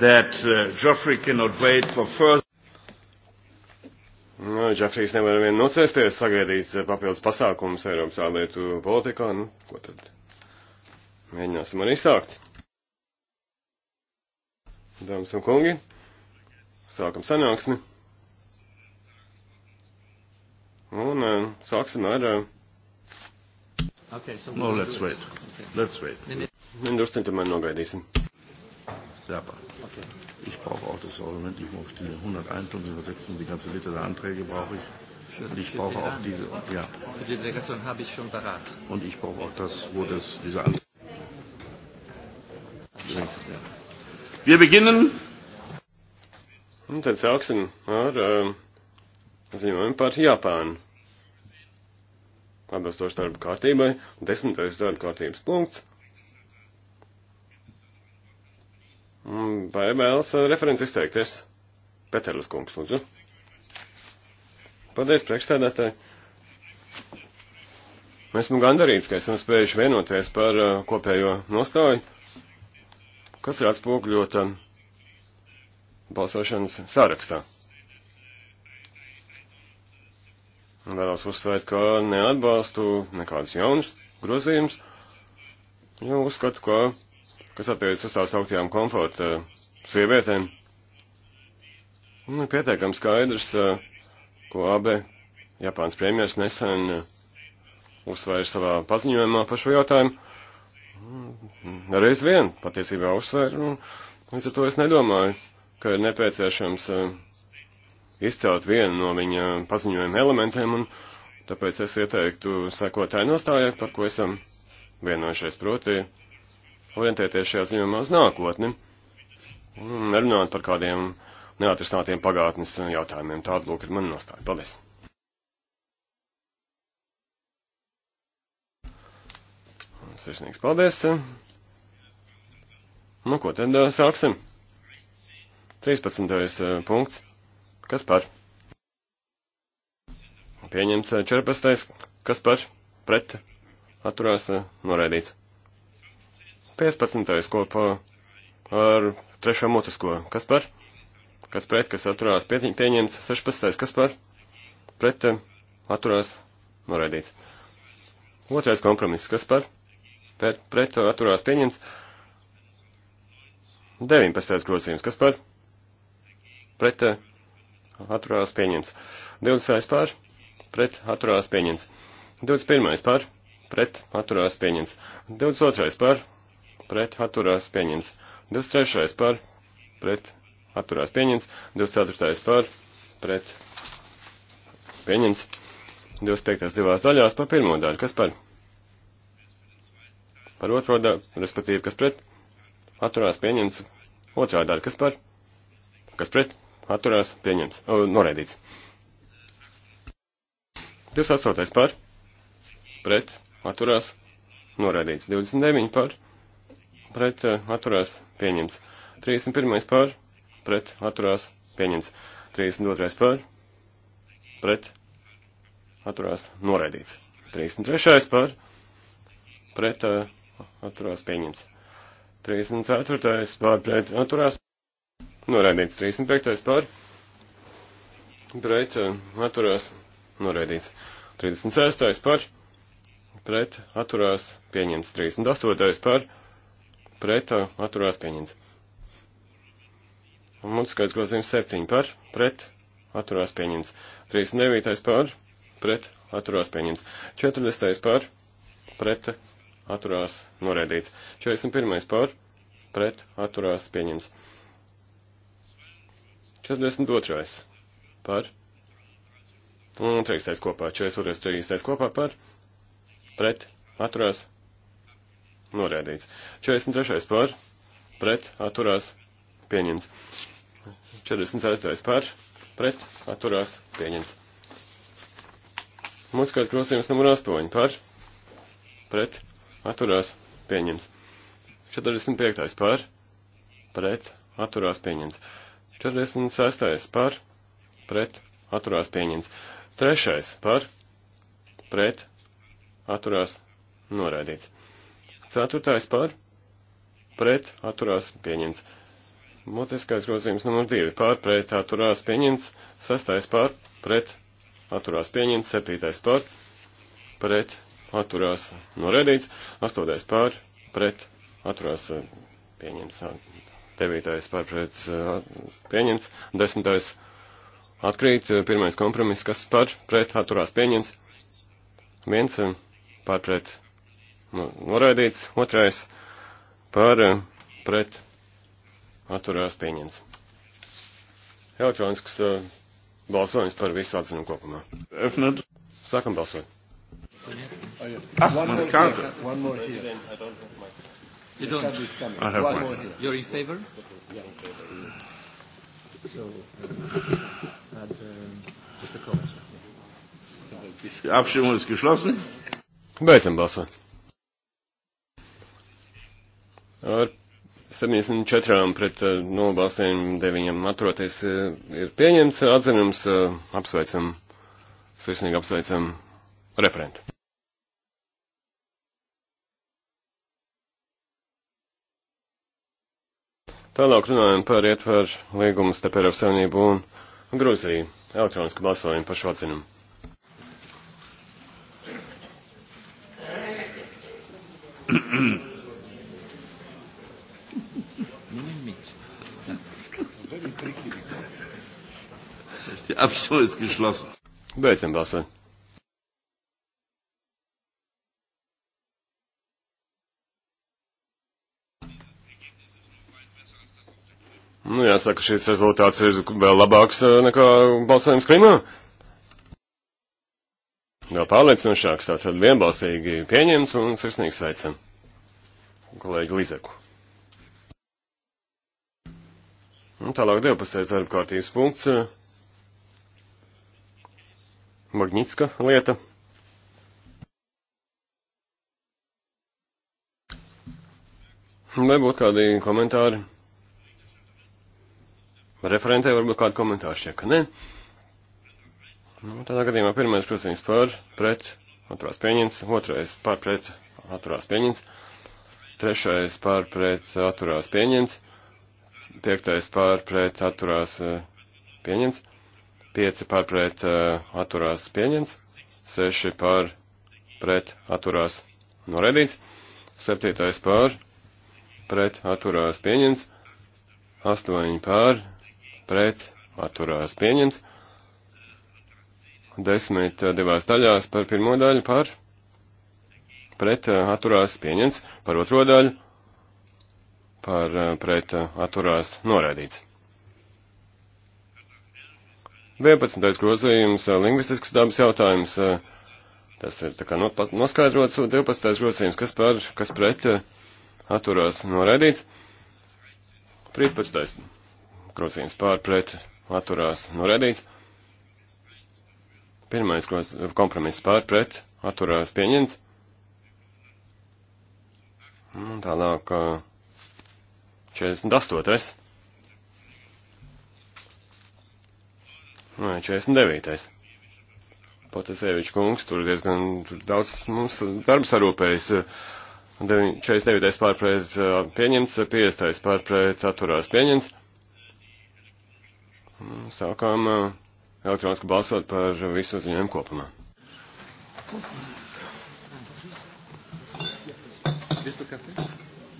that uh, Geoffrey cannot wait for further. Nu, Džefrijs nevar vien nocēsties, sagaidīt uh, papildus pasākumus Eiropas ārlietu politikā, nu, ko tad mēģināsim arī sākt. Dāmas un kungi, sākam sanāksmi. Un uh, sāksim ar. Uh, okay, so no, let's wait. Okay. Let's wait. Nindrusciņ tomēr nogaidīsim. Serpa. Okay. Ich brauche auch das Sortiment, ich brauche die 101 und 106 und die ganze Liste der Anträge brauche ich. Für, und ich brauche auch Land. diese, ja. Für die Delegation habe ich schon parat. Und ich brauche auch das, wo das, diese Anträge. Wir beginnen. Un tad sāksim ar uh, ziņojumu par Japānu. Atbilstoši darba kārtībai, desmitais darba kārtības punkts. Vai vēlas uh, referents izteikties? Peterlis kungs, lūdzu. Paldies, priekšstādātāji. Esmu gandarīts, ka esam spējuši vienoties par uh, kopējo nostāju, kas ir atspūgļota um, balsošanas sārakstā. Vēlos uzsvērt, ka neatbalstu nekādus jaunus grozījumus, jo uzskatu, ka kas attiecas uz tās augtajām komforta eh, sievietēm. Un pietiekam skaidrs, eh, ko abe Japāns premjers nesen eh, uzsvēra savā paziņojumā par šo jautājumu. Reiz vien patiesībā uzsvēra, un līdz ar to es nedomāju, ka ir nepieciešams izcelt vienu no viņa paziņojuma elementiem, un tāpēc es ieteiktu sekotāju nostājai, par ko esam vienojušies proti orientēties šajā ziņojumā uz nākotni. Un nerunāt par kādiem neatrisinātiem pagātnes jautājumiem. Tāda lūk ir mana nostāja. Paldies! Sirsnīgs paldies! Nu, ko tad sāksim? 13. punkts. Kas par? Pieņemts 14. Kas par? Pret. Atturās noraidīts. 15. kopā ar 3. mutisko. Kas par? Kas pret, kas atturās pieņemts? 16. Kas par? Pret eh, atturās noraidīts. Otrais kompromiss. Kas par? Pret, pret atturās pieņemts. 19. grozījums. Kas par? Pret eh, atturās pieņemts. 20. pār? Pret atturās pieņemts. 21. pār? Pret atturās pieņemts. 22. pār? pret atturās pieņems. 23. par pret atturās pieņems. 24. par pret pieņems. 25. divās daļās par pirmo daļu. Kas par? Par otro daļu, respektīvi, kas pret? Atturās pieņems. Otrā daļa, kas par? Kas pret? Atturās pieņems. O, noraidīts. 28. par pret atturās noraidīts. 29 par pret pret eh, atturās pieņems. 31. par pret atturās pieņems. 32. par pret atturās noraidīts. 33. Eh, eh, par pret atturās pieņems. 34. par pret atturās noraidīts. 35. par pret atturās noraidīts. 36. par pret atturās pieņems. 38. par pret pret atturās pieņemts. Mutiskais grozījums 7 par, pret atturās pieņemts. 39. par, pret atturās pieņemts. 40. par, pret atturās norēdīts. 41. par, pret atturās pieņemts. 42. par, un 3. kopā, 42. 3. kopā par, pret atturās pieņemts norēdīts. 43. par, pret, atturās, pieņemts. 44. par, pret, atturās, pieņemts. Mūtiskais grozījums numur 8 par, pret, atturās, pieņemts. 45. par, pret, atturās, pieņemts. 46. par, pret, atturās, pieņemts. 3. par, pret, atturās, noraidīts. Ceturtais par, pret, atturās, pieņemts. Mutiskais grozījums numur divi par, pret, atturās, pieņemts. Sestais par, pret, atturās, pieņemts. Septītais par, pret, atturās, noredīts. Astotais par, pret, atturās, pieņemts. Devītais par, pret, pieņemts. Desmitais atkrīt. Pirmais kompromiss, kas par, pret, atturās, pieņemts. Viens par, pret, atturās, pieņemts Nu, noraidīts, otrais par eh, pret atturās pieņems. Elektronisks uh, balsojums par visu atzinumu kopumā. Öffnet. Sākam balsot. Ah, man kārta. One more here. You don't. I have one. one. You're in favor? Yeah. So, uh, and, uh, Abstimmung ist geschlossen. Beidzam balsot. Ar 74 pret 0 balsīm 9 atturoties eh, ir pieņemts eh, atzinums. Eh, apsveicam, sirsnīgi apsveicam referentu. Tālāk runājam par ietvaru līgumu starp Eiropas Savienību un Grūziju. Elektroniski balsojam par šo atzinumu. Mm-hmm. Abstimmung ist geschlossen. Beidzam balsot. Nu, jāsaka, šis rezultāts ir vēl labāks eh, nekā balsojums Krimā. Vēl pārliecinošāks, tātad vienbalsīgi pieņemts un sirsnīgi sveicam. Kolēģi Lizeku. Un nu, tālāk 12. darba kārtības punkts. Eh, Magnitska lieta. Vai būtu kādi komentāri? Referentē varbūt kādi komentāri šķiet, ka nē. Nu, tādā gadījumā pirmais krusījums par, pret, atturās pieņems, otrais par, pret, atturās pieņems, trešais par, pret, atturās pieņems, piektais par, pret, atturās eh, pieņems. Uh, 5 pār uh, pret atturās pieņems, 6 pār pret atturās noredīts, 7 pār pret atturās pieņems, 8 pār pret atturās uh, pieņems, 10 divās daļās par pirmo daļu pār pret uh, atturās pieņems, par otro daļu par pret atturās noraidīts. 11. grozījums eh, - lingvistisks dabas jautājums. Eh, tas ir tā kā noskaidrots 12. grozījums, kas par, kas pret eh, atturās noraidīts. 13. grozījums pār pret atturās noraidīts. Pirmais groz, kompromiss pār pret atturās pieņemts. Un tālāk 48. Nē, 49. Potasēvičs kungs, tur diezgan tur daudz mums darbs arūpējis. 49. pārpret pieņemts, 50. pārpret atturās pieņemts. Sākām elektroniski balsot par visu uzņēmumu kopumā.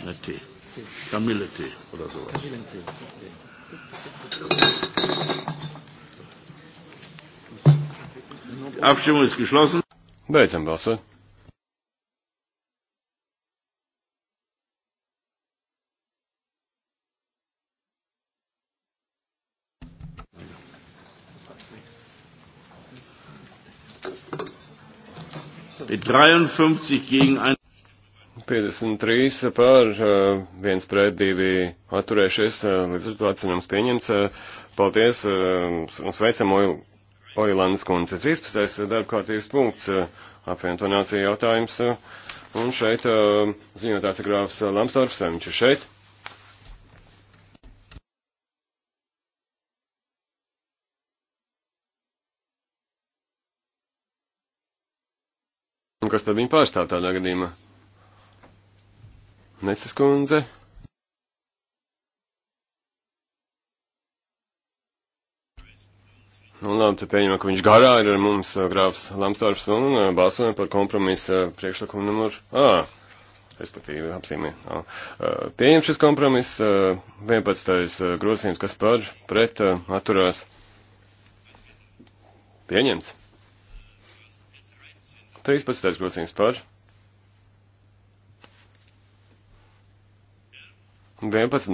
Netī. Kamilitī. Abstimmung ist geschlossen. Beidzam balsot. Mit 53 gegen 1. 53 pār, viens pret divi atturējušies, eh, līdz ar to atceļams pieņemts. Eh. Paldies eh, un sveicam Oilandes kundze. 13. darbkārtības punkts eh, apvienoto nāciju jautājums. Eh, un šeit eh, ziņotājs ir grāfs Lamstorps, viņš ir šeit. Un kas tad viņu pārstāv tādā gadījumā? Neces kundze. Nu, labi, tad pieņemam, ka viņš garā ir ar mums grāfs Lamstārs un balsojam par kompromisa priekšlikumu numuru A. Respektīvi, apsīmē. Pieņem šis kompromis, 11. grozījums, kas par, pret, atturās. Pieņemts. 13. grozījums par, 11.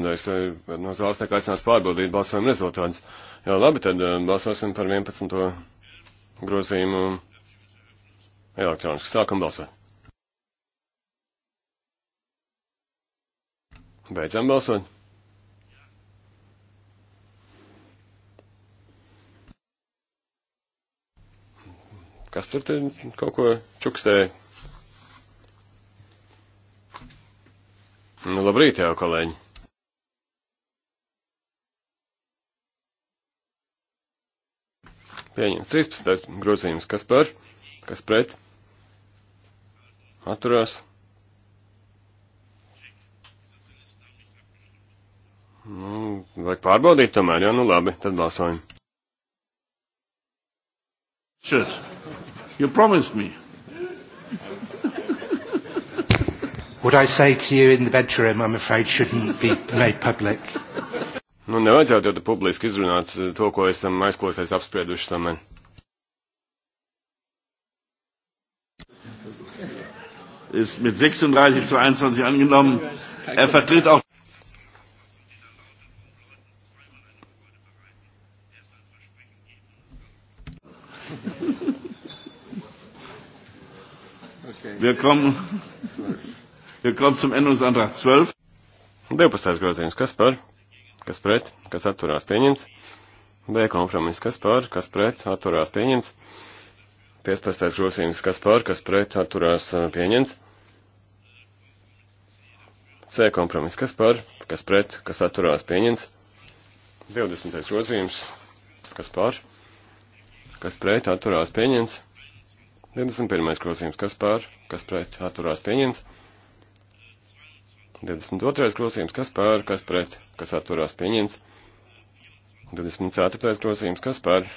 no zāles tiek aicināts pārbaudīt balsojuma rezultātus. Jā, labi, tad um, balsosim par 11. grozījumu elektroniski. Sākam balsot. Beidzam balsot. Kas tur te kaut ko čukstēja? Nu, labrīt, jau kolēģi! Pieņems 13. grozījums, kas par, kas pret, atturās. Nu, vajag pārbaudīt tomēr, jā, ja? nu labi, tad balsojam. Šeit, you promised me. What I say to you in the bedroom, I'm afraid, shouldn't be made public. Nu, nevajadzētu jau publiski izrunāt eh, to, ko esam aizklausēs apsprieduši tam. Eh. Ist mit 36 zu 21 angenommen. Er vertritt auch. Wir kommen. Wir kommen zum Änderungsantrag 12. 12. grozījums, kas par, kas pret, kas atturās pieņemts. B kompromiss, kas par, kas pret, atturās pieņemts. 15. grozījums, kas par, kas pret, atturās pieņemts. C kompromiss, kas par, kas pret, kas atturās pieņemts. 20. grozījums, kas par, kas pret, atturās pieņemts. 21. grozījums, kas par, kas pret, atturās pieņemts. 22. grozījums, kas par, kas pret, kas atturās pieņemts. 24. grozījums, kas par,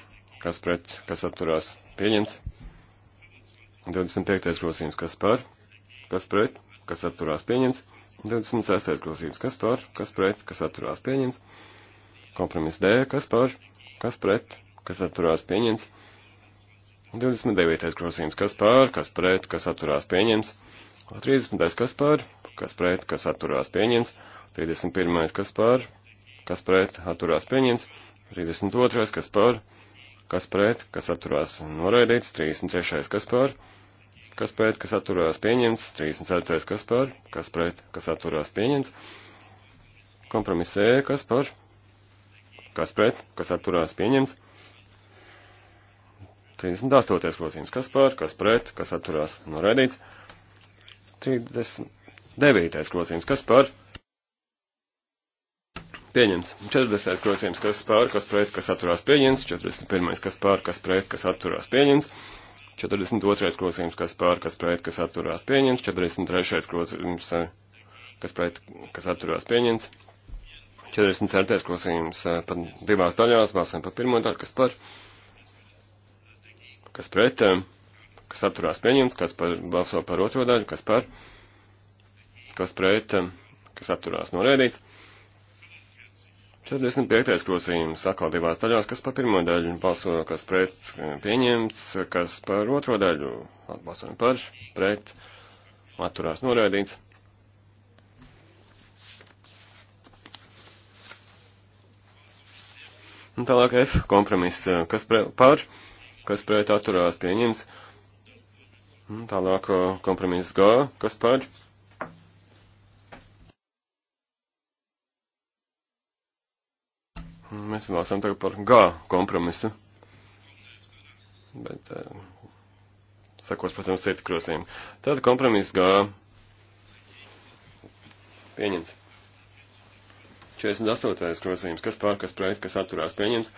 kas pret, kas atturās pieņemts. 25. grozījums, kas par, kas pret, kas atturās pieņemts. 26. grozījums, kas par, kas pret, kas atturās pieņemts. Kompromiss D, kas par, kas pret, kas atturās pieņemts. 29. grozījums, kas par, kas pret, kas atturās pieņemts. 30. kas par, kas pret, kas atturās pieņems, 31. kas par, kas pret, atturās pieņems, 32. kas par, kas pret, kas atturās noraidīts, 33. kas par, kas pret, kas atturās pieņems, 34. kas par, kas pret, kas atturās pieņems, kompromisē, e, kas par, kas pret, kas atturās pieņems, 38. grozījums, kas par, kas pret, kas atturās noraidīts, 30. Devītais grozījums, kas par? Pieņemts. 40. grozījums, kas pār, kas pret, kas atturās pieņemts. 41. kas pār, kas pret, kas atturās pieņemts. 42. grozījums, kas pār, kas pret, kas atturās pieņemts. 43. grozījums, kas pret, kas atturās pieņemts. 44. grozījums eh, pat divās daļās, balsojam par pirmo daļu, kas par, kas pret, kas atturās pieņemts, kas par, balso par otro daļu, kas par kas pret, um, kas atturās norēdīts. 45. grozījums atkal divās daļās, kas par pirmo daļu balso, kas pret um, pieņemts, kas par otro daļu balsojam par, pret, atturās norēdīts. Un tālāk F kompromiss, um, kas pre, par, kas pret atturās pieņemts. Un tālāk uh, kompromiss G, kas par, Mēs lasām tagad par G kompromisu. Bet eh, sakos, protams, citi krosījumi. Tad kompromiss G pieņems. 48. krosījums, kas pār, kas pret, kas atturās pieņems.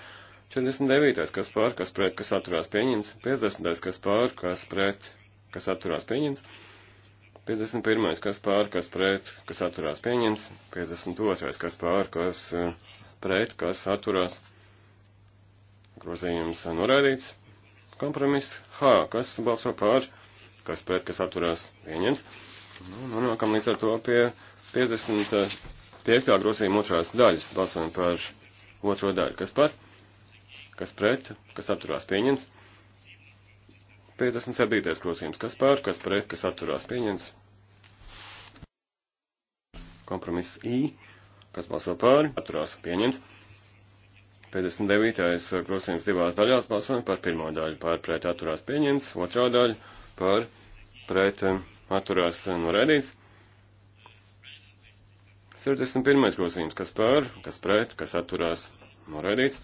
49. kas pār, kas pret, kas atturās pieņems. 50. kas pār, kas pret, kas atturās pieņems. 51. kas pār, kas pret, kas atturās pieņems, 52. kas pār, kas eh, pret, kas atturās. Grozījums norādīts. Kompromiss H, kas balso pār, kas pret, kas atturās pieņems. Nu, nonākam nu, līdz ar to pie 55. grozījuma otrās daļas. Balsojam par otro daļu. Kas par? Kas pret, kas atturās pieņems. 57. grozījums. Kas par, kas pret, kas atturās pieņems. Kompromiss I Kas balso pār? Atturās pieņems. 59. krustojums eh, divās daļās balsojam par pirmo daļu. Par pret atturās pieņems. Otrā daļa par pret eh, atturās eh, norēdīts. 61. grozījums, kas par, kas pret, kas atturās, noraidīts.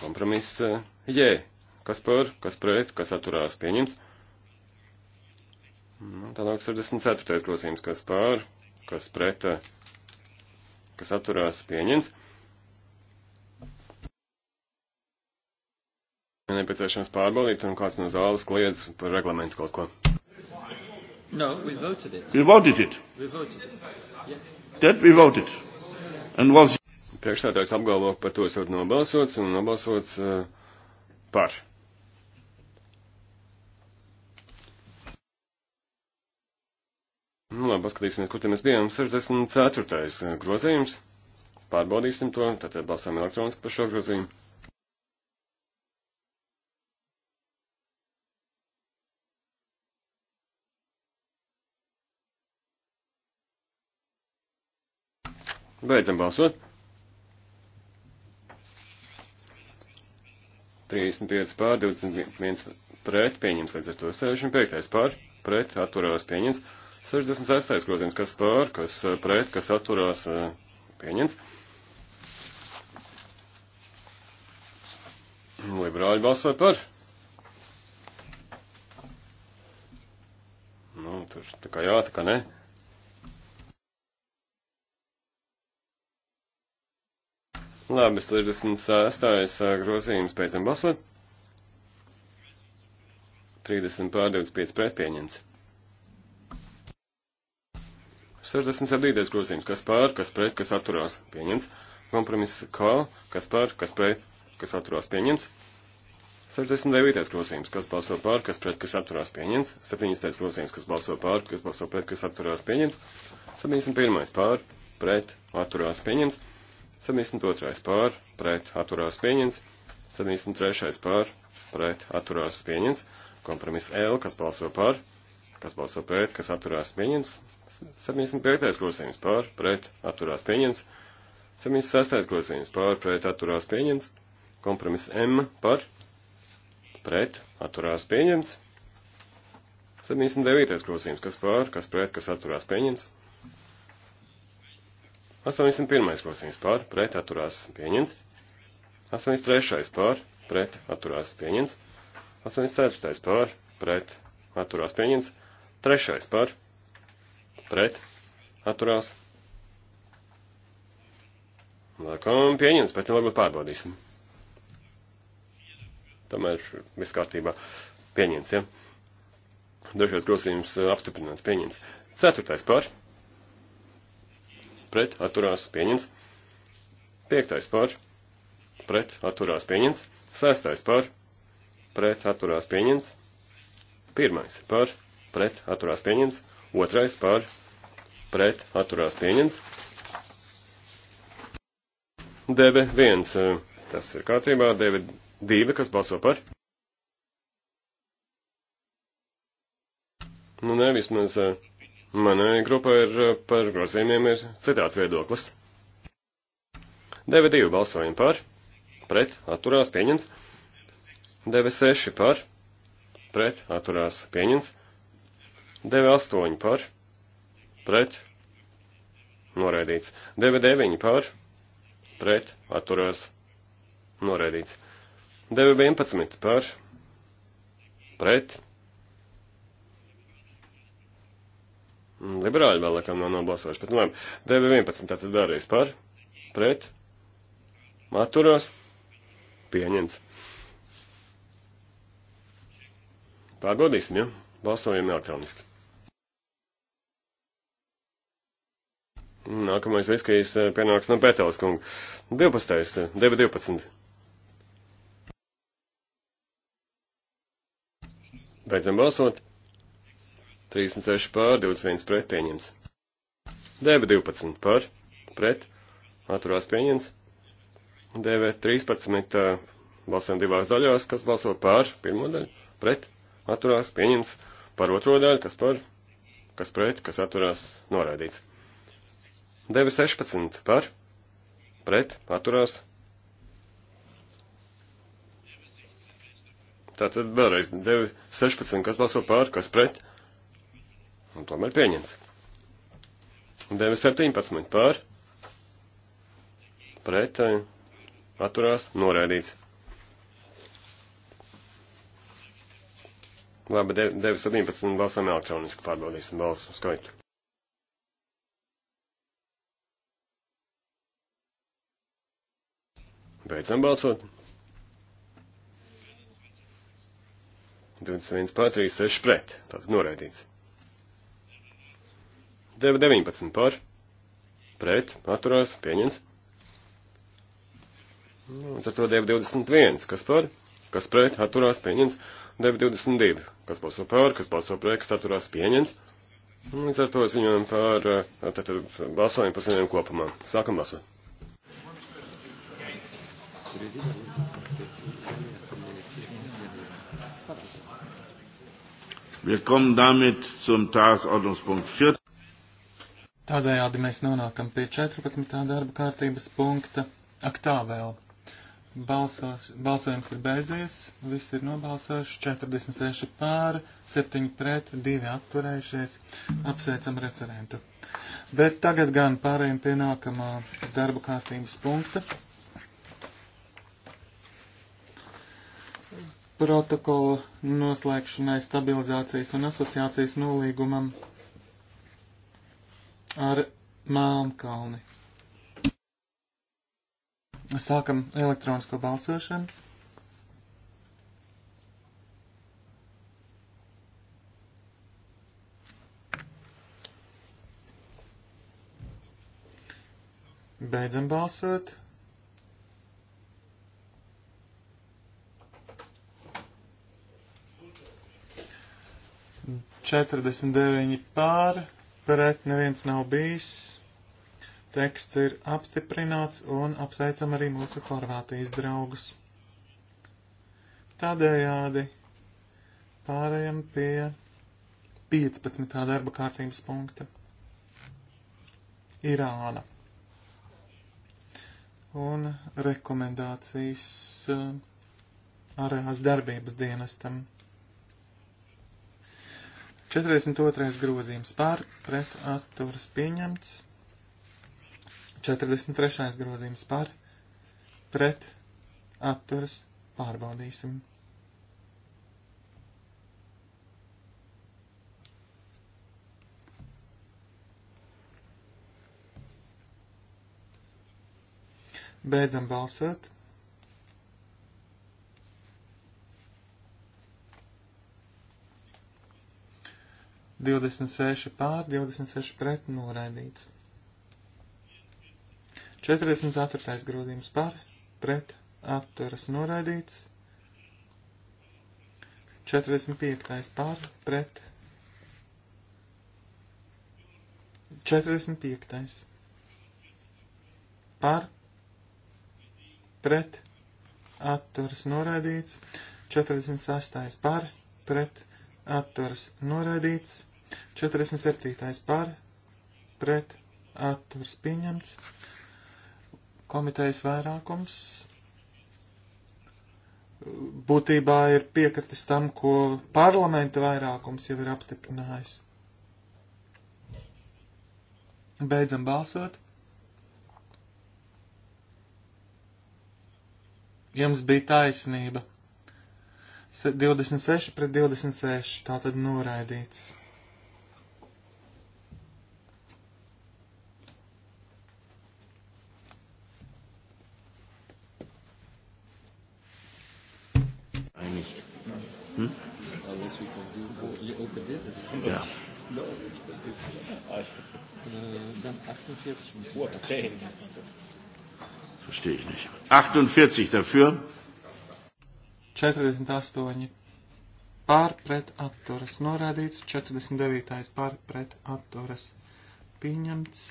Kompromiss J, kas par, kas pret, kas atturās, pieņems. Nu, tālāk 64. grozījums, kas par, kas pret, kas atturās pieņems. Nepieciešams pārbaudīt, un kāds no zāles kliedz par reglamentu kaut ko. No, we voted it. We voted it. We voted it. Yeah. That we voted. And was... Priekšstādājs apgalvo, par to esot nobalsots, un nobalsots uh, par. Nu, labi, paskatīsimies, kur te mēs bijām. 64. grozījums. Pārbaudīsim to, tātad balsām elektroniski par šo grozījumu. Beidzam balsot. 35 pār, 21 pret, pieņems līdz ar to 65 pār, pret, atturējos pieņems. 66. grozījums, kas pār, kas eh, pret, kas atturās, eh, pieņems. Liberāļi balsoja par. Nu, tur tā kā jā, tā kā nē. Labi, 66. Eh, grozījums pēc tam balsot. 30 pār 25 pret pieņems. 67. grozījums, kas pār, kas pret, kas atturās, pieņems. Kompromiss K, kas pār, kas pret, kas atturās, pieņems. 69. grozījums, kas balso pār, kas pret, kas atturās, pieņems. 70. grozījums, kas balso pār, kas balso pret, kas atturās, pieņems. 71. pār, pret, atturās, pieņems. 72. pār, pret, atturās, pieņems. 73. pār, pret, atturās, pieņems. Kompromiss L, kas balso pār, kas balso pret, kas atturās pieņems. 75. grozījums pār, pret, atturās pieņems. 76. grozījums pār, pret, atturās pieņems. Kompromiss M par, pret, atturās pieņems. 79. grozījums, kas pār, kas pret, kas atturās pieņems. 81. grozījums pār, pret, atturās pieņems. 83. pār, pret, atturās pieņems. 84. pār, pret, atturās pieņems. Trešais par, pret, atturās. Laikam pieņems, bet nu varbūt pārbaudīsim. Tomēr viss kārtībā pieņems, ja? Dažos grozījums eh, apstiprināts pieņems. Ceturtais par, pret, atturās, pieņems. Piektais par, pret, atturās, pieņems. Sestais par, pret, atturās, pieņems. Pirmais par, pret pret atturās pieņemts, otrais par pret atturās pieņemts. Deve viens, tas ir kārtībā, deve divi, kas balso par. Nu, nē, vismaz eh, manai grupai ir eh, par grozījumiem ir citāds viedoklis. Deve divi balsojumi par, pret atturās pieņemts, deve seši par, pret atturās pieņemts, 9,8 par, pret, noraidīts. 9,9 par, pret, atturās, noraidīts. 9,11 par, pret. Liberāļi vēl laikam nav nobalsojuši, bet nu labi. 9,11 tātad vēlreiz par, pret, atturās, pieņemts. Pārbaudīsim, ja? Balsojam elektroniski. Nākamais viskijas eh, pienāks no Pēteles kunga. 12. 9.12. Eh, Beidzam balsot. 36 pār, 21 pret pieņems. 9.12 pār, pret, atturās pieņems. 9.13 eh, balsojam divās daļās, kas balso pār, pirmo daļu, pret, atturās pieņems. Par otro daļu, kas par, kas pret, kas atturās, noraidīts. 916 par, pret, atturās. Tātad vēlreiz 916, kas balso par, kas pret, un tomēr pieņems. 917 par, pret, atturās, noraidīts. Labi, 917 balsojam elektroniski pārbaudīsim balsu skaitu. Beidzam balsot. 21 pār 36 pret. Tātad noraidīts. 19 pār. Pret. Atturās. Pieņems. Un nu, ar to 21. Kas par? Kas pret? Atturās. Pieņems. 22. Kas balso pār? Kas balso pret? Kas atturās? Pieņems. Un nu, līdz ar to ziņojam par, eh, tātad balsojam par saviem kopumā. Sākam balsot. Wir kommen damit zum Tagesordnungspunkt 4. Tādējādi mēs nonākam pie 14. darba kārtības punkta. Ak tā vēl. Balsos, balsojums ir beidzies, viss ir nobalsojuši, 46 pār, 7 pret, 2 atturējušies. Apsveicam referentu. Bet tagad gan pārējiem pie nākamā darba kārtības punkta. protokolu noslēgšanai stabilizācijas un asociācijas nolīgumam ar Melnkalni. Sākam elektronisko balsošanu. Beidzam balsot. 49 pār, pret neviens nav bijis. Teksts ir apstiprināts un apsveicam arī mūsu Horvātijas draugus. Tādējādi pārējam pie 15. darba kārtības punkta. Irāna. Un rekomendācijas eh, ārējās darbības dienestam. 42. grozījums pār pret atturas pieņemts. 43. grozījums pār pret atturas pārbaudīsim. Beidzam balsot. 26 pār, 26 pret noraidīts. 44. grozījums par, pret, atturas noraidīts. 45. par, pret. 45. par, pret, atturas noraidīts. 46. par, pret, atturas noraidīts. 47. par pret atturs pieņemts. Komitejas vairākums būtībā ir piekritis tam, ko parlamenta vairākums jau ir apstiprinājis. Beidzam balsot. Jums bija taisnība. 26 pret 26, tātad noraidīts. Verstehe ich nicht. 48 dafür. 48 pār pret atturas norādīts, 49 pār pret atturas pieņemts.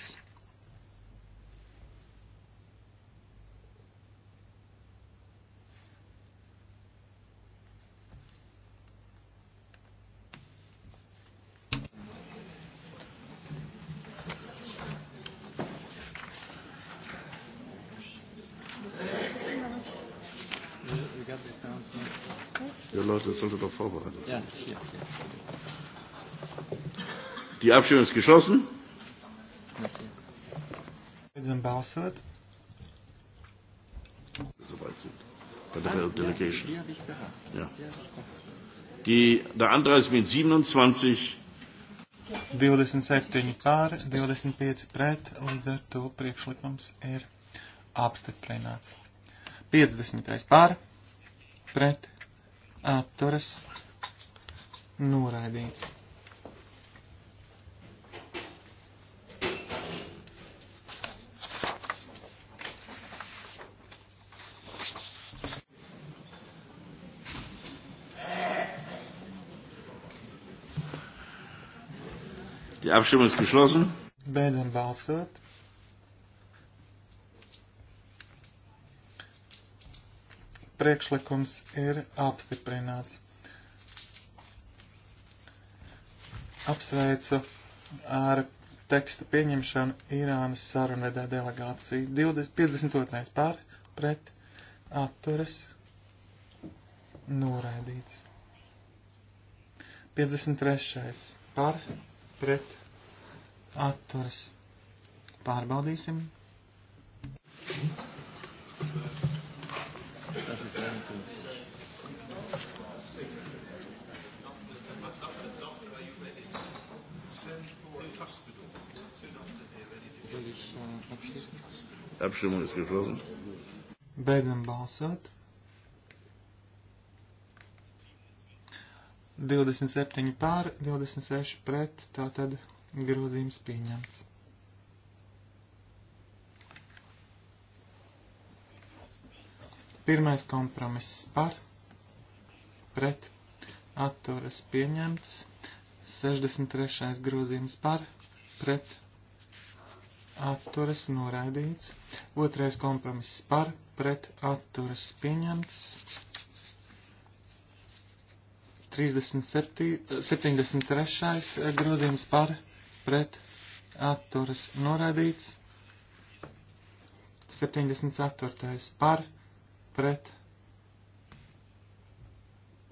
schon sogar vorbereitet sind. Die Abstimmung ist geschlossen. Beidzam balsot. Soweit sind. Bei der ah, Delegation. Ja, die, ja. die, der Antrag ist mit 27. 27 pār, 25 pret, līdz ar to priekšlikums ir apstiprināts. 50. pār, pret, atturas noraidīts. Die Abstimmung ist geschlossen. Beidzam balsot. priekšlikums ir apstiprināts. Apsveicu ar teksta pieņemšanu Irānas sarunvedē delegāciju. 20, 52. pār pret atturas noraidīts. 53. par pret atturas pārbaudīsim. Thank you. Abstimmung ist geschlossen. Beidzam balsot. 27 pār, 26 pret, tātad grozījums pieņemts. Pirmais kompromiss par, pret, atturas pieņemts, 63. grozījums par, pret, atturas noraidīts. Otrais kompromiss par, pret, atturas pieņemts. 37, 73. Eh, grozījums par, pret, atturas noraidīts. 74. par, pret.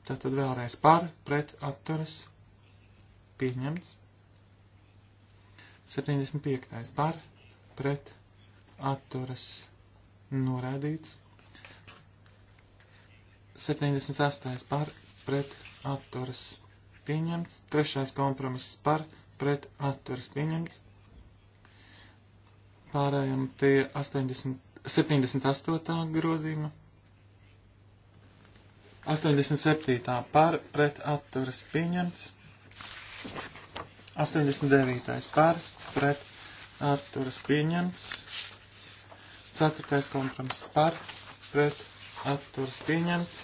Tātad vēlreiz par, pret, atturas pieņemts. 75. par, pret pret atturas norādīts. 78. par pret atturas pieņemts. 3. kompromiss par pret atturas pieņemts. Pārējām pie 80, 78. grozījuma. 87. par pret atturas pieņemts. 89. par pret atturas pieņemts. Ceturtais kompromiss par, pret, atturas pieņemts.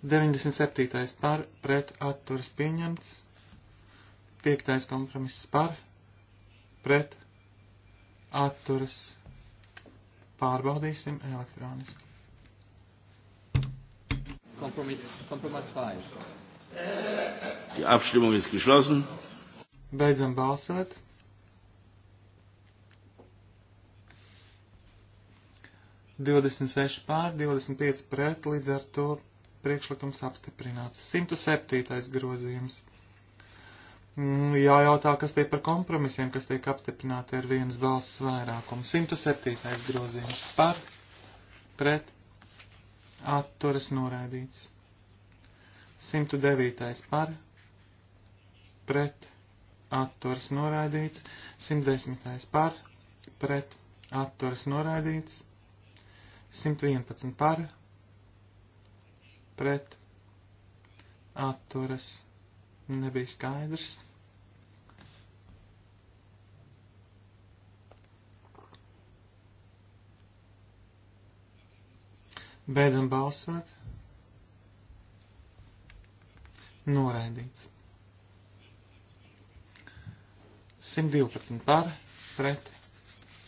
Deviņdesmit septītais par, pret, atturas pieņemts. Piektais kompromiss par, pret, atturas pārbaudīsim elektroniski. Kompromiss, kompromiss 5. Die Abstimmung ist geschlossen. Beidzam balsot. Divdesmit seši pār, divdesmit pieci pret, līdz ar to priekšlikums apstiprināts. 107. grozījums. Mm, jājautā, kas tiek par kompromisiem, kas tiek apstiprināti ar vienas balss vairākumu. 107. grozījums par, pret, atturas noraidīts. 109. par pret atturas noraidīts, 110. par pret atturas noraidīts, 111. par pret atturas nebija skaidrs. Beidzam balsot noraidīts. 112 par, pret,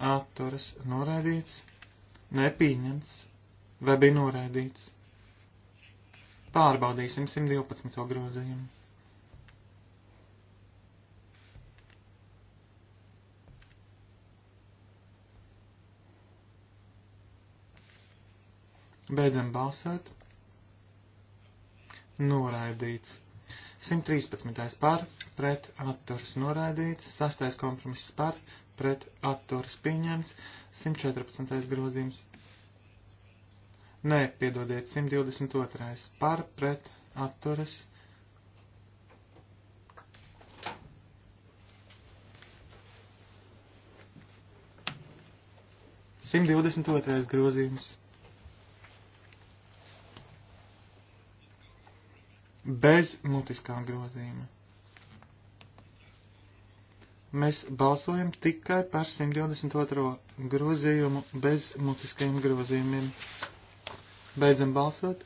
atturas, noraidīts, nepieņemts, vai bija noraidīts. Pārbaudīsim 112. grozījumu. Beidzam balsot noraidīts. 113. par, pret atturas noraidīts, 6. kompromiss par, pret atturas pieņemts, 114. grozījums. Nē, piedodiet, 122. par, pret atturas. Simt divdesmit otrais grozījums. bez mutiskā grozījuma. Mēs balsojam tikai par 122. grozījumu bez mutiskajiem grozījumiem. Beidzam balsot.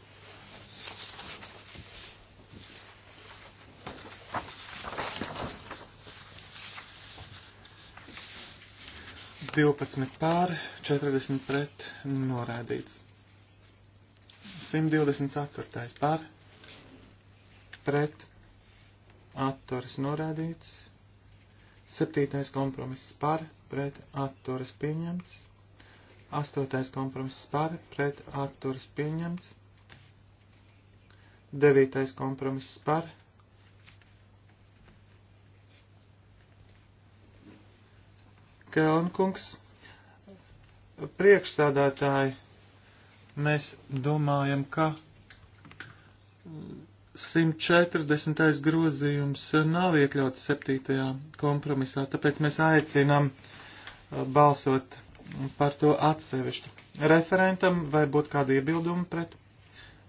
Divpadsmit pār, četrdesmit pret, norādīts. 124. pār, pret atturas norādīts. Septītais kompromiss par pret atturas pieņemts. Astotais kompromiss par pret atturas pieņemts. Devītais kompromiss par. Kelnkungs, priekšstādātāji, mēs domājam, ka 140. grozījums nav iekļauts 7. kompromisā, tāpēc mēs aicinām uh, balsot par to atsevišķi. Referentam vai būtu kādi iebildumi pret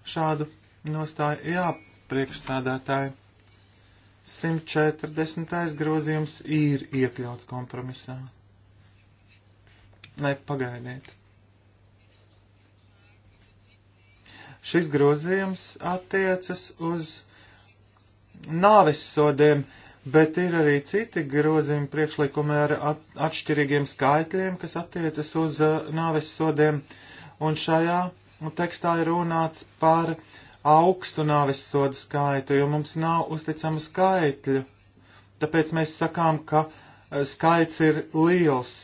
šādu nostāju? Jā, priekšsādātāji. 140. grozījums ir iekļauts kompromisā. Nē, pagaidiet. Šis grozījums attiecas uz nāves sodiem, bet ir arī citi grozījumi priekšlikumi ar atšķirīgiem skaitļiem, kas attiecas uz uh, nāves sodiem, un šajā tekstā ir runāts par augstu nāves sodu skaitu, jo mums nav uzticamu skaitļu. Tāpēc mēs sakām, ka uh, skaits ir liels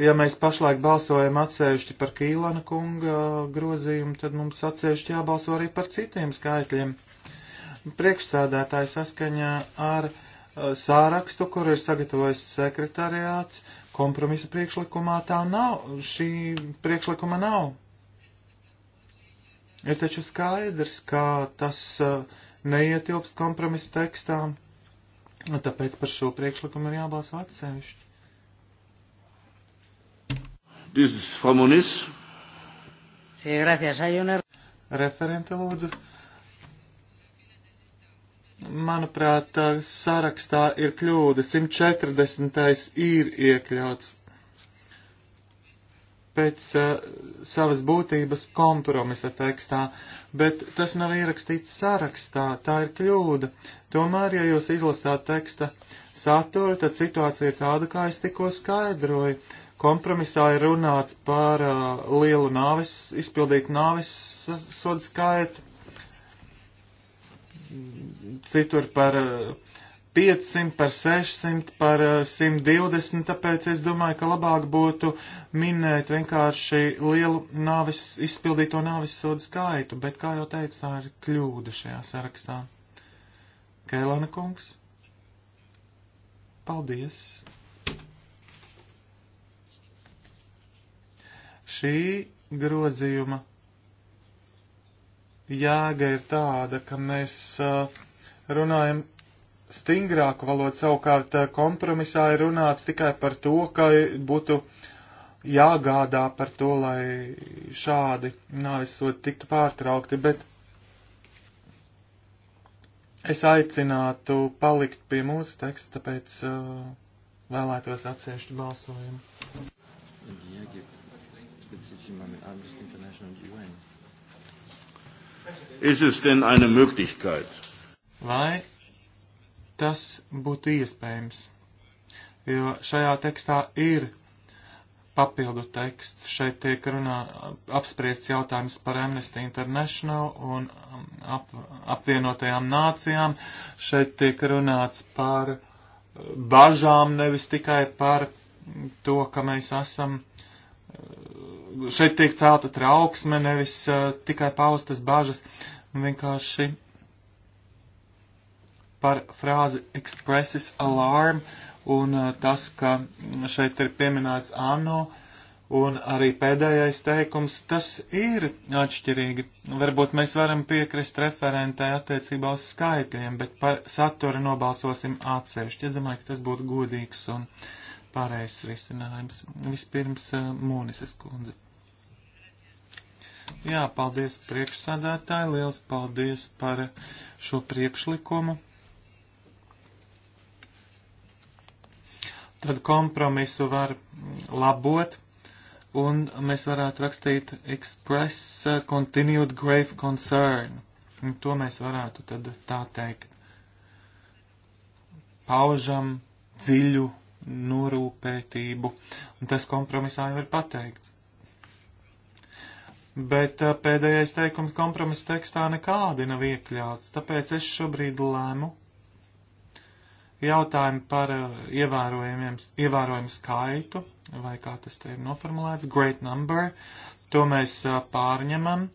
ja mēs pašlaik balsojam atsevišķi par Kīlana kunga grozījumu, tad mums atsevišķi jābalso arī par citiem skaitļiem. Priekšsēdētāji saskaņā ar uh, sārakstu, kur ir sagatavojis sekretariāts, kompromisa priekšlikumā tā nav, šī priekšlikuma nav. Ir taču skaidrs, ka tas uh, neietilpst kompromisa tekstām, tāpēc par šo priekšlikumu ir jābalso atsevišķi. This, Frau Moniz. Sí, gracias. Hay una... Referente, lūdzu. Manuprāt, eh, sarakstā ir kļūda. 140. ir iekļauts pēc uh, savas būtības kompromisa tekstā, bet tas nav ierakstīts sarakstā, tā ir kļūda. Tomēr, ja jūs izlasāt teksta saturu, tad situācija ir tāda, kā es tikko skaidroju. Uh, Kompromisā ir runāts par uh, lielu nāves, izpildītu nāves sodu skaitu. Citur par uh, 500, par 600, par uh, 120, tāpēc es domāju, ka labāk būtu minēt vienkārši lielu nāves, izpildīto nāves sodu skaitu, bet, kā jau teicu, tā ir kļūda šajā sarakstā. Kēlana kungs? Paldies! Šī grozījuma jēga ir tāda, ka mēs uh, runājam stingrāku valodu, savukārt uh, kompromisā ir runāts tikai par to, ka būtu jāgādā par to, lai šādi nāvisot tiktu pārtraukti, bet es aicinātu palikt pie mūsu teksta, tāpēc uh, vēlētos atsevišķu balsojumu. Ist es denn eine Möglichkeit? Vai tas būtu iespējams? Jo šajā tekstā ir papildu teksts. Šeit tiek runā, apspriests jautājums par Amnesty International un um, ap, apvienotajām nācijām. Šeit tiek runāts par bažām, nevis tikai par to, ka mēs esam uh, šeit tiek celta trauksme, nevis uh, tikai paustas bažas, vienkārši par frāzi expresses alarm un uh, tas, ka šeit ir pieminēts ANO un arī pēdējais teikums, tas ir atšķirīgi. Varbūt mēs varam piekrist referentai attiecībā uz skaitļiem, bet par saturu nobalsosim atsevišķi. Es domāju, ka tas būtu godīgs un. Uh, pareizs risinājums. Vispirms eh, Mūnises kundze. Jā, paldies priekšsādātāji, liels paldies par šo priekšlikumu. Tad kompromisu var labot, un mēs varētu rakstīt express continued grave concern. Un to mēs varētu tad tā teikt. Paužam dziļu norūpētību, un tas kompromisā jau ir pateikts. Bet uh, pēdējais teikums kompromisa tekstā nekādi nav iekļauts, tāpēc es šobrīd lēmu jautājumu par uh, ievērojumu skaitu, vai kā tas te ir noformulēts, great number, to mēs uh, pārņemam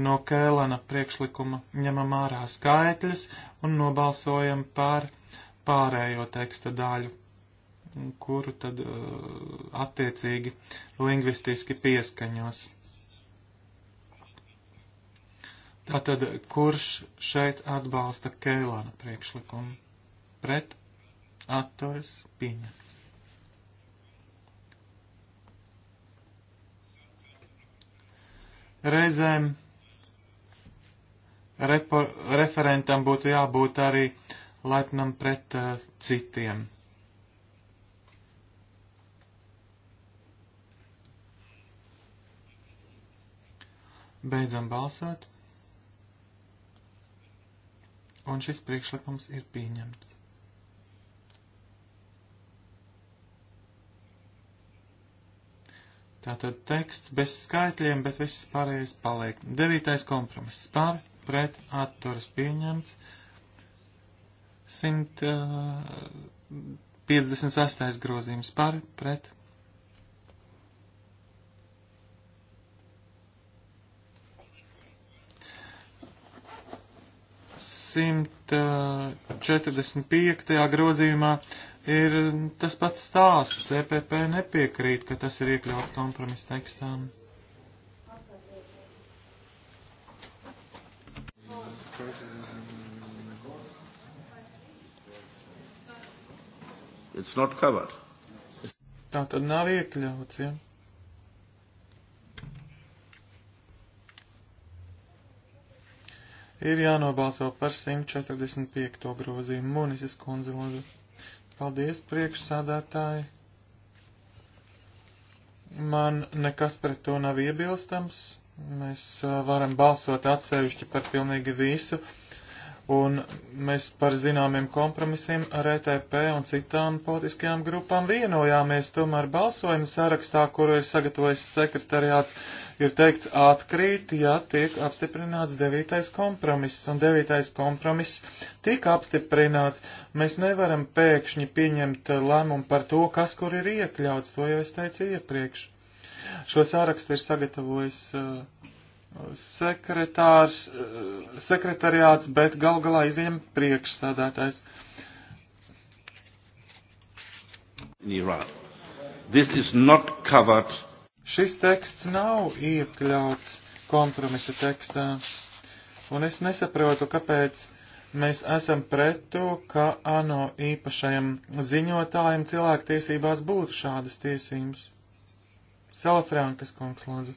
no Kēlana priekšlikuma ņemam ārā skaitļus un nobalsojam par pārējo teksta daļu, kuru tad uh, attiecīgi lingvistiski pieskaņos. Tātad, kurš šeit atbalsta Keilāna priekšlikumu? Pret atturas pieņemts. Reizēm repo, referentam būtu jābūt arī uh, laipnam pret uh, citiem. Beidzam balsot, un šis priekšlikums ir pieņemts. Tātad teksts bez skaitļiem, bet viss pārējais paliek. Devītais kompromiss par, pret, atturas pieņemts. 158. grozījums par pret. Simt četrdesmit piektajā grozījumā ir tas pats stāsts. CPP e nepiekrīt, ka tas ir iekļauts kompromisa tekstām. It's not covered. Tā tad nav iekļauts, ja? Ir jānobalso par 145. grozījumu. Munises kundze, lūdzu. Paldies, priekšsādātāji. Man nekas pret to nav iebilstams. Mēs varam balsot atsevišķi par pilnīgi visu. Uh, un mēs par zināmiem kompromisiem ar ETP un citām politiskajām grupām vienojāmies. Tomēr balsojuma sarakstā, kuru ir sagatavojis sekretariāts, ir teikts atkrīt, ja tiek apstiprināts devītais kompromiss, un devītais kompromiss tika apstiprināts. Mēs nevaram pēkšņi pieņemt lēmumu par to, kas kur ir iekļauts, to jau es teicu iepriekš. Šo sārakstu ir sagatavojis uh, sekretārs, eh, sekretariāts, bet gal galā iziem priekšsādātājs. Šis teksts nav iekļauts kompromisa tekstā, un es nesaprotu, kāpēc mēs esam pret to, ka ANO īpašajam ziņotājiem cilvēktiesībās būtu šādas tiesības. Salafrankas kungs, lūdzu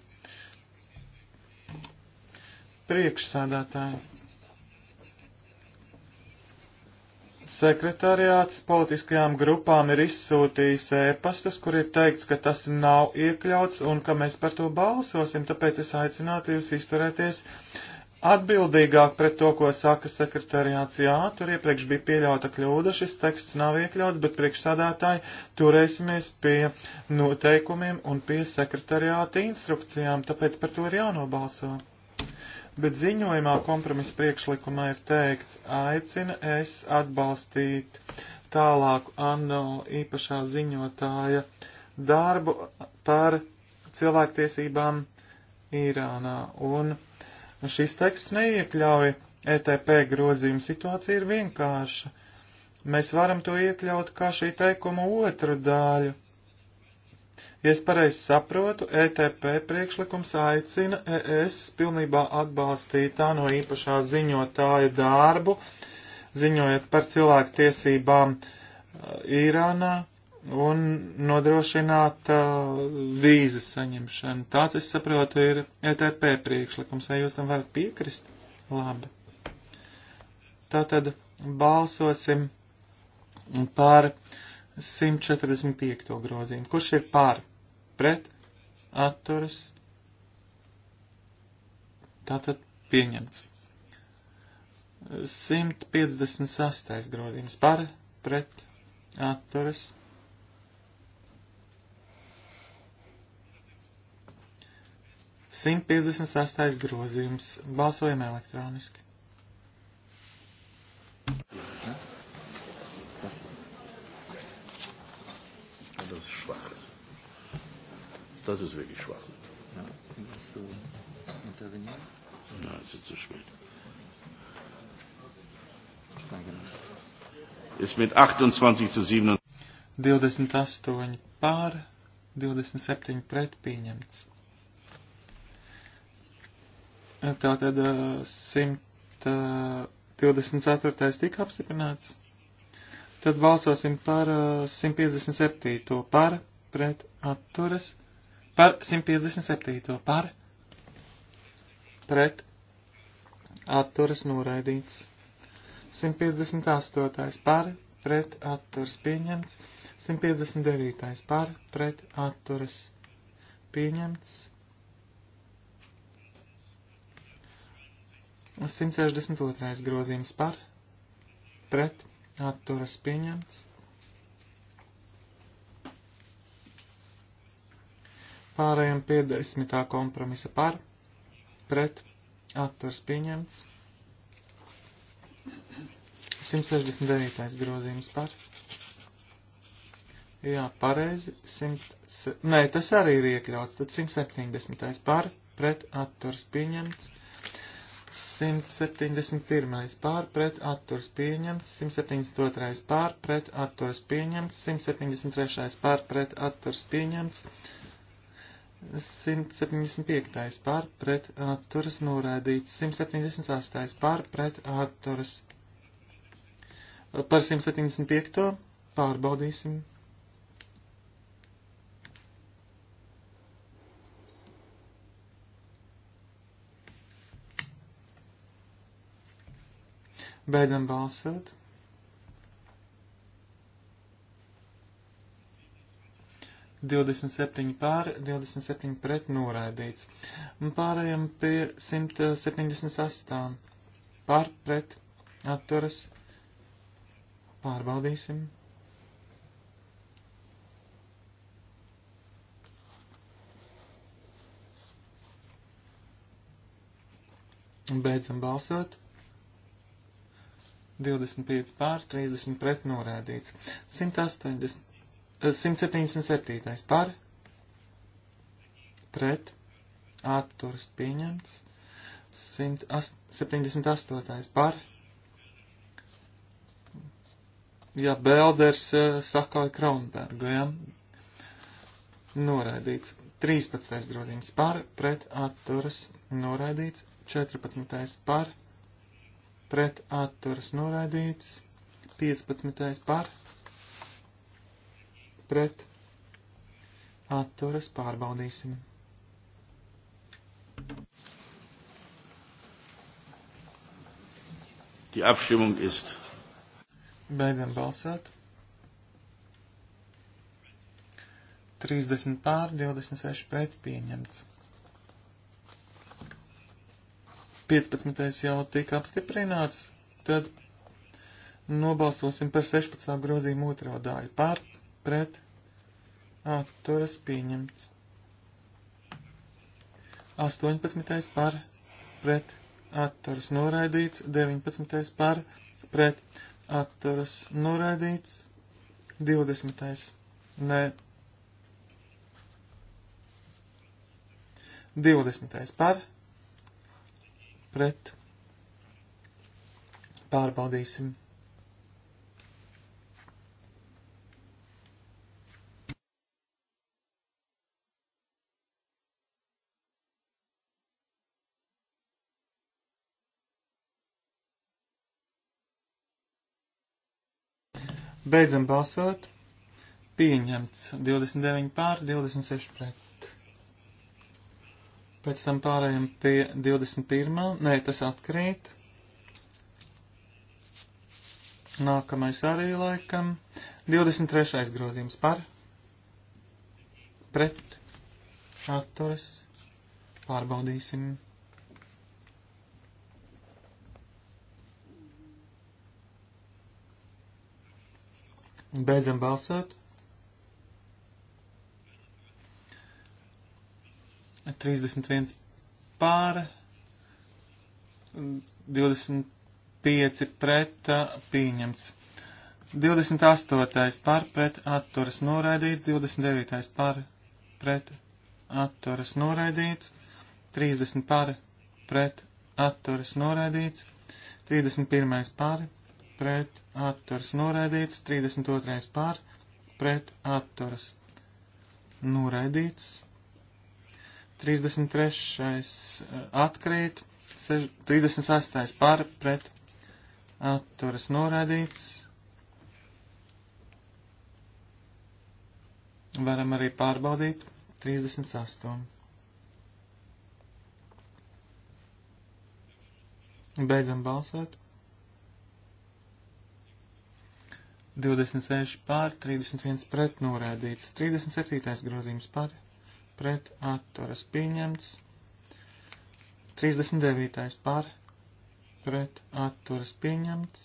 priekšsādātāji. Sekretariāts politiskajām grupām ir izsūtījis ēpastus, kur ir teikts, ka tas nav iekļauts un ka mēs par to balsosim, tāpēc es aicinātu jūs izturēties atbildīgāk pret to, ko saka sekretariāts. Jā, tur iepriekš bija pieļauta kļūda, šis teksts nav iekļauts, bet priekšsādātāji turēsimies pie noteikumiem un pie sekretariāta instrukcijām, tāpēc par to ir jānobalso bet ziņojumā kompromisa priekšlikumā ir teikts, aicina es atbalstīt tālāku ANO īpašā ziņotāja darbu par cilvēktiesībām Irānā. Un šis teksts neiekļauj ETP grozījumu. Situācija ir vienkārša. Mēs varam to iekļaut kā šī teikuma otru daļu Ja es pareizi saprotu, ETP priekšlikums aicina ES pilnībā atbalstīt tā no īpašā ziņotāja darbu, ziņojot par cilvēku tiesībām uh, Irānā un nodrošināt uh, vīzes saņemšanu. Tāds, es saprotu, ir ETP priekšlikums. Vai jūs tam varat piekrist? Labi. Tātad balsosim par 145. grozījumu. Kurš ir pār? pret atturas tātad pieņemts. 158. grozījums par pret atturas. Simt piecdesmit sastais grozījums. Balsojam elektroniski. Das ist wirklich Schwachsinn. Ja, willst du intervenieren? Nein, es ist zu spät. Ist mit 28 zu 27. 28 pār, 27 pret pieņemts. Tātad 124. tika apstiprināts. Tad balsosim par 157. par pret atturas par 157. par pret atturas noraidīts. 158. par pret atturas pieņemts. 159. par pret atturas pieņemts. 162. grozījums par pret atturas pieņemts. Pārējām pie desmitā kompromisa par, pret, atturs pieņemts. 169. grozījums par. Jā, pareizi. 100, nē, tas arī ir iekļauts. Tad 170. par, pret, atturs pieņemts. 171. pār pret atturs pieņemts, 172. pār pret atturs pieņemts, 173. pār pret atturs pieņemts, 175. pār pret atturas norādīts, 178. pār pret atturas. Par 175. pārbaudīsim. Beidzam balsot. 27 pār, 27 pret noraidīts. Un pārējām pie 178 pār, pret, atturas. Pārbaudīsim. Un beidzam balsot. 25 pār, 30 pret norādīts. 180 177. par, pret, atturas pieņemts, 178. par, ja Belders eh, sakoja Kronbergu, ja, noraidīts, 13. grozījums par, pret, atturas noraidīts, 14. par, pret, atturas noraidīts, 15. par, pret atturas pārbaudīsim. Die Abstimmung ist. Beidzam balsot. 30 pār, 26 pret pieņemts. 15. jau tika apstiprināts, tad nobalsosim par 16. grozījumu otro daļu par pret atturas pieņemts. 18. par pret atturas noraidīts, 19. par pret atturas noraidīts, 20. nē. 20. par pret pārbaudīsim. Beidzam balsot. Pieņemts 29 pār 26 pret. Pēc tam pārējām pie 21. Nē, tas atkrīt. Nākamais arī laikam. 23. grozījums par. Pret. Atturas. Pārbaudīsim. Beidzam balsot. 31 pār, 25 pret uh, pieņemts. 28. pār pret atturas noraidīts, 29. pār pret atturas noraidīts, 30 pār pret atturas noraidīts, 31. pār pret atturas noraidīts, 32. par pret atturas noraidīts, 33. Eh, atkrīt, 36. par pret atturas noraidīts. Varam arī pārbaudīt 38. Beidzam balsot. 26 pār, 31 pret norādīts, 37. grozījums par, pret atturas pieņemts, 39. par, pret atturas pieņemts,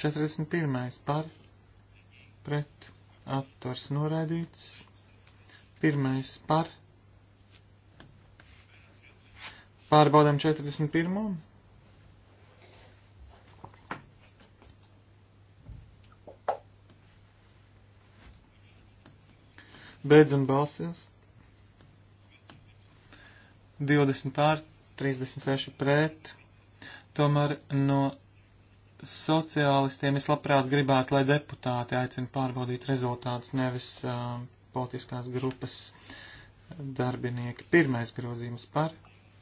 41. par, pret atturas norādīts, 1. par, pārbaudām 41. Beidzam balsīs. 20 pār, 36 pret. Tomēr no sociālistiem es labprāt gribētu, lai deputāti aicina pārbaudīt rezultātus, nevis uh, politiskās grupas darbinieki. Pirmais grozījums par,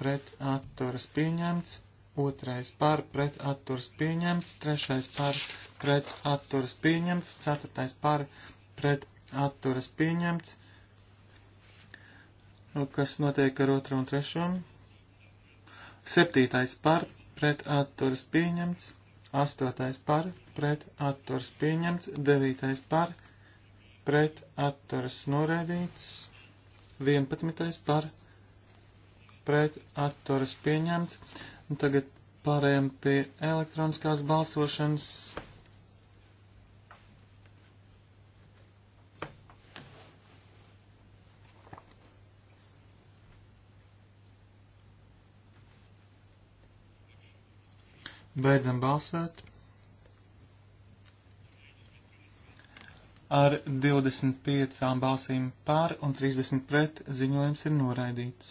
pret, atturas pieņemts. Otrais par, pret, atturas pieņemts. Trešais par, pret, atturas pieņemts. Ceturtais par, pret, atturas pieņemts. Nu, kas notiek ar otro un trešo? Septītais par pret atturas pieņemts. Astotais par pret atturas pieņemts. Devītais par pret atturas noraidīts. Vienpadsmitais par pret atturas pieņemts. Un tagad pārējām pie elektroniskās balsošanas. Beidzam balsot. Ar 25 balsīm pār un 30 pret ziņojums ir noraidīts.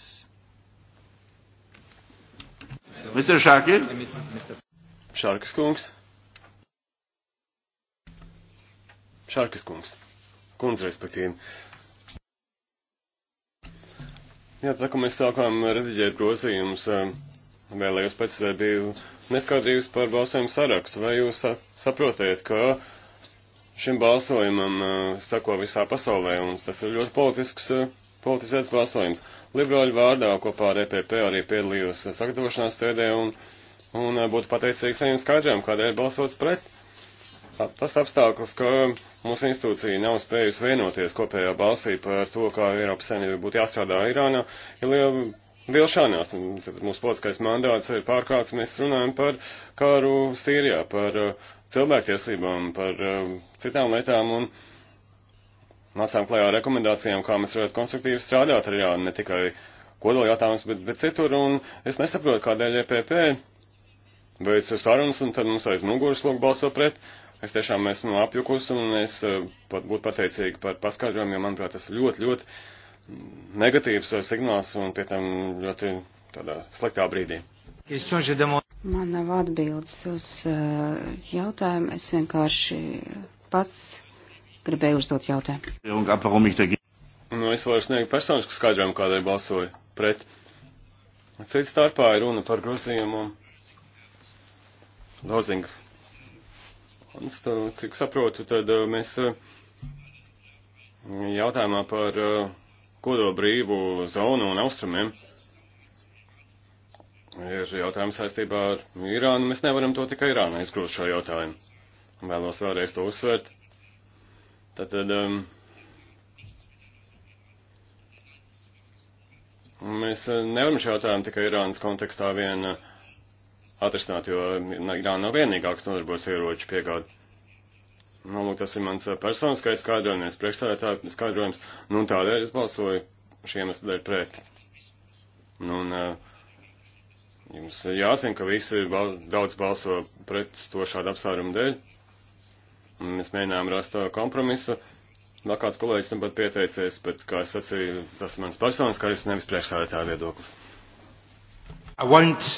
Mr. Šāki? Šārkas kungs. Šārkas kungs. Kundz, respektīvi. Jā, tā kā mēs sākām rediģēt grozījumus, eh, vēlējos pēc tam biju neskaidrības par balsojumu sarakstu. Vai jūs saprotiet, ka šim balsojumam uh, sako visā pasaulē, un tas ir ļoti politisks, uh, politizēts balsojums. Liberāļu vārdā kopā ar EPP arī piedalījos uh, sagatavošanās sēdē, un, un uh, būtu pateicīgs saviem skaidrojumam, kādēļ balsots pret. Tas apstākļus, ka mūsu institūcija nav spējusi vienoties kopējā balsī par to, kā Eiropas saimniecība būtu jāstrādā Irānā, ir liela vilšanās. Tad mūsu politiskais mandāts ir pārkārts, mēs runājam par kāru Sīrijā, par uh, cilvēktiesībām, par uh, citām lietām un nācām klajā rekomendācijām, kā mēs varētu konstruktīvi strādāt arī jā, ne tikai kodola jautājumus, bet, bet citur. Un es nesaprotu, kādēļ EPP veids sarunas un tad mums aiz muguras lūk balso pret. Es tiešām esmu apjukus un es uh, pat būtu pateicīgi par paskaidrojumu, jo manuprāt tas ir ļoti, ļoti. ļoti negatīvs uh, signāls un pie tam ļoti tādā sliktā brīdī. Man nav atbildes uz uh, jautājumu, es vienkārši pats gribēju uzdot jautājumu. Nu, es varu sniegt personisku skaidrojumu, kādai balsoju pret. Cits starpā ir runa par grozījumu un lozingu. Un, cik saprotu, tad uh, mēs jautājumā par uh, kodolbrīvu zonu un austrumiem. Ir jautājums saistībā ar Irānu. Mēs nevaram to tikai Irānai izgrūst šo jautājumu. Vēlos vēlreiz to uzsvērt. Tātad um, mēs uh, nevaram šo jautājumu tikai Irānas kontekstā vien uh, atrisināt, jo Irāna nav vienīgāks nodarbojas ieroču piegādi. Nu, lūk, tas ir mans eh, personiskais skaidrojums, priekšstādātāja skaidrojums. Nu, tādēļ es balsoju šiem es dēļ pret. Nu, un eh, jums jāzina, ka visi bal daudz balso pret to šādu apsvērumu dēļ. Un mēs mēģinām rast eh, kompromisu. Vēl kāds kolēģis nu pat pieteicies, bet, kā es sacīju, tas ir mans personiskais, nevis priekšstādātāja viedoklis. Debate,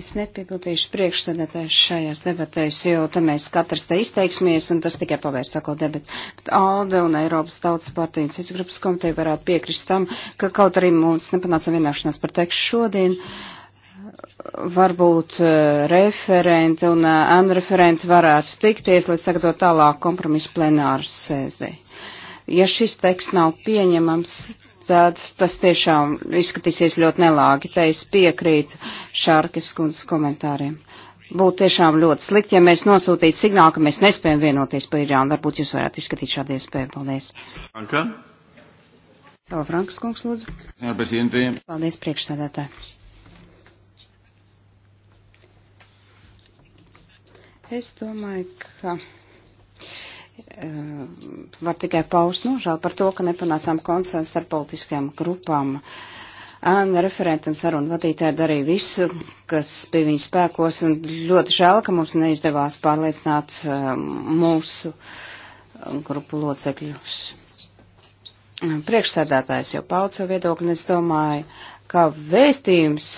es nepiebildīšu priekšsēdētāju šajās debatēs, jo tam mēs katrs te izteiksimies, un tas tikai pavērs sako debats. Bet ALDE un Eiropas Tautas partija un cits grupas komiteja varētu piekrist tam, ka kaut arī mums nepanāca vienošanās par tekstu šodien, varbūt eh, referenti un anreferenti eh, varētu tikties, lai sagatavot tālāk kompromisu plenāru sēdē. Ja šis teksts nav pieņemams, tad tas tiešām izskatīsies ļoti nelāgi. Te es piekrītu Šārkis kundzes komentāriem. Būtu tiešām ļoti slikti, ja mēs nosūtītu signālu, ka mēs nespējam vienoties par Irānu. Varbūt jūs varētu izskatīt šādu iespēju. Paldies. Anka. Sala Frankas kungs, lūdzu. Paldies, priekšsēdētāji. Es domāju, ka Eh, var tikai paust nožēlu par to, ka nepanācām konsensu ar politiskajām grupām. Anna referenta un sarunu vadītāja darīja visu, kas bija viņas spēkos, un ļoti žēl, ka mums neizdevās pārliecināt eh, mūsu grupu locekļus. Priekšsēdētājs jau pauca viedokli, un es domāju, ka vēstījums,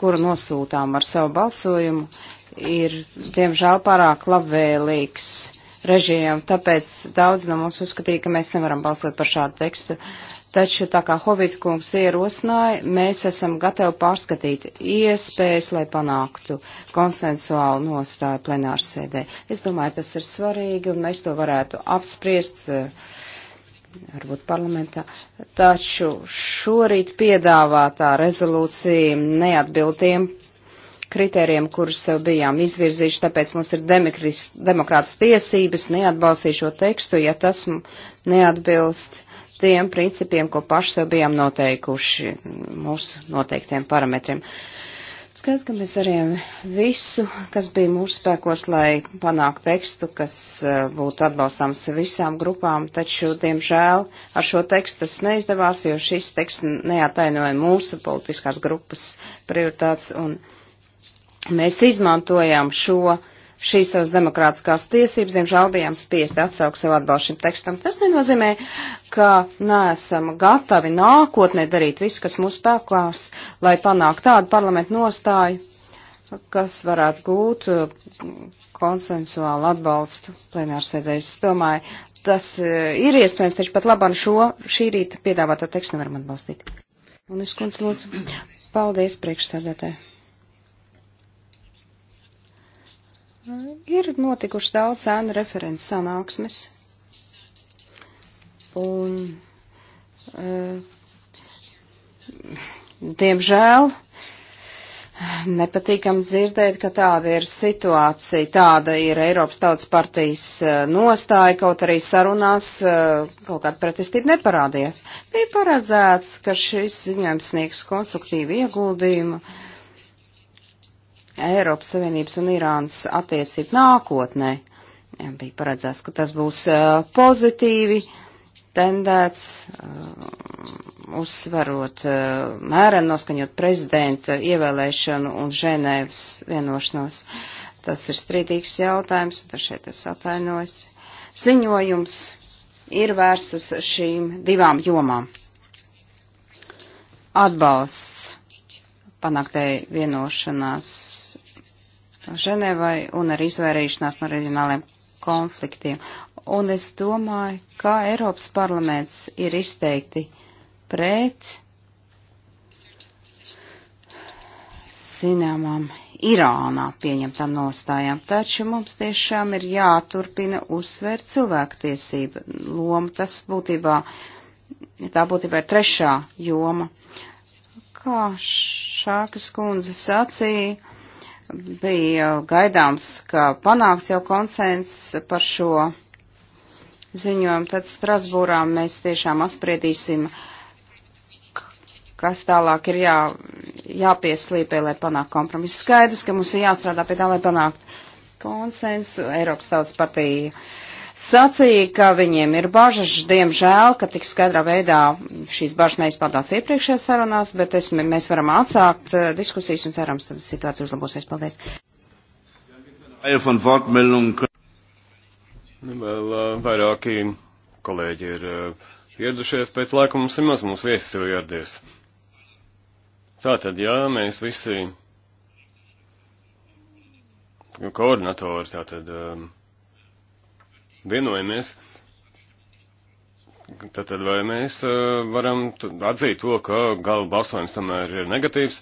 kuru nosūtām ar savu balsojumu, ir, diemžēl, pārāk labvēlīgs režīmiem, tāpēc daudz no mums uzskatīja, ka mēs nevaram balsot par šādu tekstu. Taču, tā kā Hovita kungs ierosināja, mēs esam gatavi pārskatīt iespējas, lai panāktu konsensuālu nostāju plenārsēdē. Es domāju, tas ir svarīgi, un mēs to varētu apspriest. Uh, varbūt parlamentā, taču šorīt piedāvātā rezolūcija neatbildiem kritērijiem, kurus bijām izvirzījuši, tāpēc mums ir demikris, demokrātas tiesības, neatbalstīju šo tekstu, ja tas neatbilst tiem principiem, ko paši sev bijām noteikuši mūsu noteiktiem parametriem. Skats, ka mēs darījām visu, kas bija mūsu spēkos, lai panāktu tekstu, kas e, būtu atbalstāms visām grupām, taču, diemžēl, ar šo tekstu tas neizdevās, jo šis teksts neatainoja mūsu politiskās grupas prioritātes un Mēs izmantojām šo, šīs savas demokrātiskās tiesības, diemžēl bijām spiest atsaukt savu atbalstu šim tekstam. Tas nenozīmē, ka neesam gatavi nākotnē darīt visu, kas mūsu spēklās, lai panāktu tādu parlamentu nostāju, kas varētu gūt uh, konsensuālu atbalstu plenārsēdēs. Es domāju, tas uh, ir iespējams, taču pat labāk šo šī rīta piedāvāto tekstu nevaram atbalstīt. Un es kundz lūdzu. Paldies priekšsēdētāji. Ir notikuši daudz sēnu referents sanāksmes. Un, uh, diemžēl, nepatīkam dzirdēt, ka tāda ir situācija, tāda ir Eiropas Tautas partijas eh, nostāja, kaut arī sarunās uh, kaut kāda pretestība neparādījās. Bija paredzēts, ka šis ziņojums sniegs konstruktīvu ieguldījumu. Uh, Eiropas Savienības un Irānas attiecību nākotnē. Bija paredzēts, ka tas būs pozitīvi tendēts, uzsvarot, mēren noskaņot prezidenta ievēlēšanu un Ženēvas vienošanos. Tas ir strīdīgs jautājums, un šeit es atainojos. Ziņojums ir vērsts uz šīm divām jomām. Atbalsts panāktēji vienošanās Ženevai un ar izvairīšanās no reģionāliem konfliktiem. Un es domāju, ka Eiropas parlaments ir izteikti pret zināmām Irānā pieņemtām nostājām, taču mums tiešām ir jāturpina uzsvērt cilvēktiesību lomu. Tas būtībā, tā būtībā ir trešā joma. Kā Šākas kundze sacīja, Bija gaidāms, ka panāks jau konsens par šo ziņojumu. Tad Strasbūrā mēs tiešām aspriedīsim, kas tālāk ir jā, jāpieslīpē, lai panāktu kompromisu. Skaidrs, ka mums ir jāstrādā pie tā, lai panāktu konsensu. Eiropas tautas partija uh, sacīja, ka viņiem ir bažas, diemžēl, ka tik skaidrā veidā šīs bažas neizpaldās iepriekšējās sarunās, bet es, mēs varam atsākt eh, diskusijas un cerams, tad situācija uzlabosies. Paldies. Vēl eh, vairāki kolēģi ir eh, ieradušies, pēc laika mums ir maz mūsu viesis jau ieradies. Tātad, jā, mēs visi koordinatori, tātad. Um, vienojamies, tad, tad vai mēs eh, varam atzīt to, ka gala balsojums tomēr ir negatīvs,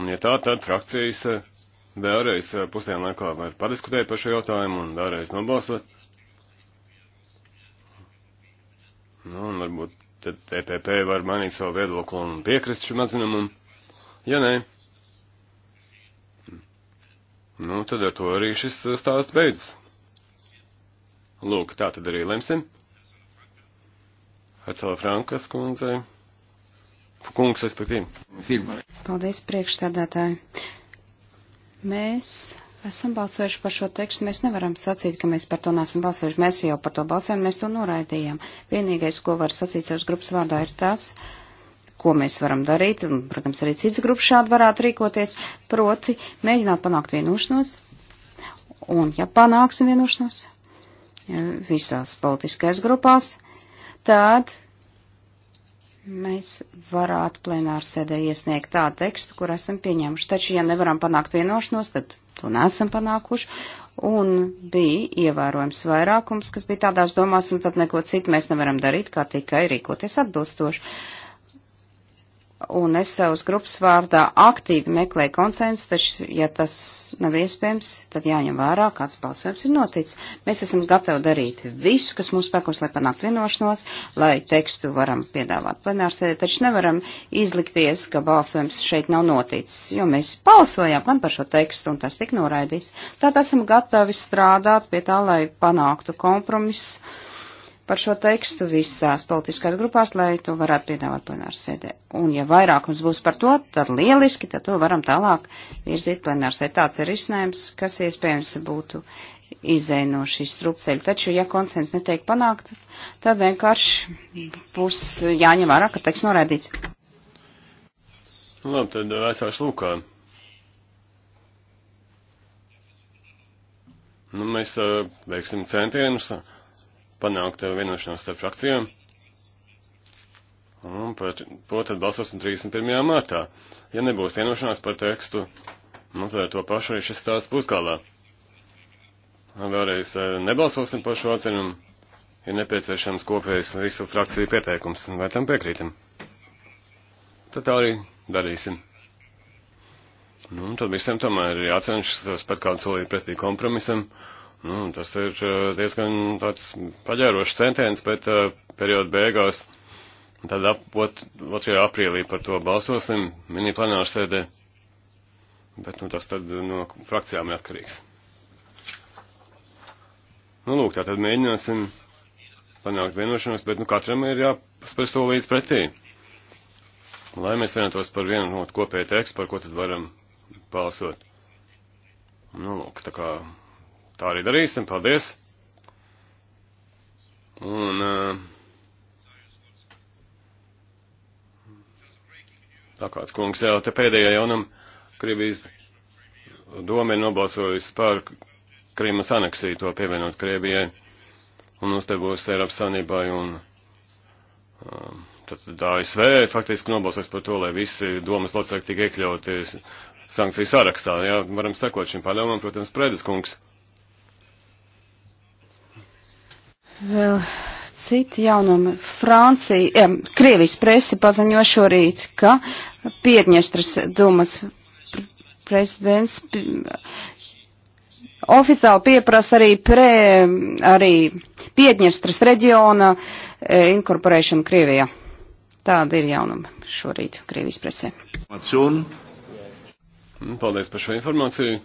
un ja tā, tad frakcijas eh, vēlreiz eh, pusdienu laikā var padiskutēt par šo jautājumu un vēlreiz nobalsot. Nu, un varbūt tad EPP var mainīt savu viedokli un piekrist šim atzinumam. Ja nē, nu, tad ar to arī šis stāsts beidzas. Lūk, tā tad arī lemsim. Acela Frankas kundzei. Kungs, respektīvi. Paldies, priekšstādātāji. Mēs esam balsojuši par šo tekstu. Mēs nevaram sacīt, ka mēs par to nesam balsojuši. Mēs jau par to balsojam, mēs to noraidījām. Vienīgais, ko var sacīt savas grupas vārdā, ir tas, ko mēs varam darīt, un, protams, arī cits grupas šādi varētu rīkoties, proti mēģināt panākt vienošanos, un ja panāksim vienošanos, visās politiskajās grupās, tad mēs varētu plenāru sēdē iesniegt tādu tekstu, kur esam pieņēmuši. Taču, ja nevaram panākt vienošanos, tad to nesam panākuši. Un bija ievērojams vairākums, kas bija tādās domās, un tad neko citu mēs nevaram darīt, kā tikai rīkoties atbilstoši. Uh, un es savas grupas vārdā aktīvi meklēju konsensu, taču, ja tas nav iespējams, tad jāņem vērā, kāds balsojums ir noticis. Mēs esam gatavi darīt visu, kas mūsu spēkos, lai panāktu vienošanos, lai tekstu varam piedāvāt plenārsēdē, taču nevaram izlikties, ka balsojums šeit nav noticis, jo mēs balsojām gan par šo tekstu, un tas tika noraidīts. Tātad esam gatavi strādāt pie tā, lai panāktu kompromisu par šo tekstu visās politiskās grupās, lai to varētu piedāvāt plenāras sēdē. Un ja vairākums būs par to, tad lieliski, tad to varam tālāk virzīt plenāras sēdē. Tāds ir risinājums, kas iespējams būtu izēj no šīs strupceļa. Taču, ja konsens netiek panākt, tad vienkārši būs jāņem vērā, ka teksts norādīts. Labi, tad aizsāšu lūkā. Nu, mēs uh, veiksim centienus. Uh, panākt vienošanos starp frakcijām. Un par to tad balsosim 31. martā. Ja nebūs vienošanās par tekstu, nu tad ar to pašu arī šis stāsts būs galā. Vēlreiz eh, nebalsosim par šo atzinumu. Ir nepieciešams kopējs visu frakciju pieteikums, vai tam piekrītam? Tad tā arī darīsim. Nu, un tad visiem tomēr ir jācenšas pat kādu solīti pretī kompromisam. Uh, Nu, tas ir eh, diezgan tāds paģērošs centiens, bet uh, perioda beigās, tad ap, ot, 2. aprīlī par to balsosim mini plenāru sēdē. Bet nu, tas tad no frakcijām ir atkarīgs. Nu, lūk, tā tad mēģināsim panākt vienošanos, bet nu, katram ir jāspēr to līdz pretī. Lai mēs vienotos par vienu no nu, kopēju tekstu, par ko tad varam balsot. Nu, lūk, tā kā Tā arī darīsim. Paldies! Un tā kāds kungs jau te pēdējā jaunam Krievijas doma ir nobalsojis par Krīmas aneksiju to pievienot Krievijai. Un mums te būs Eiropas Sanībai un um, tad ASV faktiski nobalsos par to, lai visi domas locekļi tiek iekļauti sankciju sarakstā. Jā, varam sekot šim padomam, protams, Prēdes kungs. Vēl citi jaunumi. Francija, eh, Krievijas presi paziņo šorīt, ka Piedņestras dumas prezidents oficiāli pieprasa arī, pre, arī Piedņestras reģiona eh, inkorporēšanu Krievijā. Tāda ir jaunuma šorīt Krievijas presē. Paldies par šo informāciju.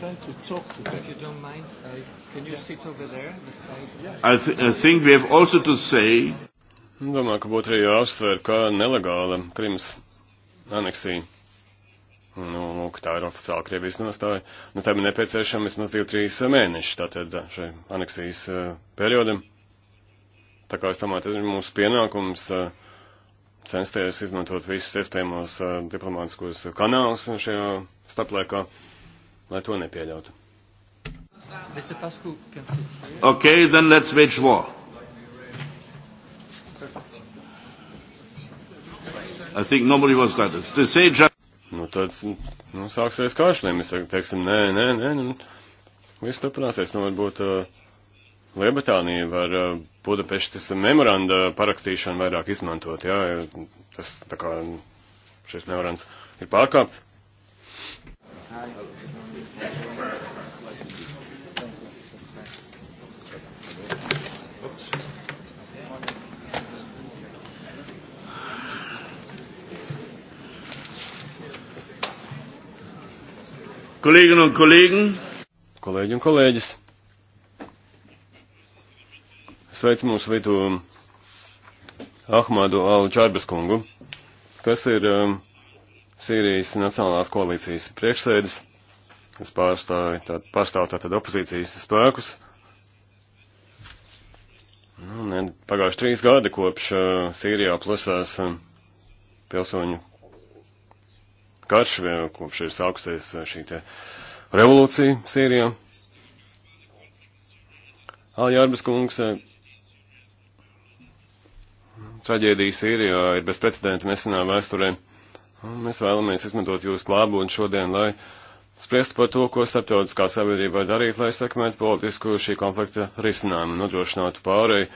trying to talk to them. If you don't mind, I, can you yeah. sit over there, the side? Yeah. I, th I think we have also to say. Nu, domāju, ka būtu arī jāuztver, ka nelegāla Krimas aneksija. Nu, lūk, tā ir oficiāla Krievijas nostāja. Nu, tam ir nepieciešama vismaz 2-3 mēneši, tātad šai aneksijas uh, periodam. Tā kā es domāju, tas ir mūsu pienākums uh, censties izmantot visus iespējamos uh, diplomātiskos kanālus šajā staplēkā. Uh, lai to nepieļautu. Okay, then let's wage war. I think nobody was that. It's the sage. Nu, tad, nu, sāksies kāršļiem. Mēs teiksim, nē, nē, nē, nu, viss turpināsies. Nu, varbūt uh, Lielbritānija var uh, Budapeštas memoranda parakstīšanu vairāk izmantot, jā, tas tā kā šis memorands ir pārkāpts. Hi. Kolēģi un kolēģi. Kolēģi un kolēģis. Sveic mūsu vidu Ahmadu Al-Čarbas kungu, kas ir um, Sīrijas Nacionālās koalīcijas priekšsēdis, kas pārstāv tātad, pārstāv tātad opozīcijas spēkus. Nu, ne, pagājuši trīs gadi kopš uh, Sīrijā plusās um, pilsoņu karš, kopš ir sākusies šī te revolūcija Sīrijā. Aljārbas kungs, traģēdija Sīrijā ir bezprecedenta nesenā vēsturē. Mēs vēlamies izmantot jūsu klābūtni šodien, lai spriestu par to, ko starptautiskā sabiedrība var darīt, lai sekmētu politisku šī konflikta risinājumu un nodrošinātu pārēju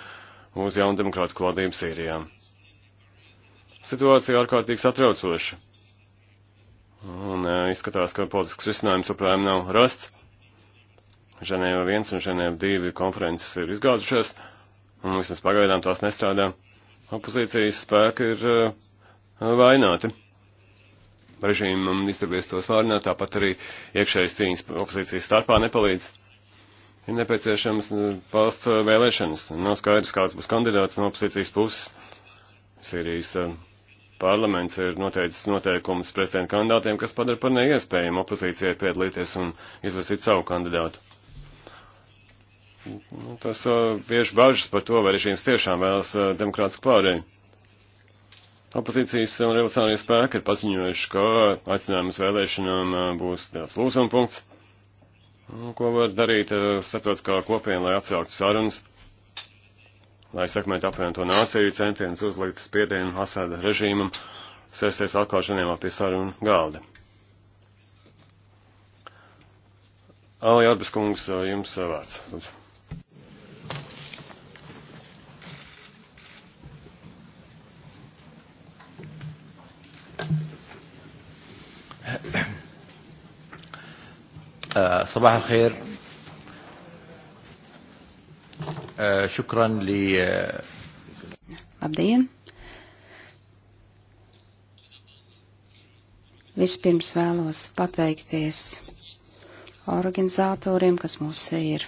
uz jaunu demokrātisku valdību Sīrijā. Situācija ārkārtīgi satraucoša. Un izskatās, ka politisks risinājums joprojām nav rasts. Ženēva 1 un Ženēva 2 konferences ir izgāzušās, un vismaz pagaidām tās nestrādā. Opozīcijas spēki ir uh, vaināti. Režīmam izdevies tos vārnāt, tāpat arī iekšējas cīņas opozīcijas starpā nepalīdz. Ir nepieciešams valsts vēlēšanas. Nav skaidrs, kāds būs kandidāts no opozīcijas puses. Sīrijas uh, parlaments ir noteicis noteikumus prezidenta kandidātiem, kas padara par neiespējumu opozīcijai piedalīties un izvirsīt savu kandidātu. Nu, tas uh, bieži bažas par to, vai režīms tiešām vēlas uh, demokrātisku pārēju. Opozīcijas un revolucionārie spēki ir paziņojuši, ka aicinājums vēlēšanām uh, būs tāds lūzuma punkts. Nu, ko var darīt uh, starptautiskā kopiena, lai atsāktu sarunas? lai sekmētu apvienoto nāciju centienus uzlikt spiedienu Asāda režīmam sēsties atkal Ženēmā pie sarunu galda. Ali Arbis kungs, jums vārds. صباح الخير uh, Uh, شكرا ل uh, Labdien! Vispirms vēlos pateikties organizatoriem, kas mūs ir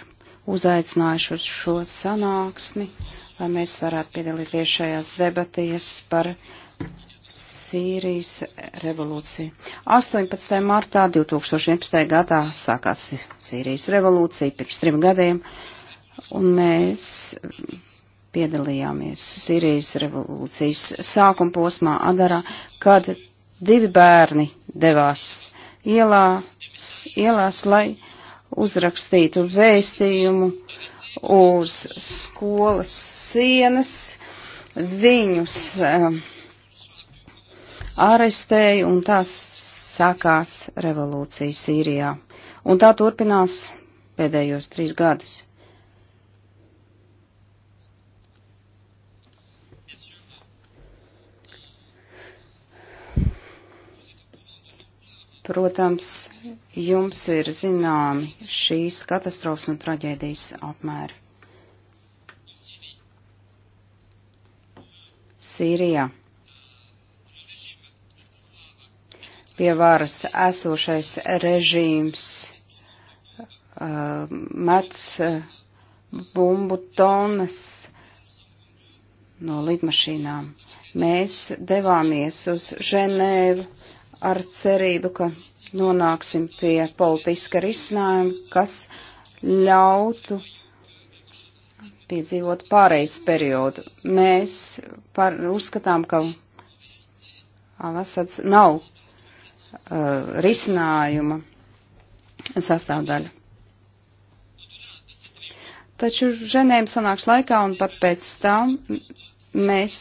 uzaicinājuši uz šo sanāksmi, lai mēs varētu piedalīties šajās debatīs par Sīrijas revolūciju. 18. martā 2011. gadā sākās Sīrijas revolūcija pirms trim gadiem. Uh, un mēs piedalījāmies Sīrijas revolūcijas sākuma posmā Adarā, kad divi bērni devās ielās, ielās lai uzrakstītu vēstījumu uz skolas sienas. Viņus um, arestēja un tās sākās revolūcija Sīrijā. Un tā turpinās pēdējos trīs gadus. Protams, jums ir zināmi šīs katastrofas un traģēdijas apmēri. Sīrijā. Pie varas esošais režīms uh, met uh, bumbu tonas no lidmašīnām. Mēs devāmies uz Ženēvu ar cerību, ka nonāksim pie politiska risinājuma, kas ļautu piedzīvot pārejas periodu. Mēs par, uzskatām, ka Alasads nav uh, risinājuma sastāvdaļa. Taču Ženēm sanāks laikā un pat pēc tam mēs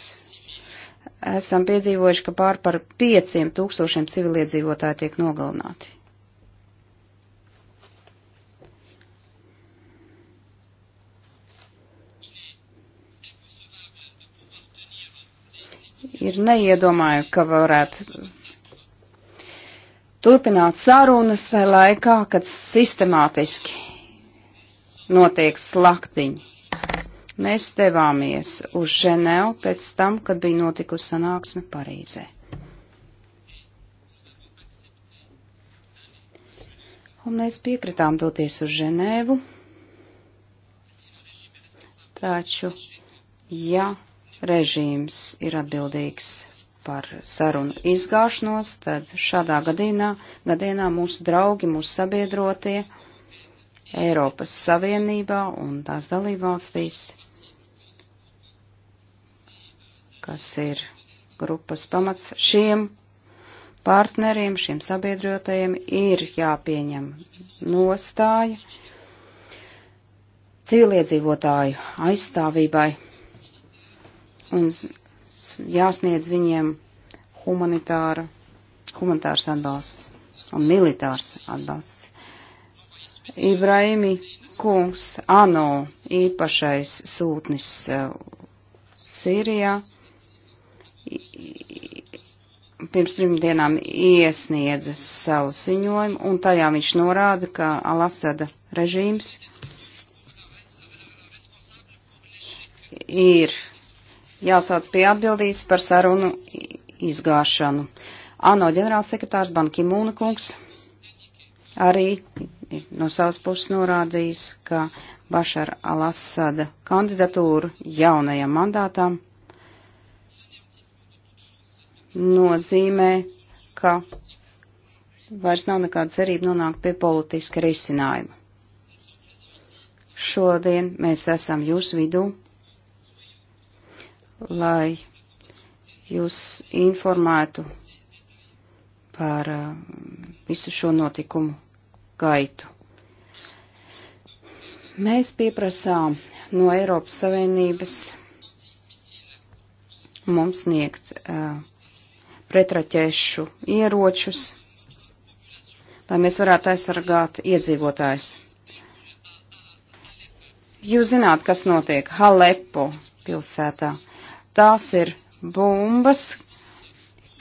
esam piedzīvojuši, ka pār par pieciem tūkstošiem civiliedzīvotāji tiek nogalināti. Ir neiedomāju, ka varētu turpināt sarunas tajā laikā, kad sistemātiski notiek slaktiņi. Mēs devāmies uz Ženevu pēc tam, kad bija notikusi sanāksme Parīzē. Un mēs piekritām doties uz Ženēvu, taču, ja režīms ir atbildīgs par sarunu izgāšanos, tad šādā gadījumā, gadījumā mūsu draugi, mūsu sabiedrotie Eiropas Savienībā un tās dalībvalstīs kas ir grupas pamats šiem partneriem, šiem sabiedrotajiem ir jāpieņem nostāja civiliedzīvotāju aizstāvībai un jāsniedz viņiem humanitāra, humanitārs atbalsts un militārs atbalsts. Ibrahimi kungs ANO īpašais sūtnis uh, Sīrijā pirms trim dienām iesniedza savu ziņojumu, un tajā viņš norāda, ka Alasada režīms ir jāsāc pie atbildīs par sarunu izgāšanu. ANO ģenerālsekretārs Banki Mūna kungs arī no savas puses norādījis, ka Bašara Alasada kandidatūru jaunajam mandātam nozīmē, ka vairs nav nekāda cerība nonākt pie politiska risinājuma. Šodien mēs esam jūsu vidū, lai jūs informētu par uh, visu šo notikumu gaitu. Mēs pieprasām no Eiropas Savienības mums sniegt uh, pretraķēšu ieročus, lai mēs varētu aizsargāt iedzīvotājs. Jūs zināt, kas notiek Halepo pilsētā. Tās ir bumbas,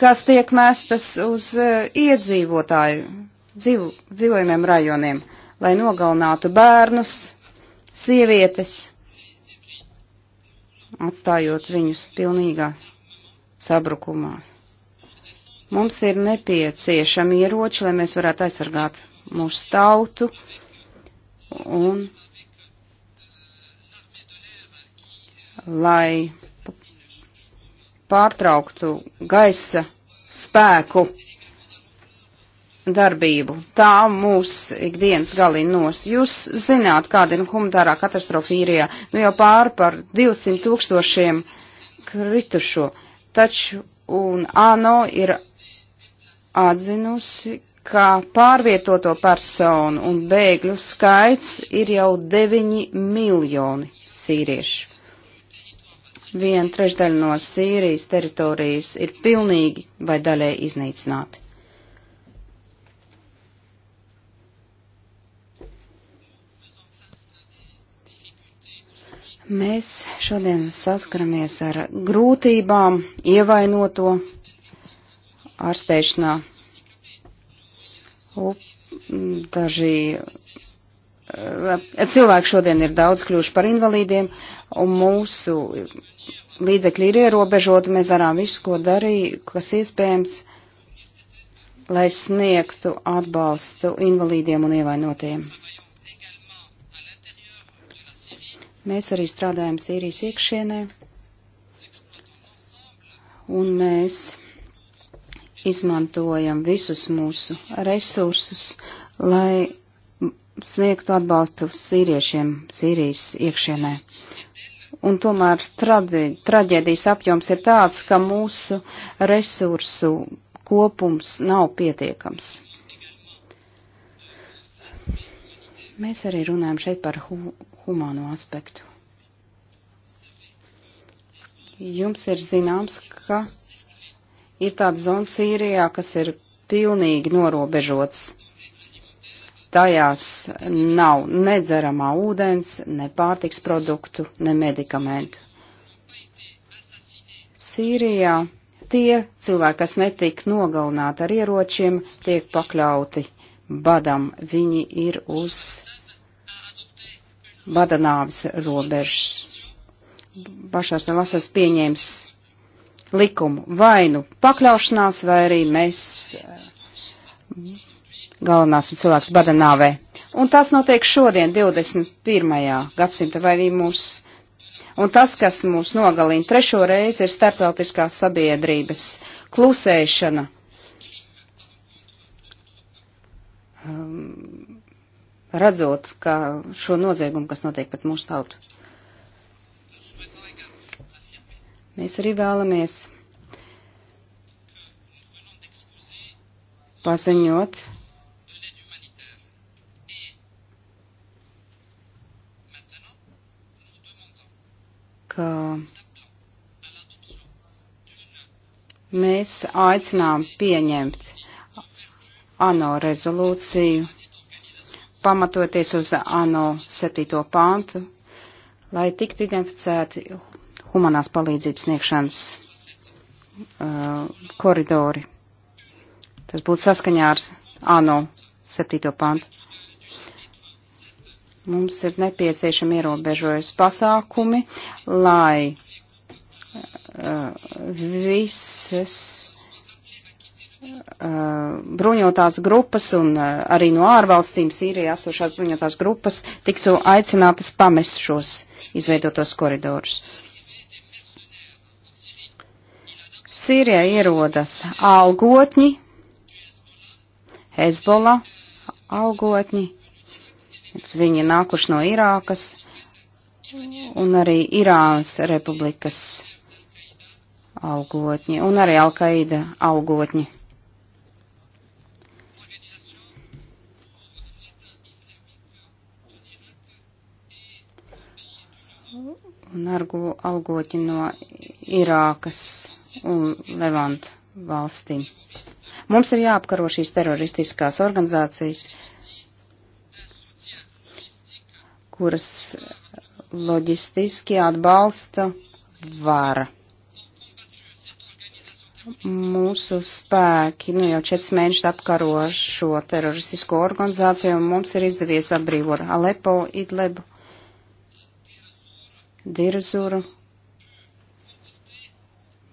kas tiek mēstas uz e, iedzīvotāju dzīvo, dzīvojumiem rajoniem, lai nogalinātu bērnus, sievietes, atstājot viņus pilnīgā sabrukumā. Mums ir nepieciešami ieroči, lai mēs varētu aizsargāt mūsu tautu un lai pārtrauktu gaisa spēku darbību. Tā mūs ikdienas galīgi nos. Jūs zināt, kāda ir humanitārā katastrofa īrijā. Nu jau pāri par 200 tūkstošiem kritušo. Taču un ANO ir atzinusi, ka pārvietoto personu un bēgļu skaits ir jau 9 miljoni sīriešu. Viena trešdaļa no Sīrijas teritorijas ir pilnīgi vai daļai iznīcināti. Mēs šodien saskaramies ar grūtībām, ievainoto ārsteišanā. Up, daži eh, cilvēki šodien ir daudz kļuvuši par invalīdiem, un mūsu līdzekļi ir ierobežoti. Mēs darām visu, ko darīja, kas iespējams, lai sniegtu atbalstu invalīdiem un ievainotiem. Mēs arī strādājam Sīrijas iekšienē, un mēs izmantojam visus mūsu resursus, lai sniegtu atbalstu sīriešiem Sīrijas iekšienē. Un tomēr tradi, traģēdijas apjoms ir tāds, ka mūsu resursu kopums nav pietiekams. Mēs arī runājam šeit par hu humāno aspektu. Jums ir zināms, ka ir tāda zona Sīrijā, kas ir pilnīgi norobežots. Tajās nav nedzeramā ūdens, ne pārtiks produktu, ne medikamentu. Sīrijā tie cilvēki, kas netika nogalināti ar ieročiem, tiek pakļauti badam. Viņi ir uz badanāvis robežas. Bašās Nelasas pieņēmis likumu vainu pakļaušanās, vai arī mēs eh, galvenāsim cilvēks badanāvē. Un tas notiek šodien, 21. gadsimta, vai viņi mūs. Un tas, kas mūs nogalina trešo reizi, ir starptautiskās sabiedrības klusēšana. Um, redzot, ka šo noziegumu, kas notiek pret mūsu tautu. Mēs arī vēlamies paziņot ka mēs aicinām pieņemt ANO rezolūciju, pamatoties uz ANO 7. pāntu, lai tiktu identificēti humanās palīdzības sniegšanas uh, koridori. Tas būtu saskaņā ar ANO 7. pantu. Mums ir nepieciešami ierobežojas pasākumi, lai uh, visas uh, bruņotās grupas un uh, arī no ārvalstīm Sīrijā esošās bruņotās grupas tiktu aicinātas pamest šos izveidotos koridorus. Sīrijā ierodas algotņi, Hezbola algotņi, viņi nākuši no Irākas un arī Irānas republikas algotņi un arī Alkaida algotņi. un argu algoķi no Irākas un Levantu valstīm. Mums ir jāapkaro šīs teroristiskās organizācijas, kuras loģistiski atbalsta vara. Mūsu spēki nu, jau četras mēnešus apkaro šo teroristisko organizāciju, un mums ir izdevies atbrīvot Alepo, Idlebu, Dirzuru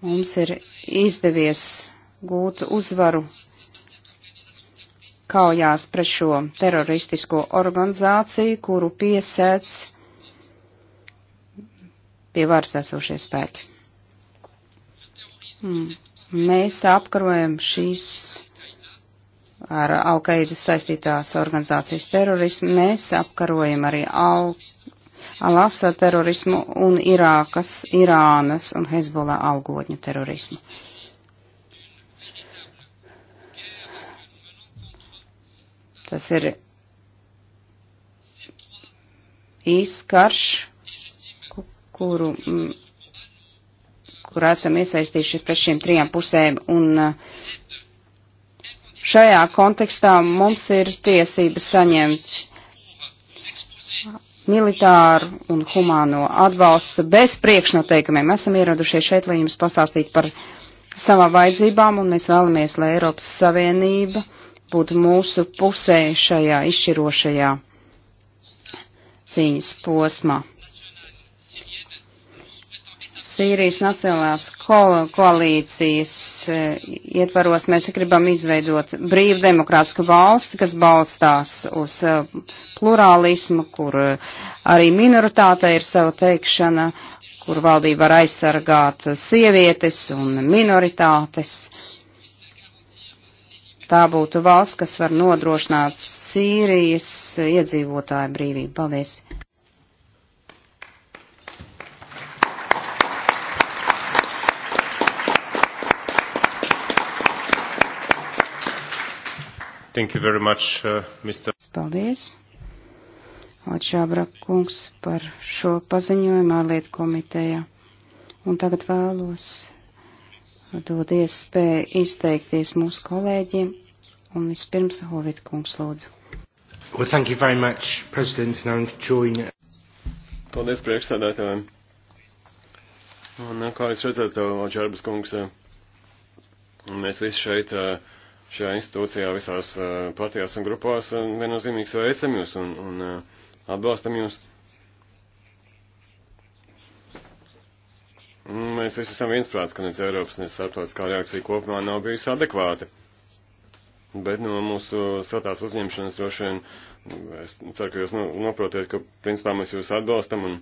Mums ir izdevies gūt uzvaru kaujās pret šo teroristisko organizāciju, kuru piesēc pie varas esošie spēki. Hmm. Mēs apkarojam šīs ar Alkaidas saistītās organizācijas terorismu, mēs apkarojam arī Al Alasa terorismu un Irākas, Irānas un Hezbollah algotņu terorismu. Tas ir īsts karš, kuru, kur esam iesaistījuši pret šīm trijām pusēm, un eh, šajā kontekstā mums ir tiesības saņemt militāru un humāno atbalstu bez priekšnoteikumiem. Mēs esam ieradušies šeit, lai jums pastāstītu par savām vajadzībām, un mēs vēlamies, lai Eiropas Savienība būtu mūsu pusē šajā izšķirošajā cīņas posmā. Sīrijas Nacionālās ko koalīcijas e, ietvaros mēs gribam izveidot brīvu demokrātisku valsti, kas balstās uz e, plurālismu, kur e, arī minoritāte ir sava teikšana, kur valdība var aizsargāt sievietes un minoritātes. Tā būtu valsts, kas var nodrošināt Sīrijas iedzīvotāju brīvību. Paldies! Thank you very much, uh, Mr. Paldies. Alčābra kungs par šo paziņojumu ārlietu komitejā. Un tagad vēlos dod iespēju izteikties mūsu kolēģiem. Un vispirms Hovit kungs lūdzu. Well, thank you very much, President, and I'm joining. Paldies priekšsēdētājiem. Un uh, kā jūs redzat, uh, Alčārbas kungs, uh, mēs visi šeit. Uh, šajā institūcijā visās eh, partijās un grupās eh, viennozīmīgi sveicam jūs un, un eh, atbalstam jūs. Mēs visi esam viensprāts, ka nec Eiropas, nec starptautiskā reakcija kopumā nav bijusi adekvāta. Bet no mūsu satās uzņemšanas droši vien, es ceru, ka jūs noprotiet, ka principā mēs jūs atbalstam un,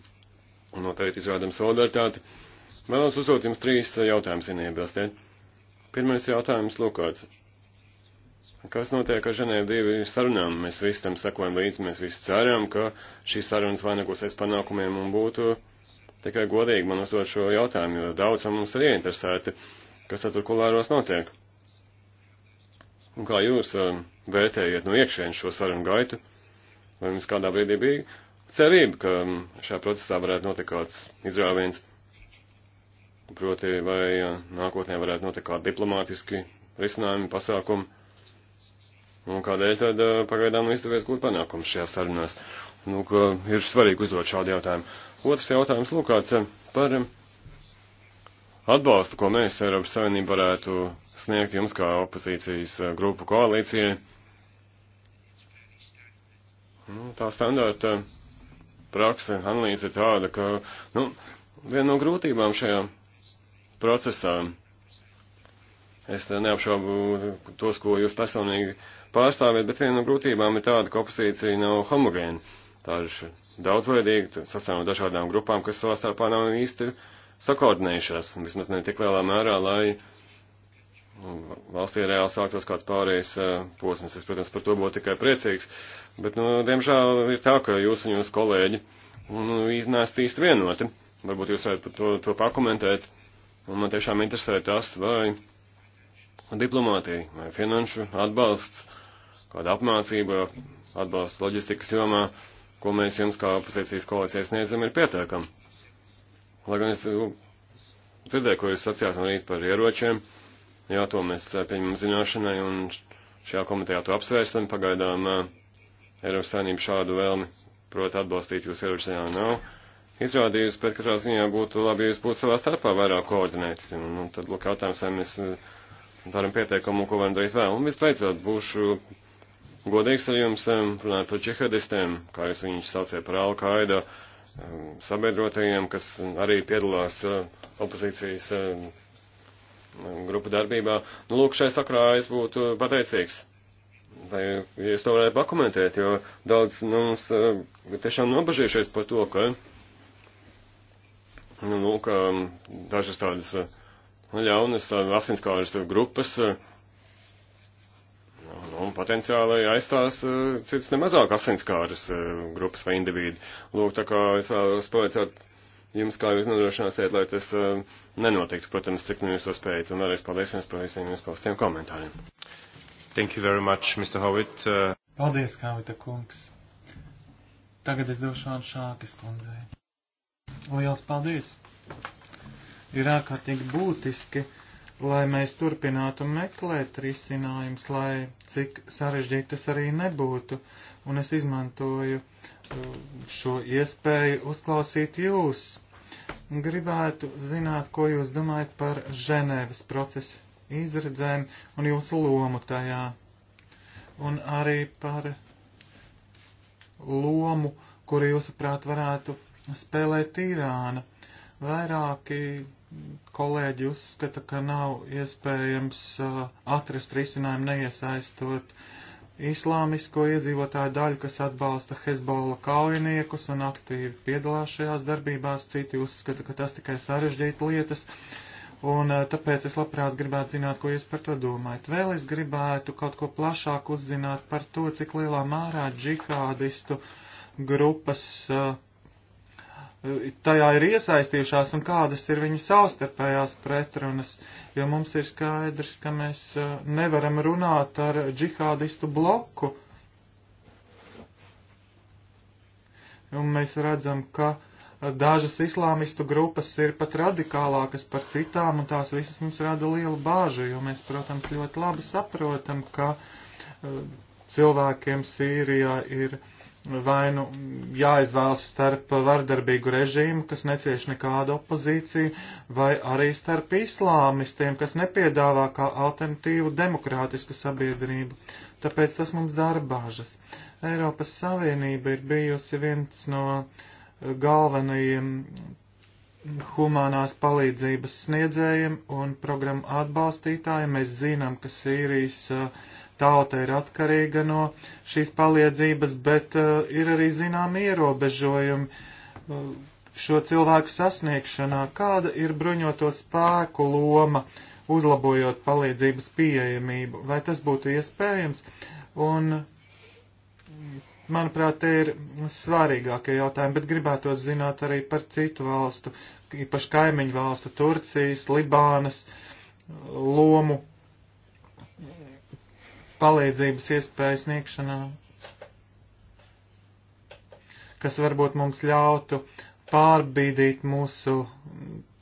un noteikti izrādam solidaritāti. Vēlos uzdot jums trīs jautājumus, ja neiebilstiet. Pirmais jautājums lūkots. Kas notiek ar Ženēvu divu sarunām? Mēs visi tam sakojam līdzi, mēs visi ceram, ka šīs sarunas vainagosies panākumiem un būtu tikai godīgi man uzdot šo jautājumu, jo daudz mums ir ieinteresēti, kas tad tur kulāros notiek. Un kā jūs um, vērtējat no iekšienes šo sarunu gaitu? Vai jums kādā brīdī bija cerība, ka um, šajā procesā varētu notikt kāds izrāviens, proti vai uh, nākotnē varētu notikt kādi diplomātiski risinājumi, pasākumi. Un kādēļ tad eh, pagaidām izdevies gūt panākumu šajā sarunās? Nu, ka ir svarīgi uzdot šādu jautājumu. Otrs jautājums, lūk, kāds eh, par eh, atbalstu, ko mēs Eiropas Savienība varētu sniegt jums kā opozīcijas grupu koalīcijai. Nu, tā standarta praksa analīze ir tāda, ka, nu, viena no grūtībām šajā procesā Es neapšaubu tos, ko jūs personīgi pārstāvjat, bet viena no grūtībām ir tāda, ka opozīcija nav homogēna. Tā ir daudzveidīga, sastāv no dažādām grupām, kas savā starpā nav īsti sakoordinējušās, vismaz ne tik lielā mērā, lai valstī reāli sāktos kāds pārējais eh, posms. Es, protams, par to būtu tikai priecīgs, bet, nu, diemžēl ir tā, ka jūs un jūs kolēģi nu, iznēst īsti vienoti. Varbūt jūs varat to, to pakomentēt, un man tiešām interesē tas, vai. Vai diplomātija vai finanšu atbalsts, kāda apmācība, atbalsts loģistikas jomā, ko mēs jums kā opozīcijas koalīcijas sniedzam, ir pietiekami. Lai gan es dzirdēju, ko jūs sacījāt no rīta par ieročiem, jā, to mēs eh, pieņemam zināšanai un šajā komitejā to apsvērstam. Pagaidām eh, Eiropas saimnība šādu vēlmi, proti, atbalstīt jūs ieročajā nav izrādījusi, bet katrā ziņā būtu labi, ja jūs būtu savā starpā vairāk koordinēti. Un, un tad, lūk, jautājums, vai mēs eh, darām pieteikumu, ko varam darīt vēl. Un visbeidzot, būšu godīgs ar jums, runājot par džihadistiem, kā jūs viņus saucējat par Al-Qaida sabiedrotajiem, kas arī piedalās eh, opozīcijas grupu darbībā. Nu, lūk, šai sakrā es būtu pateicīgs. Vai jūs to varētu pakomentēt, jo daudz nu, mums eh, tiešām nobažījušies par to, ka, nu, lūk, dažas tādas uh, ļaunas asinskāras grupas eh, un, nu, un potenciāli aizstās eh, cits nemazāk asinskāras eh, grupas vai individu. Lūk, tā kā es vēlos pavaicāt jums, kā jūs nodrošināsiet, lai tas nenotiktu, protams, cik nu jūs to spējat. Un vēlreiz paldies jums par visiem jums paustiem komentāriem. Thank you very much, Mr. Howitt. Uh... Paldies, Kāvita kungs. Tagad es došu vārdu Šākas kundzei. Liels paldies! ir ārkārtīgi būtiski, lai mēs turpinātu meklēt risinājumus, lai cik sarežģīti tas arī nebūtu. Un es izmantoju uh, šo iespēju uzklausīt jūs. Gribētu zināt, ko jūs domājat par Ženēvas procesu izredzēm un jūsu lomu tajā. Un arī par lomu, kuru jūsuprāt varētu spēlēt Irāna. Vairāki kolēģi uzskata, ka nav iespējams uh, atrast risinājumu neiesaistot islāmisko iedzīvotāju daļu, kas atbalsta Hezbollah kaujiniekus un aktīvi piedalās šajās darbībās. Citi uzskata, ka tas tikai sarežģīta lietas. Un uh, tāpēc es labprāt gribētu zināt, ko jūs par to domājat. Vēl es gribētu kaut ko plašāk uzzināt par to, cik lielā mērā džihādistu grupas uh, tajā ir iesaistījušās un kādas ir viņu savstarpējās pretrunas, jo mums ir skaidrs, ka mēs eh, nevaram runāt ar džihādistu bloku. Un mēs redzam, ka eh, dažas islāmistu grupas ir pat radikālākas par citām, un tās visas mums rada lielu bāžu, jo mēs, protams, ļoti labi saprotam, ka eh, cilvēkiem Sīrijā ir. Uh, vai nu jāizvēlas starp vardarbīgu režīmu, kas necieš nekādu opozīciju, vai arī starp islāmistiem, kas nepiedāvā kā alternatīvu demokrātisku sabiedrību. Tāpēc tas mums dara bažas. Eiropas Savienība ir bijusi viens no galvenajiem humanās palīdzības sniedzējiem un programmu atbalstītājiem. Mēs zinām, ka Sīrijas uh, tauta ir atkarīga no šīs palīdzības, bet uh, ir arī zināmi ierobežojumi uh, šo cilvēku sasniegšanā. Kāda ir bruņoto spēku loma, uzlabojot palīdzības pieejamību? Vai tas būtu iespējams? Un, manuprāt, tie ir svarīgākie jautājumi, bet gribētos zināt arī par citu valstu, īpaši kaimiņu valstu, Turcijas, Libānas uh, lomu palīdzības iespēju sniegšanā, kas varbūt mums ļautu pārbīdīt mūsu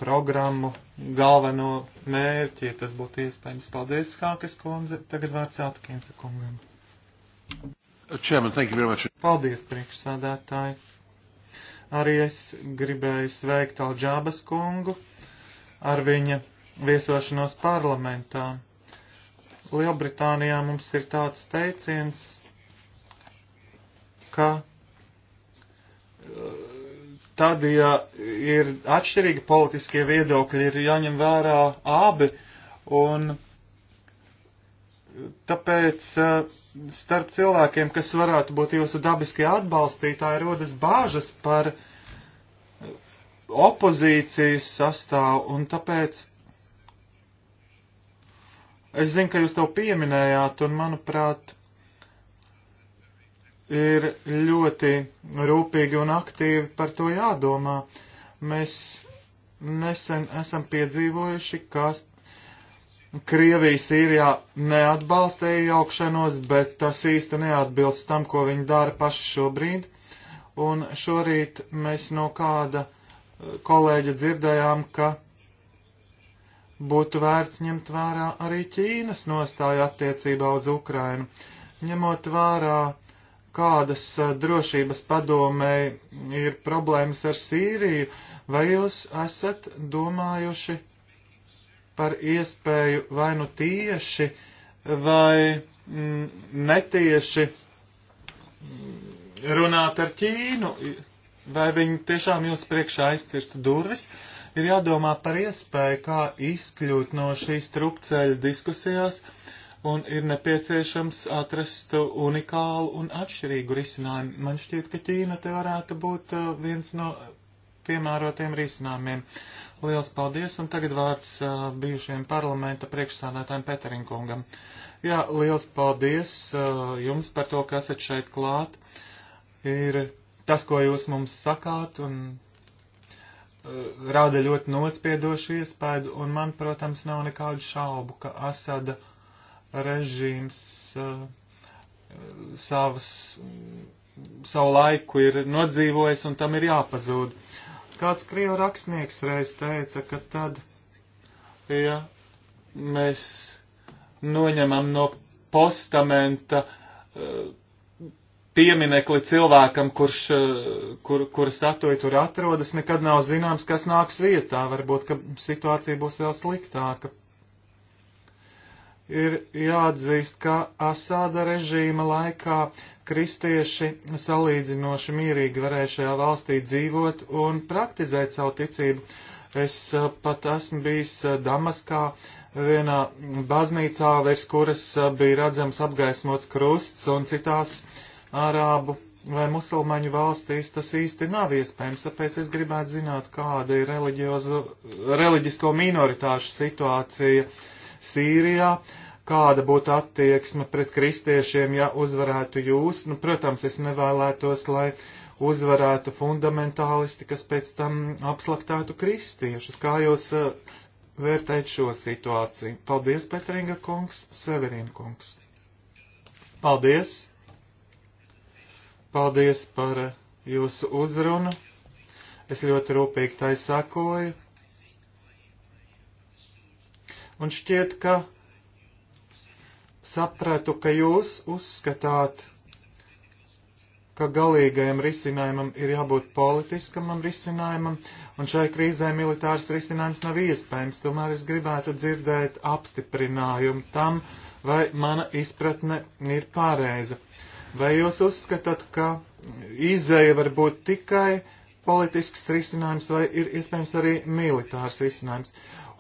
programmu galveno mērķi, ja tas būtu iespējams. Paldies, Hākas kundze. Tagad vārds Atkinsa kungam. Chairman, thank you very much. Paldies, priekšsādātāji. Arī es gribēju sveikt Alģābas kungu ar viņa viesošanos parlamentā. Lielbritānijā mums ir tāds teiciens, ka eh, tad, ja ir atšķirīgi politiskie viedokļi, ir jāņem vērā abi, un tāpēc eh, starp cilvēkiem, kas varētu būt jūsu dabiskie atbalstītāji, rodas bāžas par eh, opozīcijas sastāvu, un tāpēc Es zinu, ka jūs to pieminējāt, un manuprāt, ir ļoti rūpīgi un aktīvi par to jādomā. Mēs nesen esam piedzīvojuši, ka Krievija Sīrijā neatbalsta iejaukšanos, bet tas īsti neatbilst tam, ko viņi dara paši šobrīd. Un šorīt mēs no kāda kolēģa dzirdējām, ka būtu vērts ņemt vērā arī Ķīnas nostāja attiecībā uz Ukrainu, ņemot vērā, kādas drošības padomē ir problēmas ar Sīriju, vai jūs esat domājuši par iespēju vai nu tieši vai mm, netieši mm, runāt ar Ķīnu, vai viņi tiešām jūs priekšā aizcirstu durvis, uh, ir jādomā par iespēju, kā izkļūt no šīs trupceļa diskusijās, un ir nepieciešams atrast unikālu un atšķirīgu risinājumu. Man šķiet, ka Ķīna te varētu būt uh, viens no piemērotiem risinājumiem. Liels paldies, un tagad vārds uh, bijušajiem parlamenta priekšsādātājiem Peterinkungam. Jā, liels paldies uh, jums par to, ka esat šeit klāt. Ir tas, ko jūs mums sakāt, un Uh, rada ļoti nospiedošu iespēju, un man, protams, nav nekādu šaubu, ka Asada režīms uh, savas, savu laiku ir nodzīvojis un tam ir jāpazūd. Kāds krievu rakstnieks reiz teica, ka tad, ja mēs noņemam no postamenta uh, pieminekli cilvēkam, kurš, eh, kur, kura statuja tur atrodas, nekad nav zināms, kas nāks vietā. Varbūt, ka situācija būs vēl sliktāka. Ir jāatzīst, ka Asāda režīma laikā kristieši salīdzinoši mierīgi varēja šajā valstī dzīvot un praktizēt savu ticību. Es eh, pat esmu bijis eh, Damaskā, vienā baznīcā, virs kuras bija redzams apgaismots krusts, un citās ārābu vai musulmaņu valstīs, tas īsti nav iespējams, tāpēc es gribētu zināt, kāda ir reliģisko minoritāšu situācija Sīrijā, kāda būtu attieksme pret kristiešiem, ja uzvarētu jūs. Nu, protams, es nevēlētos, lai uzvarētu fundamentālisti, kas pēc tam apslaktētu kristiešus. Kā jūs eh, vērtēt šo situāciju? Paldies, Petringa kungs, Severina kungs. Paldies! Paldies par jūsu uzrunu. Es ļoti rūpīgi tai sakoju. Un šķiet, ka sapratu, ka jūs uzskatāt, ka galīgajam risinājumam ir jābūt politiskamam risinājumam, un šai krīzē militārs risinājums nav iespējams. Tomēr es gribētu dzirdēt apstiprinājumu tam, vai mana izpratne ir pareiza. Vai jūs uzskatāt, ka izēja var būt tikai politisks risinājums vai ir iespējams arī militārs risinājums?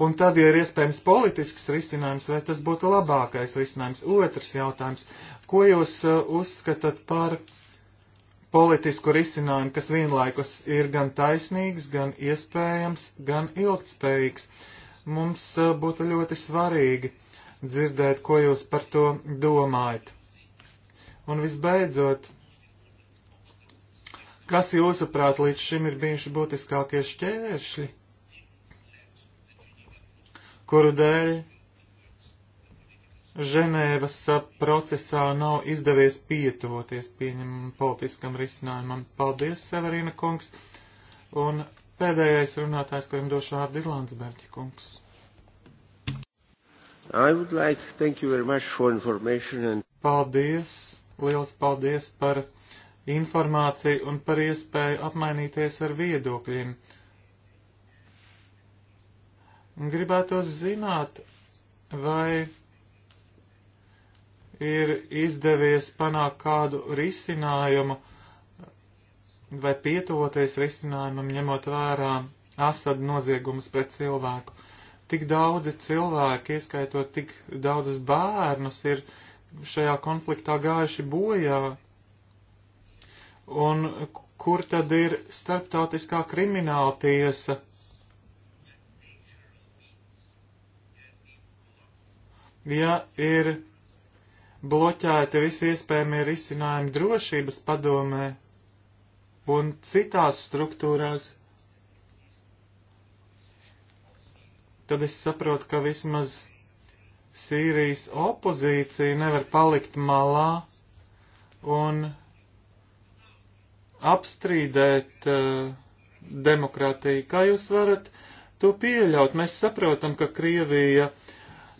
Un tad, ja ir iespējams politisks risinājums, vai tas būtu labākais risinājums? Otrs jautājums. Ko jūs uh, uzskatat par politisku risinājumu, kas vienlaikus ir gan taisnīgs, gan iespējams, gan ilgtspējīgs? Mums uh, būtu ļoti svarīgi dzirdēt, ko jūs par to domājat. Un visbeidzot, kas jūsuprāt līdz šim ir bijuši būtiskākie šķēršļi, kuru dēļ Ženēvas procesā nav izdevies pietuvoties pieņemam politiskam risinājumam. Paldies, Severina kungs! Un pēdējais runātājs, kurim došu vārdu, ir Landsbergi kungs. I would like thank you very much for information and Paldies Liels paldies par informāciju un par iespēju apmainīties ar viedokļiem. Gribētos zināt, vai ir izdevies panākt kādu risinājumu vai pietuvoties risinājumam, ņemot vērā asadu noziegumus pret cilvēku. Tik daudzi cilvēki, ieskaitot tik daudzus bērnus, ir uh, šajā konfliktā gājuši bojā, un kur tad ir starptautiskā krimināla tiesa? Ja ir bloķēti visi iespējamie risinājumi drošības padomē un citās struktūrās, tad es saprotu, ka vismaz Sīrijas opozīcija nevar palikt malā un apstrīdēt uh, demokrātiju. Kā jūs varat to pieļaut? Mēs saprotam, ka Krievija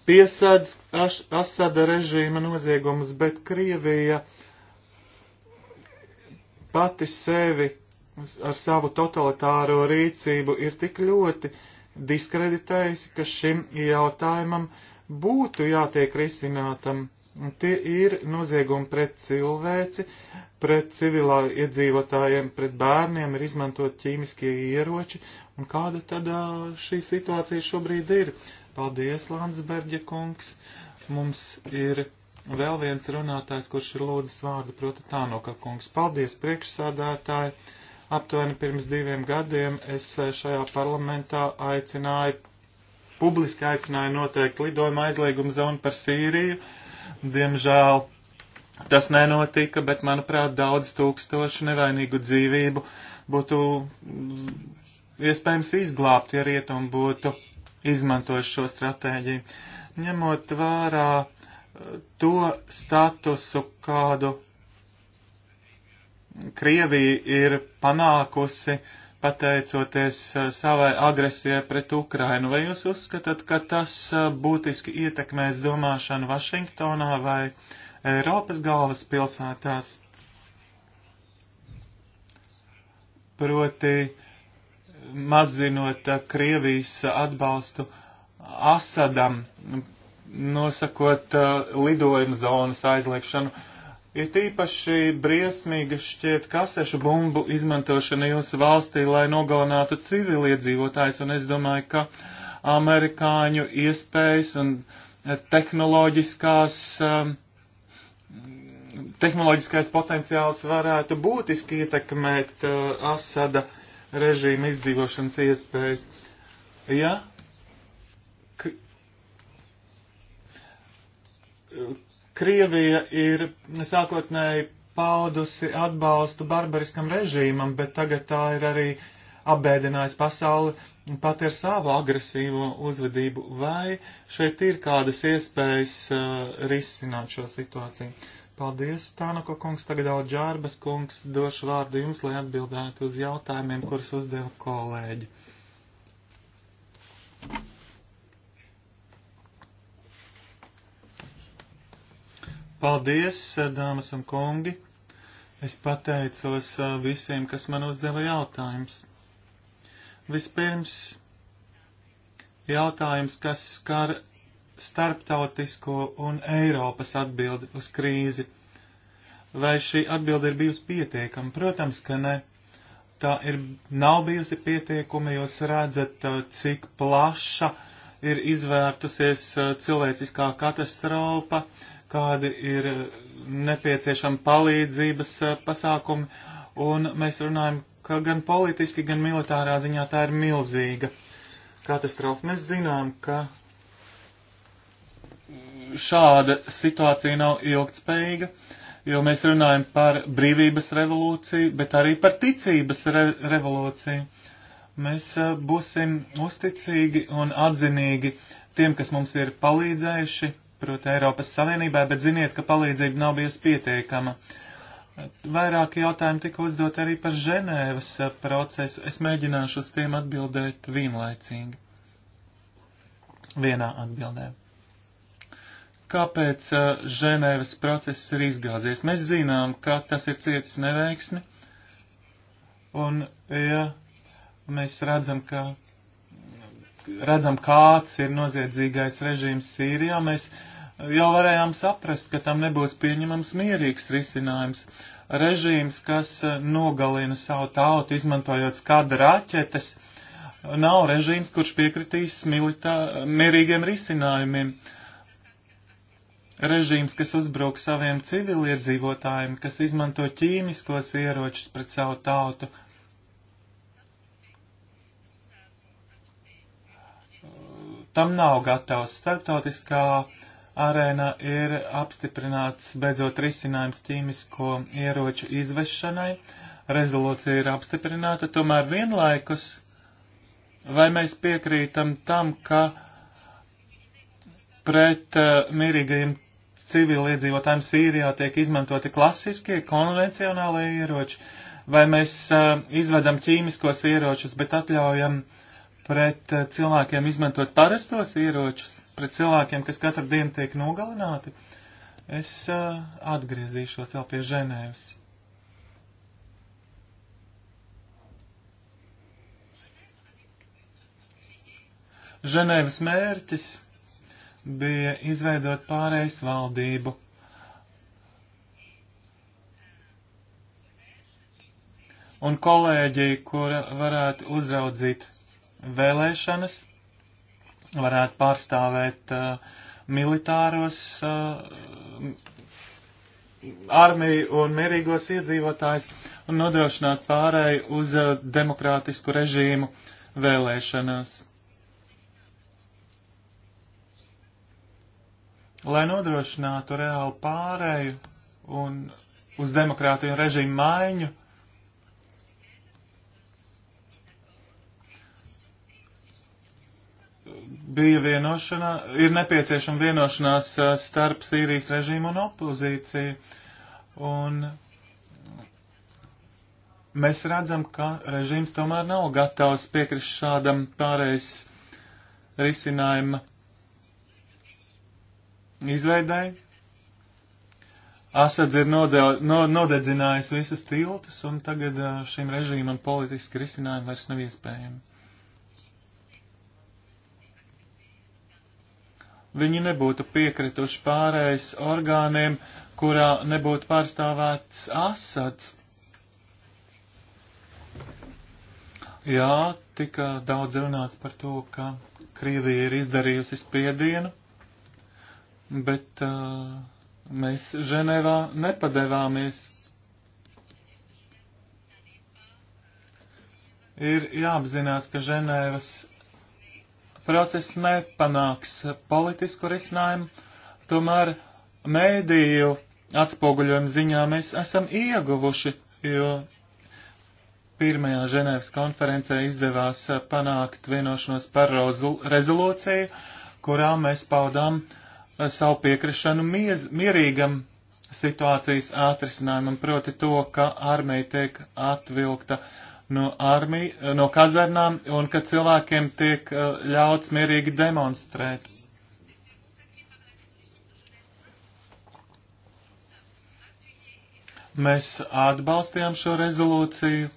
piesādz As Asada režīma noziegumus, bet Krievija pati sevi ar savu totalitāro rīcību ir tik ļoti diskreditējusi, ka šim jautājumam uh, būtu jātiek risinātam. Tie ir noziegumi pret cilvēci, pret civilā iedzīvotājiem, pret bērniem, ir izmantot ķīmiskie ieroči. Un kāda tad šī situācija šobrīd ir? Paldies, Landsberģa kungs. Mums ir vēl viens runātājs, kurš ir lūdzis vārdu, proti Tānoka kungs. Paldies, priekšsādātāji. Aptuveni pirms diviem gadiem es šajā parlamentā aicināju publiski aicināja noteikt lidojuma aizliegumu zonu par Sīriju. Diemžēl tas nenotika, bet, manuprāt, daudz tūkstošu nevainīgu dzīvību būtu iespējams izglābt, ja rietumi būtu izmantojuši šo stratēģiju. Ņemot vērā eh, to statusu, kādu Krievija ir panākusi, uh, pateicoties eh, savai agresijai pret Ukrainu. Vai jūs uzskatāt, ka tas eh, būtiski ietekmēs domāšanu Vašingtonā vai Eiropas galvaspilsētās? Proti, mazinot eh, Krievijas atbalstu Asadam, nosakot lidojuma zonas aizliekšanu It īpaši briesmīga šķiet kasešu bumbu izmantošana jūsu valstī, lai nogalinātu civiliedzīvotājs, un es domāju, ka amerikāņu iespējas un eh, tehnoloģiskās, um, tehnoloģiskais potenciāls varētu būtiski ietekmēt uh, Asada režīma izdzīvošanas iespējas. Ja? K Krievija ir sākotnēji paudusi atbalstu barbariskam režīmam, bet tagad tā ir arī apbēdinājusi pasauli pat ar savu agresīvo uzvedību. Vai šeit ir kādas iespējas uh, risināt šo situāciju? Paldies, Tānako kungs, tagad jau Džārbas kungs, došu vārdu jums, lai atbildētu uz jautājumiem, kurus uzdeva kolēģi. Thank you. Paldies, eh, dāmas un kungi! Es pateicos eh, visiem, kas man uzdeva jautājumus. Vispirms jautājums, kas skar starptautisko un Eiropas atbildi uz krīzi. Vai šī atbilde ir bijusi pietiekama? Protams, ka ne. Tā ir, nav bijusi pietiekama, jūs redzat, eh, cik plaša ir izvērtusies cilvēciskā katastrofa, uh, kādi ir nepieciešami palīdzības eh, pasākumi, un mēs runājam, ka gan politiski, gan militārā ziņā tā ir milzīga katastrofa. Mēs zinām, ka šāda situācija nav ilgtspējīga, jo mēs runājam par brīvības revolūciju, bet arī par ticības re revolūciju. Mēs eh, būsim uzticīgi un atzinīgi tiem, kas mums ir palīdzējuši, proti Eiropas Savienībai, bet ziniet, ka palīdzība nav bijusi pietiekama. Vairāki jautājumi tika uzdot arī par Ženēvas eh, procesu. Es mēģināšu uz tiem atbildēt vienlaicīgi. Vienā atbildē. Kāpēc eh, Ženēvas process ir izgāzies? Mēs zinām, ka tas ir cietis neveiksmi. Un, ja mēs redzam, ka redzam, kāds ir noziedzīgais režīms Sīrijā, mēs jau varējām saprast, ka tam nebūs pieņemams mierīgs risinājums. Režīms, kas eh, nogalina savu tautu, izmantojot skada raķetes, nav režīms, kurš piekritīs militā, mierīgiem risinājumiem. Režīms, kas uzbruk saviem civiliedzīvotājiem, kas izmanto ķīmiskos ieročus pret savu tautu, tam nav gatavs starptautiskā arēnā ir apstiprināts beidzot risinājums ķīmisko ieroču izvešanai. Rezolūcija ir apstiprināta, tomēr vienlaikus vai mēs piekrītam tam, ka pret uh, mierīgajiem civiliedzīvotājiem Sīrijā tiek izmantoti klasiskie konvencionālie ieroči, vai mēs uh, izvedam ķīmiskos ieročus, bet atļaujam uh, pret eh, cilvēkiem izmantot parastos ieročus, pret cilvēkiem, kas katru dienu tiek nogalināti, es uh, atgriezīšos vēl pie Ženēvas. Ženēvas mērķis bija izveidot pārējais valdību. Un kolēģi, kura varētu uzraudzīt vēlēšanas, varētu pārstāvēt uh, militāros uh, armiju un mierīgos iedzīvotājus un nodrošināt pārēju uz uh, demokrātisku režīmu vēlēšanās. Lai nodrošinātu reālu pārēju un uz demokrātiju režīmu maiņu, bija vienošanā, ir nepieciešama vienošanās uh, starp Sīrijas režīmu un opozīciju. Un mēs redzam, ka režīms tomēr nav gatavs piekrist šādam pārējais risinājuma izveidai. Asads ir node, no, nodedzinājis visus tiltus, un tagad uh, šim režīmam politiski risinājumi vairs nav iespējami. viņi nebūtu piekrituši pārējais orgāniem, kurā nebūtu pārstāvēts Asads. Jā, tika daudz runāts par to, ka Krievija ir izdarījusi spiedienu, bet uh, mēs Ženēvā nepadevāmies. Ir jāapzinās, ka Ženēvas process nepanāks politisku risinājumu, tomēr mēdīju atspoguļojumu ziņā mēs esam ieguvuši, jo pirmajā Ženēvas konferencē izdevās panākt vienošanos par rezolūciju, kurā mēs paudām eh, savu piekrišanu miez, mierīgam situācijas atrisinājumam, proti to, ka armija tiek atvilkta no, armi, no kazernām un ka cilvēkiem tiek eh, ļauts mierīgi demonstrēt. Mēs atbalstījām šo rezolūciju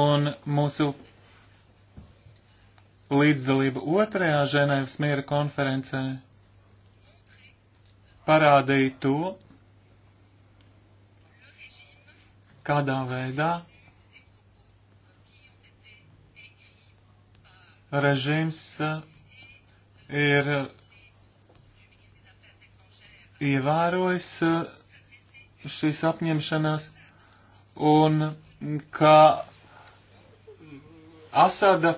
un mūsu līdzdalība otrajā Ženēvas miera konferencē parādīja to, kādā veidā režīms uh, ir uh, ievērojis uh, šīs apņemšanās un ka Asada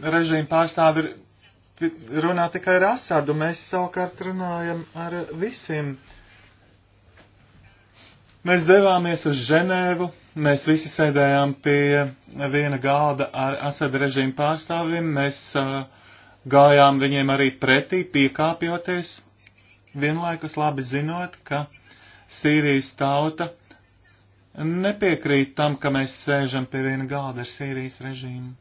režīma pārstāvi runā tikai ar Asadu, mēs savukārt runājam ar visiem uh, Mēs devāmies uz Ženēvu, mēs visi sēdējām pie viena gāda ar Asada režīmu pārstāvjiem, mēs uh, gājām viņiem arī pretī, piekāpjoties, vienlaikus labi zinot, ka Sīrijas tauta nepiekrīt tam, ka mēs sēžam pie viena gāda ar Sīrijas režīmu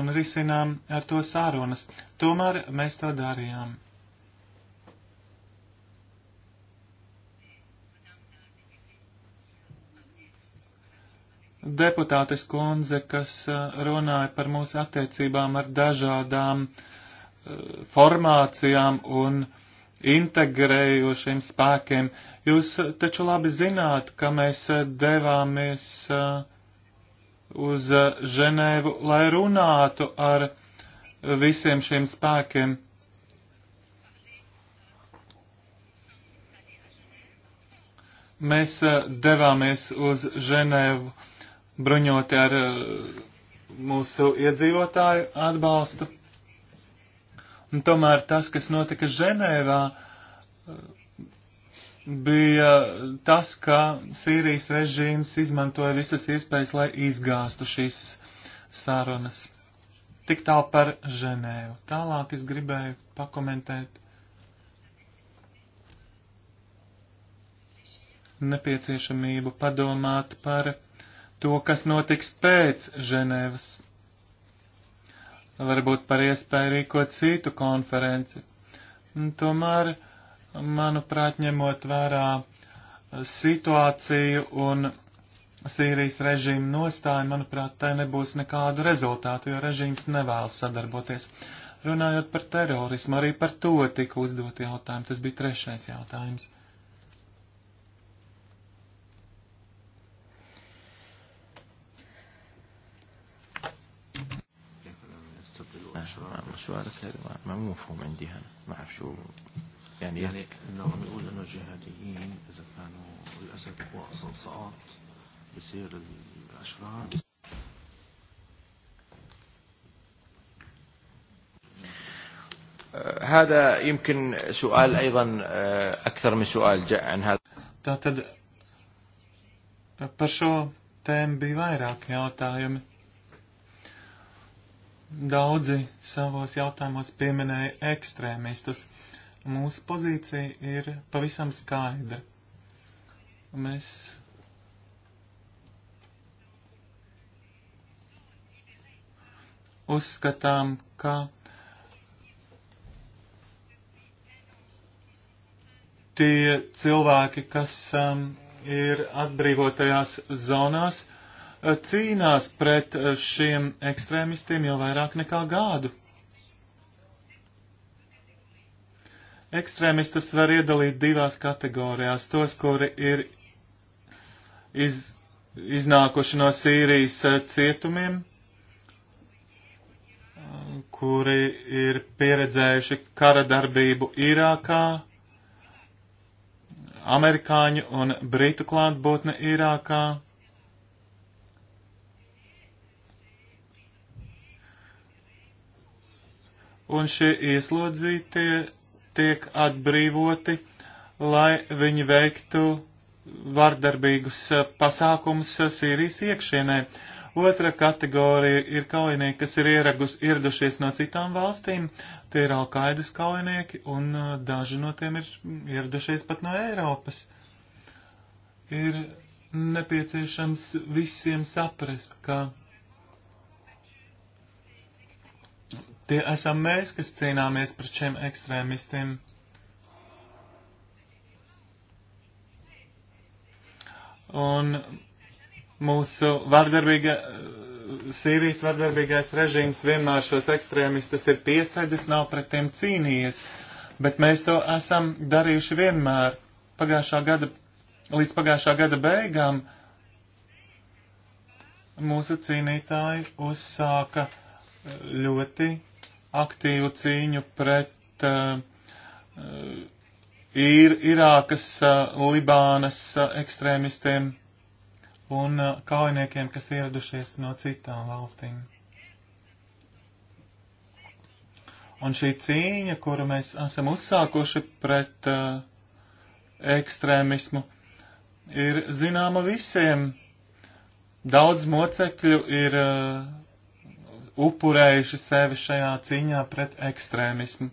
un risinām ar to sārunas. Tomēr mēs to darījām. deputātes kundze, kas eh, runāja par mūsu attiecībām ar dažādām eh, formācijām un integrējošiem spēkiem. Jūs eh, taču labi zināt, ka mēs devāmies uz Ženēvu, lai runātu ar visiem šiem spēkiem. Mēs devāmies uz Ženēvu bruņoti ar eh, mūsu iedzīvotāju atbalstu. Un tomēr tas, kas notika Ženēvā, eh, bija tas, ka Sīrijas režīms izmantoja visas iespējas, lai izgāstu šīs sarunas. Tik tā par Ženēvu. Tālāk es gribēju pakomentēt nepieciešamību padomāt par to, kas notiks pēc Ženēvas. Varbūt par iespēju rīkot citu konferenci. Tomēr, manuprāt, ņemot vērā situāciju un Sīrijas režīmu nostāju, manuprāt, tai nebūs nekādu rezultātu, jo režīms nevēlas sadarboties. Runājot par terorismu, arī par to tika uzdot jautājumu. Tas bija trešais jautājums. سؤالك هذا ما مو مفهوم عندي انا ما اعرف شو يعني يعني انه عم يقول انه الجهاديين اذا كانوا الاسد هو صلصات بصير الاشرار هذا يمكن سؤال ايضا اكثر من سؤال جاء عن هذا Tātad par šo tēmu bija vairāk jautājumi. Daudzi savos jautājumos pieminēja ekstrēmistus. Mūsu pozīcija ir pavisam skaidra. Mēs uzskatām, ka tie cilvēki, kas um, ir atbrīvotajās zonās, cīnās pret eh, šiem ekstrēmistiem jau vairāk nekā gādu. Ekstrēmistus var iedalīt divās kategorijās - tos, kuri ir iz, iznākuši no Sīrijas eh, cietumiem, kuri ir pieredzējuši kara darbību Irākā, amerikāņu un britu klātbūtne Irākā un šie ieslodzītie tiek atbrīvoti, lai viņi veiktu vardarbīgus eh, pasākumus eh, Sīrijas iekšienē. Otra kategorija ir kaujinieki, kas ir ieragus, ieradušies no citām valstīm. Tie ir Alkaidas kaujinieki, un eh, daži no tiem ir ieradušies pat no Eiropas. Ir nepieciešams visiem saprast, ka Tie esam mēs, kas cīnāmies pret šiem ekstrēmistiem. Un mūsu vardarbīga, Sīrijas vardarbīgais režīms vienmēr šos ekstrēmistus ir piesaidzis, nav pret tiem cīnījies, bet mēs to esam darījuši vienmēr. Pagājušā gada, līdz pagājušā gada beigām mūsu cīnītāji uzsāka ļoti aktīvu cīņu pret uh, uh, ir, Irākas, uh, Libānas uh, ekstrēmistiem un uh, kaujiniekiem, kas ieradušies no citām valstīm. Un šī cīņa, kuru mēs esam uzsākuši pret uh, ekstrēmismu, ir zināma visiem. Daudz mocekļu ir uh, upurējuši sevi šajā cīņā pret ekstrēmismu.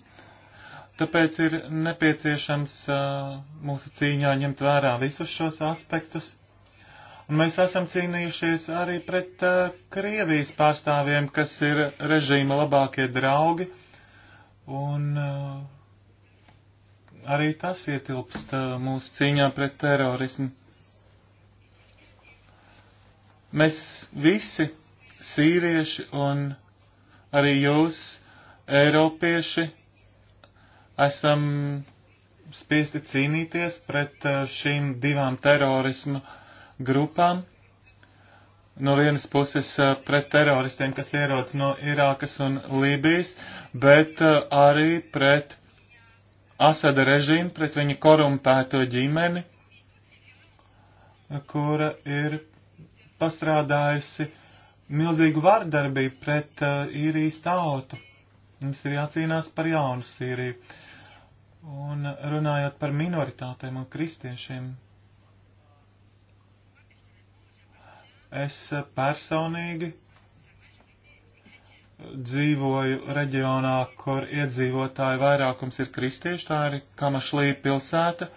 Tāpēc ir nepieciešams uh, mūsu cīņā ņemt vērā visus šos aspektus. Un mēs esam cīnījušies arī pret uh, Krievijas pārstāvjiem, kas ir režīma labākie draugi. Un uh, arī tas ietilpst uh, mūsu cīņā pret terorismu. Mēs visi sīrieši un arī jūs, eiropieši, esam spiesti cīnīties pret uh, šīm divām terorismu grupām. No vienas puses uh, pret teroristiem, kas ierodas no Irākas un Lībijas, bet uh, arī pret Asada režīmu, pret viņa korumpēto ģimeni, kura ir pastrādājusi uh, milzīgu vardarbību pret uh, īrijas tautu. Mums ir jācīnās par jaunu Sīriju. Un runājot par minoritātēm un kristiešiem, es personīgi dzīvoju reģionā, kur iedzīvotāji vairākums ir kristieši, tā ir Kamašlī pilsēta,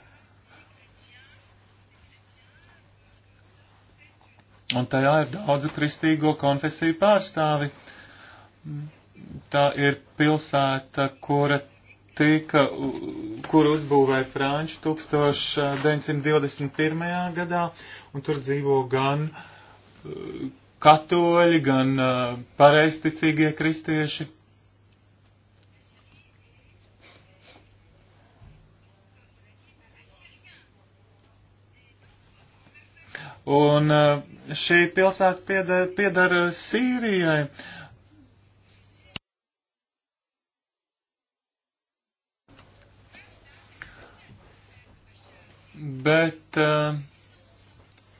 un tajā ir daudzu kristīgo konfesiju pārstāvi. Tā ir pilsēta, kura tika, kur uzbūvēja Franči 1921. gadā, un tur dzīvo gan uh, katoļi, gan uh, pareisticīgie kristieši. Un eh, šī pilsēta piedara, piedara eh, Sīrijai. Bet uh,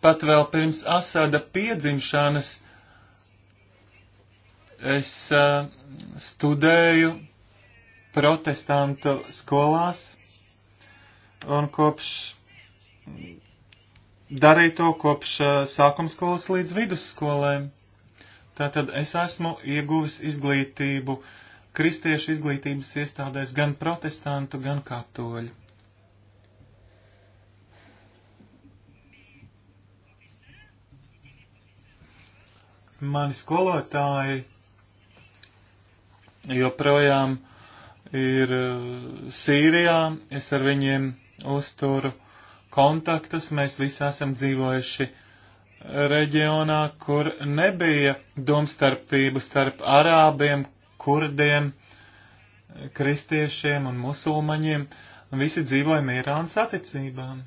pat vēl pirms Asada piedzimšanas es uh, studēju protestantu skolās un kopš darīju to kopš eh, sākumskolas līdz vidusskolai. Tātad es esmu ieguvis izglītību kristiešu izglītības iestādēs gan protestantu, gan katoļu. Mani skolotāji joprojām ir eh, Sīrijā, es ar viņiem uzturu kontaktus. Mēs visi esam dzīvojuši reģionā, kur nebija domstarpību starp arābiem, kurdiem, kristiešiem un musulmaņiem. Visi dzīvoja mierā un saticībām.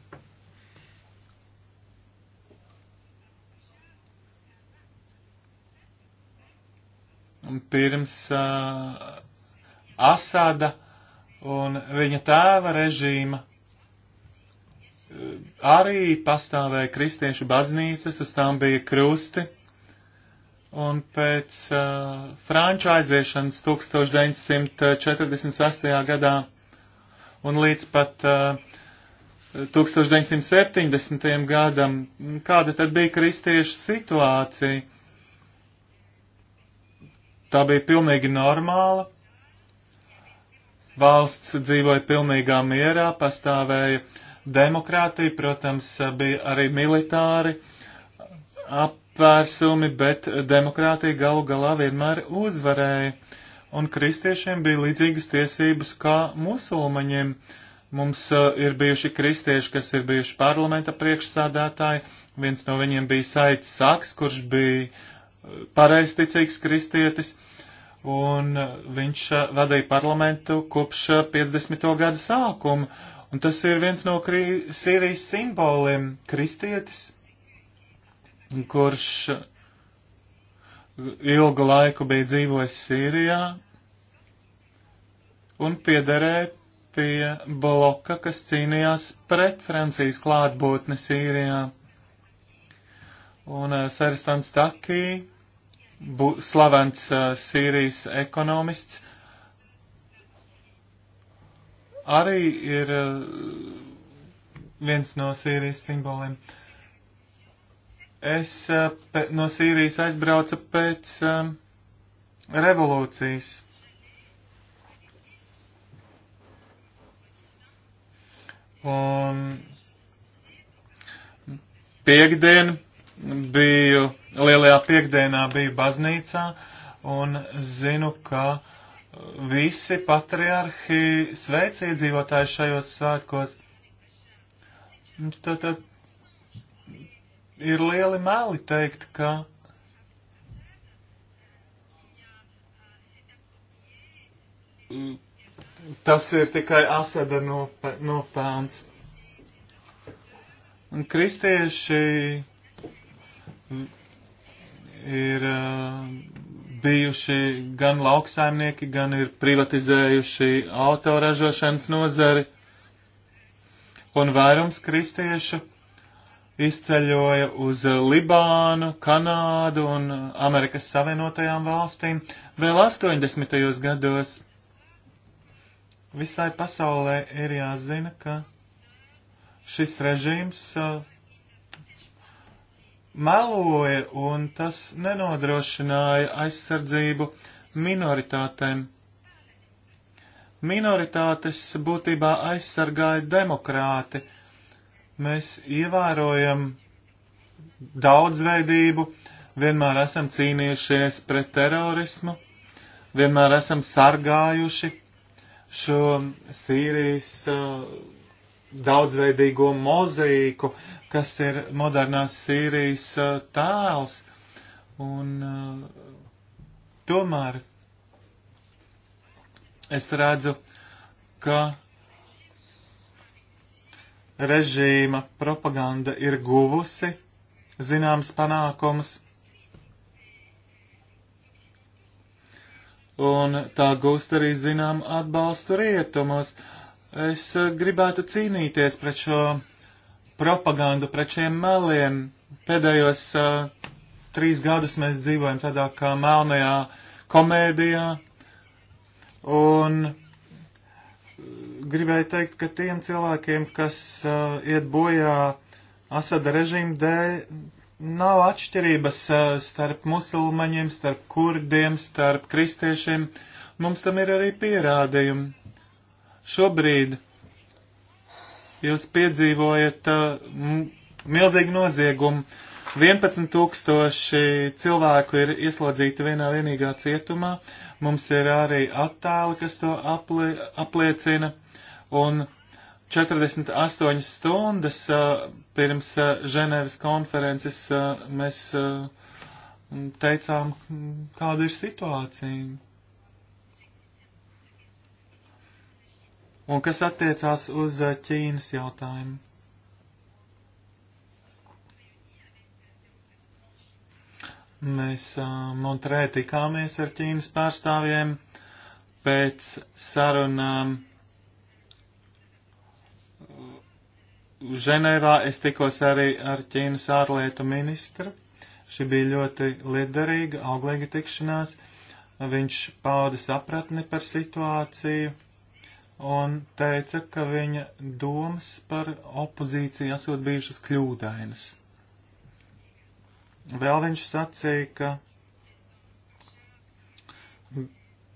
pirms uh, Asada un viņa tēva režīma Eh, arī pastāvēja kristiešu baznīcas, uz tām bija krusti. Un pēc uh, franču aiziešanas 1948. gadā un līdz pat uh, eh, 1970. gadam, kāda tad bija kristiešu situācija? Tā bija pilnīgi normāla. Valsts dzīvoja pilnīgā mierā, pastāvēja uh, demokrātija, protams, bija arī militāri apvērsumi, bet demokrātija galu galā vienmēr uzvarēja. Un kristiešiem bija līdzīgas tiesības kā musulmaņiem. Mums uh, ir bijuši kristieši, kas ir bijuši parlamenta priekšsādātāji. Viens no viņiem bija Saits Saks, kurš bija uh, pareisticīgs kristietis, un uh, viņš uh, vadīja parlamentu kopš uh, 50. gada sākuma Un tas ir viens no krī, Sīrijas simboliem - kristietis, kurš ilgu laiku bija dzīvojis Sīrijā un piederēja pie bloka, kas cīnījās pret Francijas klātbūtni Sīrijā. Un uh, eh, Sērstans Takī, slavens uh, Sīrijas ekonomists, arī ir eh, viens no Sīrijas simboliem. Es eh, no Sīrijas aizbraucu pēc eh, revolūcijas. Un piekdien biju, lielajā piekdienā biju baznīcā un zinu, ka visi patriarhi sveic iedzīvotājus šajos svētkos. Tad, tad ir lieli meli teikt, ka tas ir tikai Asada nopelns. Un kristieši ir uh, bijuši gan lauksaimnieki, gan ir privatizējuši autoražošanas nozari, un vairums kristiešu izceļoja uz Libānu, Kanādu un Amerikas Savienotajām valstīm vēl 80. gados. Visai pasaulē ir jāzina, ka šis režīms uh, meloja un tas nenodrošināja aizsardzību minoritātēm. Minoritātes būtībā aizsargāja demokrāti. Mēs ievērojam daudzveidību, vienmēr esam cīnījušies pret terorismu, vienmēr esam sargājuši šo Sīrijas uh, daudzveidīgo mozaīku, kas ir modernās Sīrijas tēls. Un tomēr es redzu, ka režīma propaganda ir guvusi zināms panākums, un tā gūst arī zinām atbalstu rietumos. Uh, Es eh, gribētu cīnīties pret šo propagandu, pret šiem meliem. Pēdējos uh, trīs gadus mēs dzīvojam tādā kā melnajā komēdijā. Un eh, gribēju teikt, ka tiem cilvēkiem, kas uh, iet bojā Asada režīmu dēļ, nav atšķirības uh, starp musulmaņiem, starp kurdiem, starp kristiešiem. Mums tam ir arī pierādījumi. Šobrīd jūs piedzīvojat uh, milzīgu noziegumu. 11 tūkstoši cilvēku ir ieslodzīti vienā vienīgā cietumā. Mums ir arī attēli, kas to aplie, apliecina. Un 48 stundas uh, pirms uh, Ženēvas konferences mēs teicām, kāda ir situācija. Un kas attiecās uz eh, Ķīnas jautājumu? Mēs eh, Montrē tikāmies ar Ķīnas pārstāvjiem pēc sarunām. Ženēvā es tikos arī ar Ķīnas ārlietu ministru. Šī bija ļoti liederīga, auglīga tikšanās. Viņš pauda sapratni par situāciju un teica, ka viņa domas par opozīciju esot bijušas kļūdainas. Vēl viņš sacīja, ka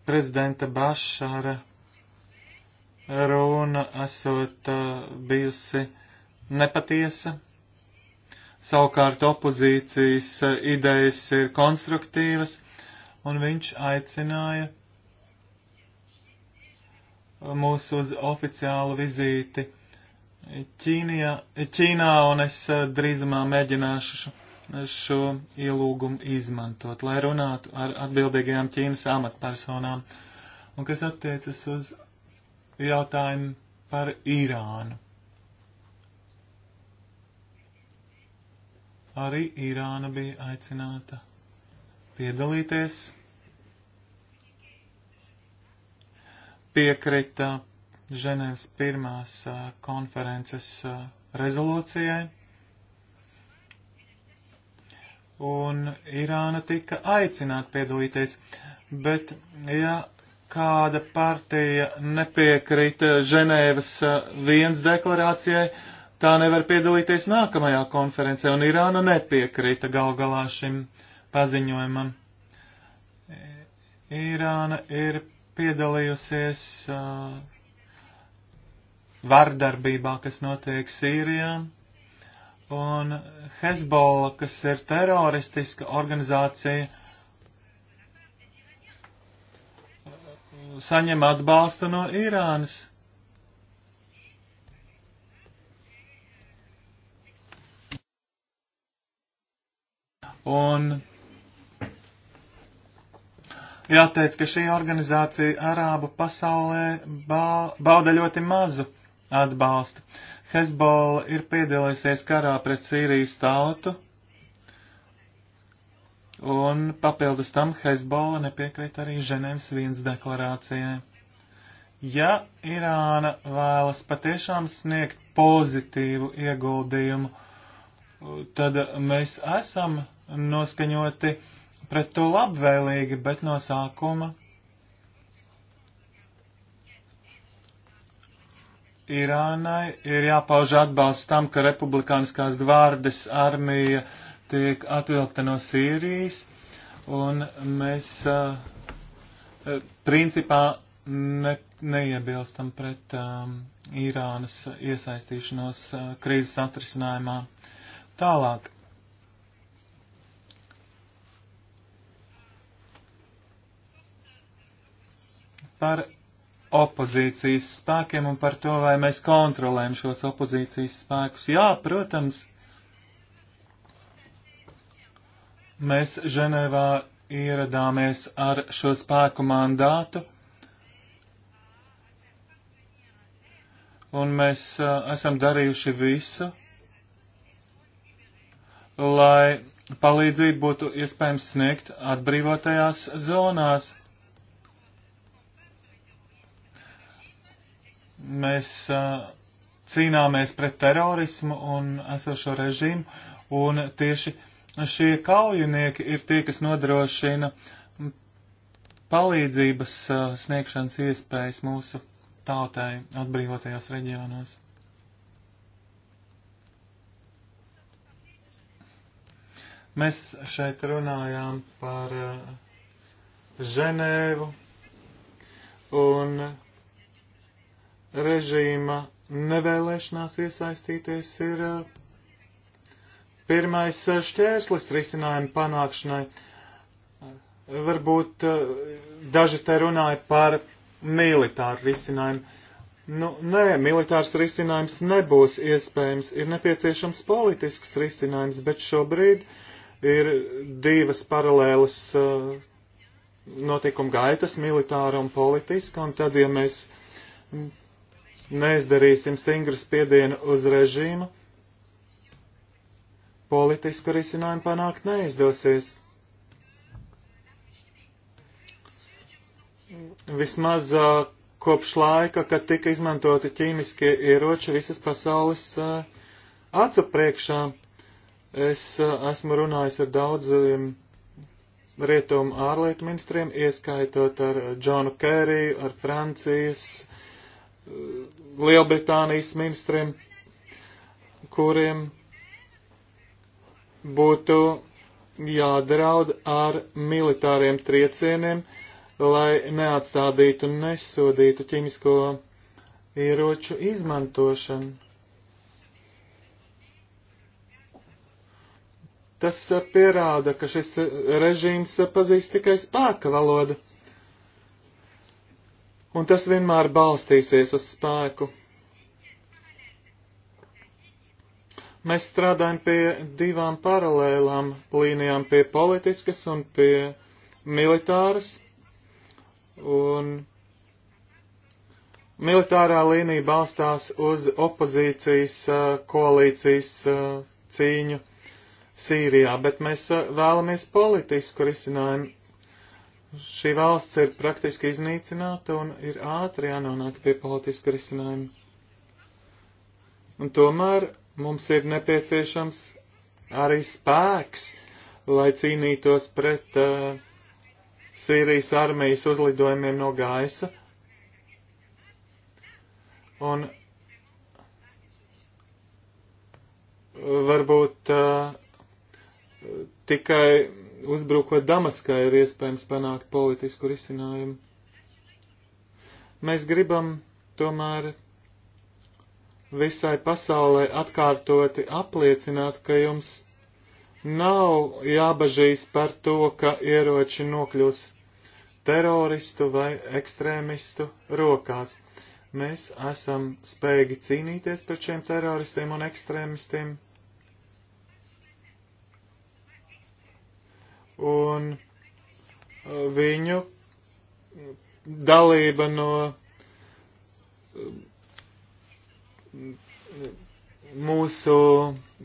prezidenta Bašāra runa esot uh, bijusi nepatiesa, savukārt opozīcijas uh, idejas ir konstruktīvas, un viņš aicināja mūs uz oficiālu vizīti Ķīnijā, Ķīnā, un es eh, drīzumā mēģināšu šo ielūgumu izmantot, lai runātu ar atbildīgajām Ķīnas amatpersonām. Un kas attiecas uz jautājumu par Irānu. Arī Irāna bija aicināta piedalīties piekrita Ženēvas pirmās konferences rezolūcijai, un Irāna tika aicināta piedalīties, bet ja kāda partija nepiekrita Ženēvas viens deklarācijai, tā nevar piedalīties nākamajā konferencē, un Irāna nepiekrita gal galā šim paziņojumam. Irāna ir piedalījusies uh, vardarbībā, kas notiek Sīrijā, un Hezbollah, kas ir teroristiska organizācija, saņem atbalstu no Irānas. Un Jāteic, ka šī organizācija Arābu pasaulē bauda ļoti mazu atbalstu. Hezbola ir piedalīsies karā pret Sīrijas tautu, un papildus tam Hezbola nepiekrīt arī Ženēvas viens deklarācijai. Ja Irāna vēlas patiešām sniegt pozitīvu ieguldījumu, tad mēs esam noskaņoti uh, pret to labvēlīgi, bet no sākuma Irānai ir jāpauž atbalsts tam, ka republikāniskās gvārdes armija tiek atvilkta no Sīrijas, un mēs uh, principā ne, neiebilstam pret um, Irānas iesaistīšanos uh, krīzes atrisinājumā. Tālāk. par opozīcijas spēkiem un par to, vai mēs kontrolējam šos opozīcijas spēkus. Jā, protams, mēs Ženēvā ieradāmies ar šo spēku mandātu, un mēs uh, esam darījuši visu, lai palīdzību būtu iespējams sniegt atbrīvotajās zonās Mēs uh, cīnāmies pret terorismu un esošo režīmu, un tieši šie kaujinieki ir tie, kas nodrošina palīdzības uh, sniegšanas iespējas mūsu tautai atbrīvotajās reģionos. Mēs šeit runājām par uh, Ženēvu un uh, režīma nevēlēšanās iesaistīties ir eh, pirmais eh, šķērslis risinājuma panākšanai. Varbūt eh, daži te runāja par militāru risinājumu. Nu, nē, militārs risinājums nebūs iespējams. Ir nepieciešams politisks risinājums, bet šobrīd ir divas paralēlas notikuma gaitas - militāra un politiska, un tad, ja mēs neizdarīsim stingru spiedienu uz režīmu, politisku risinājumu panākt neizdosies. Vismaz uh, kopš laika, kad tika izmantoti ķīmiskie ieroči visas pasaules uh, acu priekšā, es uh, esmu runājis ar daudziem rietumu ārlietu ministriem, ieskaitot ar Džonu Kēriju, ar Francijas Lielbritānijas ministriem, kuriem būtu jādraud ar militāriem triecieniem, lai neatstādītu un nesodītu ķīmisko ieroču izmantošanu. Tas eh, pierāda, ka šis režīms eh, pazīst tikai spēka valodu un tas vienmēr balstīsies uz spēku. Mēs strādājam pie divām paralēlām līnijām, pie politiskas un pie militāras. Un militārā līnija balstās uz opozīcijas koalīcijas cīņu Sīrijā, bet mēs vēlamies politisku risinājumu Šī valsts ir praktiski iznīcināta un ir ātri jānonāk pie politiska risinājuma. Un tomēr mums ir nepieciešams arī spēks, lai cīnītos pret uh, Sīrijas armijas uzlidojumiem no gaisa. Un varbūt uh, tikai uzbrukot Damaskai, ir iespējams panākt politisku risinājumu. Mēs gribam tomēr visai pasaulē atkārtoti apliecināt, ka jums nav jābažīs par to, ka ieroči nokļūs teroristu vai ekstrēmistu rokās. Mēs esam spējīgi cīnīties pret šiem teroristiem un ekstrēmistiem un uh, viņu dalība no um, mūsu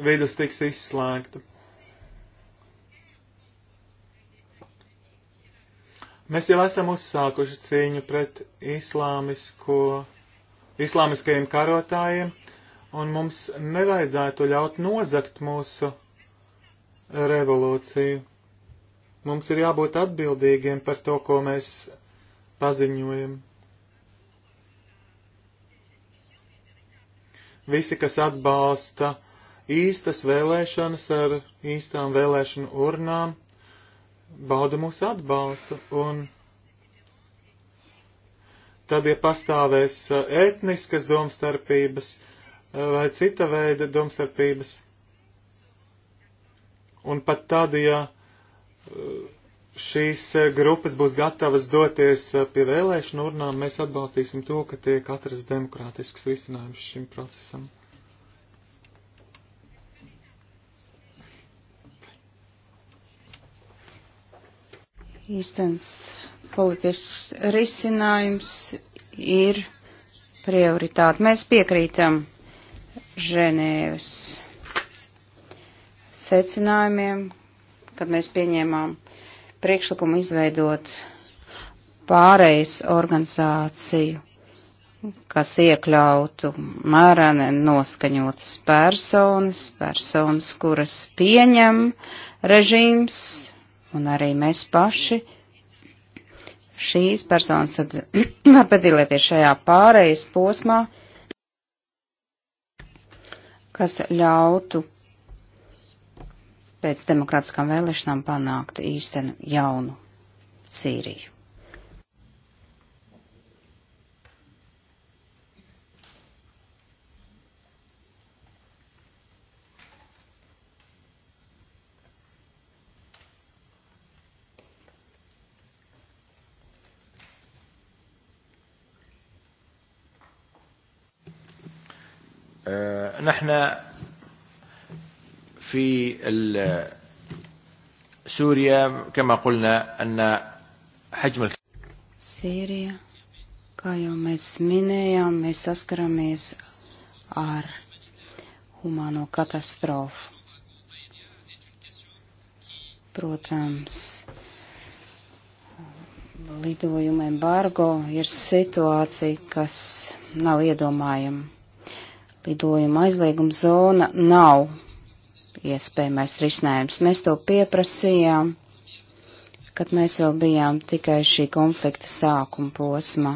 vidas tiks izslēgta. Mēs jau esam uzsākuši cīņu pret islāmisko, islāmiskajiem karotājiem, un mums nevajadzētu ļaut nozakt mūsu revolūciju. Mums ir jābūt atbildīgiem par to, ko mēs paziņojam. Visi, kas atbalsta īstas vēlēšanas ar īstām vēlēšanu urnām, bauda mūsu atbalstu. Un tad, ja pastāvēs uh, etniskas domstarpības uh, vai cita veida domstarpības, un pat tad, ja šīs e, grupas būs gatavas doties e, pie vēlēšanu urnām, mēs atbalstīsim to, ka tiek atrasts demokrātisks risinājums šim procesam. Īstens politisks risinājums ir prioritāte. Mēs piekrītam Ženēvas secinājumiem, kad mēs pieņēmām priekšlikumu izveidot pārejas organizāciju, kas iekļautu mērene noskaņotas personas, personas, kuras pieņem režīms un arī mēs paši. Šīs personas tad var piedalīties šajā pārejas posmā, kas ļautu pēc demokrātiskām vēlēšanām panākt īstenu jaunu Sīriju. Uh, نحن في سوريا كما قلنا أن حجم الك... سوريا kā jau mēs minējām, mēs saskaramies ar humāno katastrofu. Protams, lidojuma embargo ir situācija, kas nav iedomājama. Lidojuma aizlieguma zona nav iespējamais risinājums. Mēs to pieprasījām, kad mēs vēl bijām tikai šī konflikta sākuma posmā.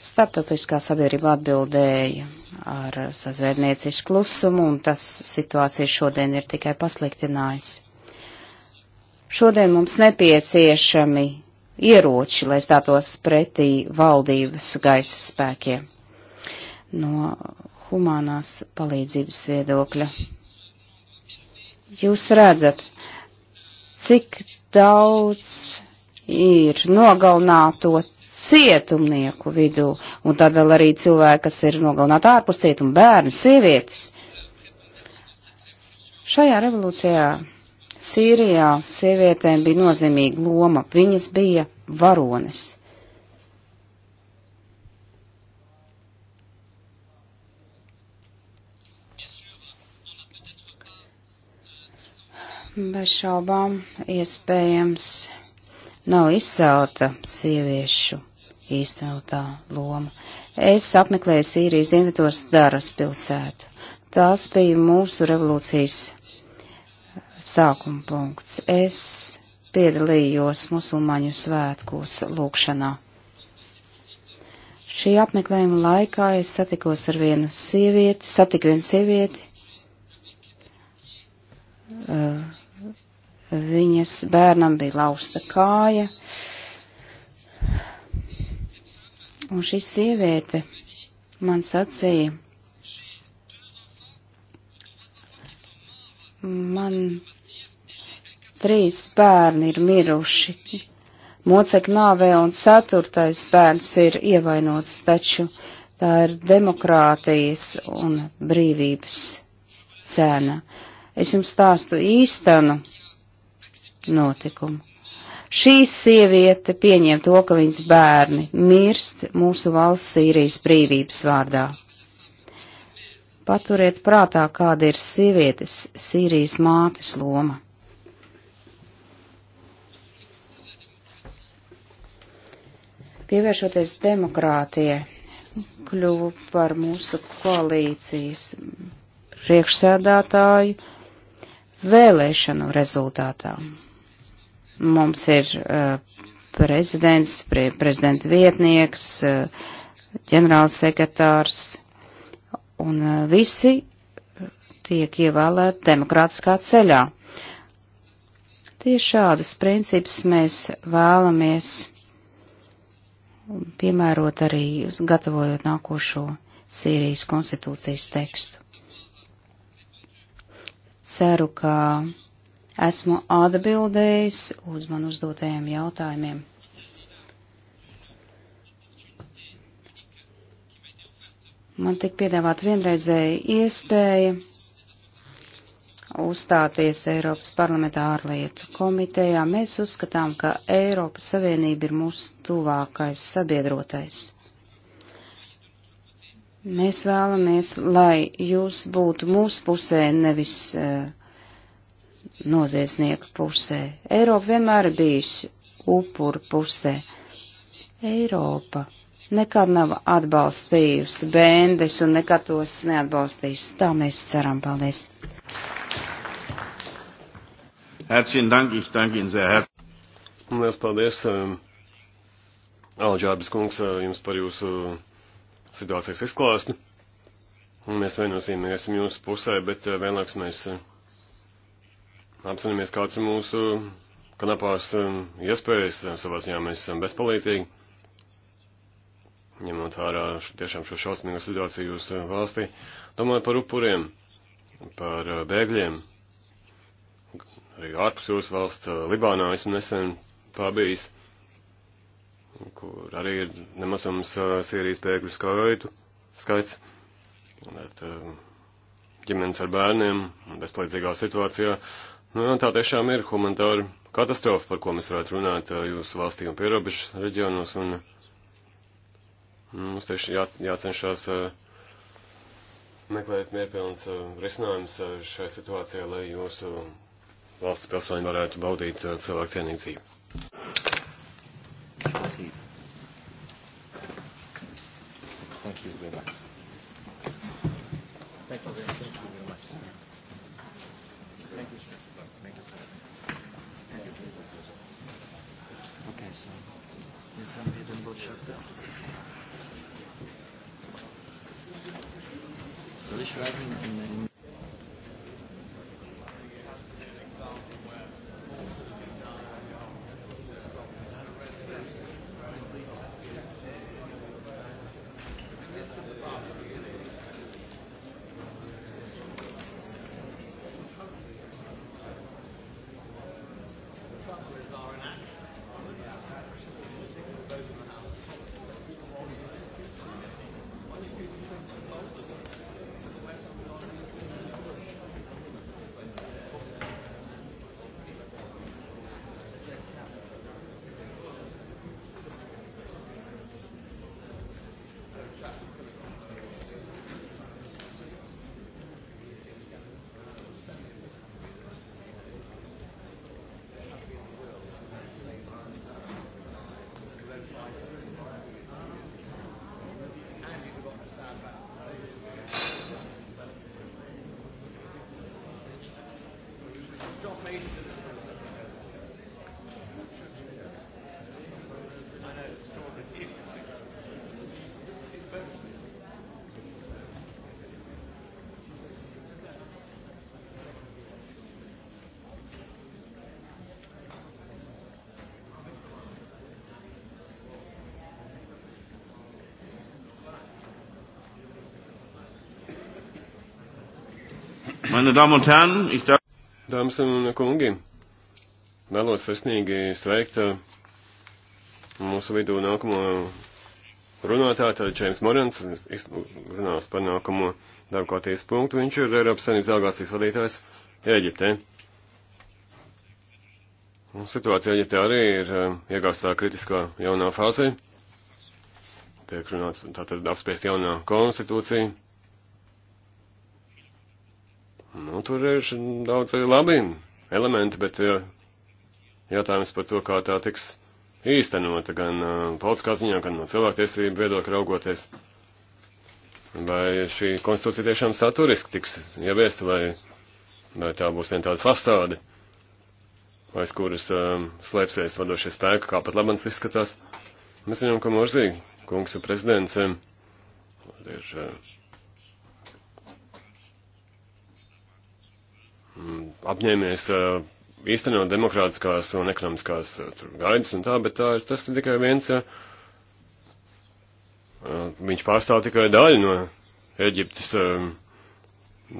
Startautiskā sabiedrība atbildēja ar sazvērniecisku klusumu, un tas situācija šodien ir tikai pasliktinājusi. Šodien mums nepieciešami ieroči, lai stātos pretī valdības gaisa spēkiem no humānās palīdzības viedokļa jūs redzat, cik daudz ir nogalnāto cietumnieku vidū, un tad vēl arī cilvēki, kas ir nogalnāti ārpus cietuma, bērni, sievietes. Šajā revolūcijā Sīrijā sievietēm bija nozīmīga loma, viņas bija varones. Bez šaubām iespējams nav izcelta sieviešu īstenotā loma. Es apmeklēju Sīrijas dienvidos Daras pilsētu. Tās bija mūsu revolūcijas sākuma punkts. Es piedalījos musulmaņu svētkos lūkšanā. Šī apmeklējuma laikā es satikos ar vienu sievieti, satiku vienu sievieti, uh, Viņas bērnam bija lausta kāja. Un šī sieviete man sacīja, man trīs bērni ir miruši. Mocekļu nāvē un ceturtais bērns ir ievainots, taču tā ir demokrātijas un brīvības cena. Es jums stāstu īstenu notikumu. Šī sieviete pieņem to, ka viņas bērni mirst mūsu valsts Sīrijas brīvības vārdā. Paturiet prātā, kāda ir sievietes Sīrijas mātes loma. Pievēršoties demokrātie, kļuvu par mūsu koalīcijas priekšsēdātāju vēlēšanu rezultātām. Mums ir uh, prezidents, pre, prezidenta vietnieks, uh, ģenerālsekretārs, un uh, visi tiek ievēlēti demokrātiskā ceļā. Tieši šādas principus mēs vēlamies piemērot arī gatavojot nākošo Sīrijas konstitūcijas tekstu. Ceru, ka esmu atbildējis uz man uzdotajiem jautājumiem. Man tik piedāvāt vienreizēja iespēja uzstāties Eiropas parlamentā ārlietu komitejā. Mēs uzskatām, ka Eiropas Savienība ir mūsu tuvākais sabiedrotais. Mēs vēlamies, lai jūs būtu mūsu pusē, nevis uh, noziedznieku pusē. Eiropa vienmēr bijis upuru pusē. Eiropa nekad nav atbalstījusi bēndes un nekad tos neatbalstīs. Tā mēs ceram. Paldies! Herzlichen Dank, ich danke Ihnen sehr herzlich. Lielas paldies, um, Alģārbis kungs, uh, jums par jūsu situācijas izklāstu. Un mēs vienosimies jūsu pusē, bet uh, vienlaiks mēs. Uh, apzināmies, kāds ir mūsu kanapās um, iespējas, um, savā ziņā mēs esam bezpalīdzīgi, ņemot vērā tiešām šo šausmīgo situāciju jūsu valstī. Domāju par upuriem, par uh, bēgļiem, arī ārpus jūsu valsts, uh, Libānā esmu nesen pabijis, kur arī ir nemazums uh, Sīrijas bēgļu skaitu, skaits. Bet, um, ģimenes ar bērniem, bezpalīdzīgā situācijā, uh, Nu, un tā tiešām ir humanitāra katastrofa, par ko mēs varētu runāt jūsu valstī un pierobežas reģionos, un mm, mums tieši jā, jācenšas meklēt mierpilns risinājums šai situācijai, lai jūsu valsts pilsoņi varētu baudīt cilvēku cienīgu dzīvi. Thank you very much. Meine Damen un Herren, ich darf. Dāmas un kungi, vēlos sirsnīgi sveikt uh, mūsu vidū nākamo runātāju, tātad Čēms Morans, runās par nākamo darba kārtības punktu. Viņš ir Eiropas Savienības delegācijas vadītājs Eģiptē. Un situācija Eģiptē arī ir uh, iegāstā kritiskā jaunā fāzē. Tiek runāts, tātad apspēst jaunā konstitūcija Nu, tur ir daudz arī labi elementi, bet ir jautājums par to, kā tā tiks īstenota gan uh, politiskā ziņā, gan no cilvēktiesību viedokļa raugoties. Vai šī konstitūcija tiešām saturiski tiks ieviesta, vai, vai tā būs vien tāda fasāde, aiz kuras uh, slēpsies vadošie spēki, kā pat labans izskatās. Mēs zinām, ka Morzī kungs ir prezidents, um, ir uh, Mm, apņēmies eh, īstenot demokrātiskās un ekonomiskās eh, gaidas un tā, bet tā, tas ir tikai viens. Eh, viņš pārstāv tikai daļu no Eģiptes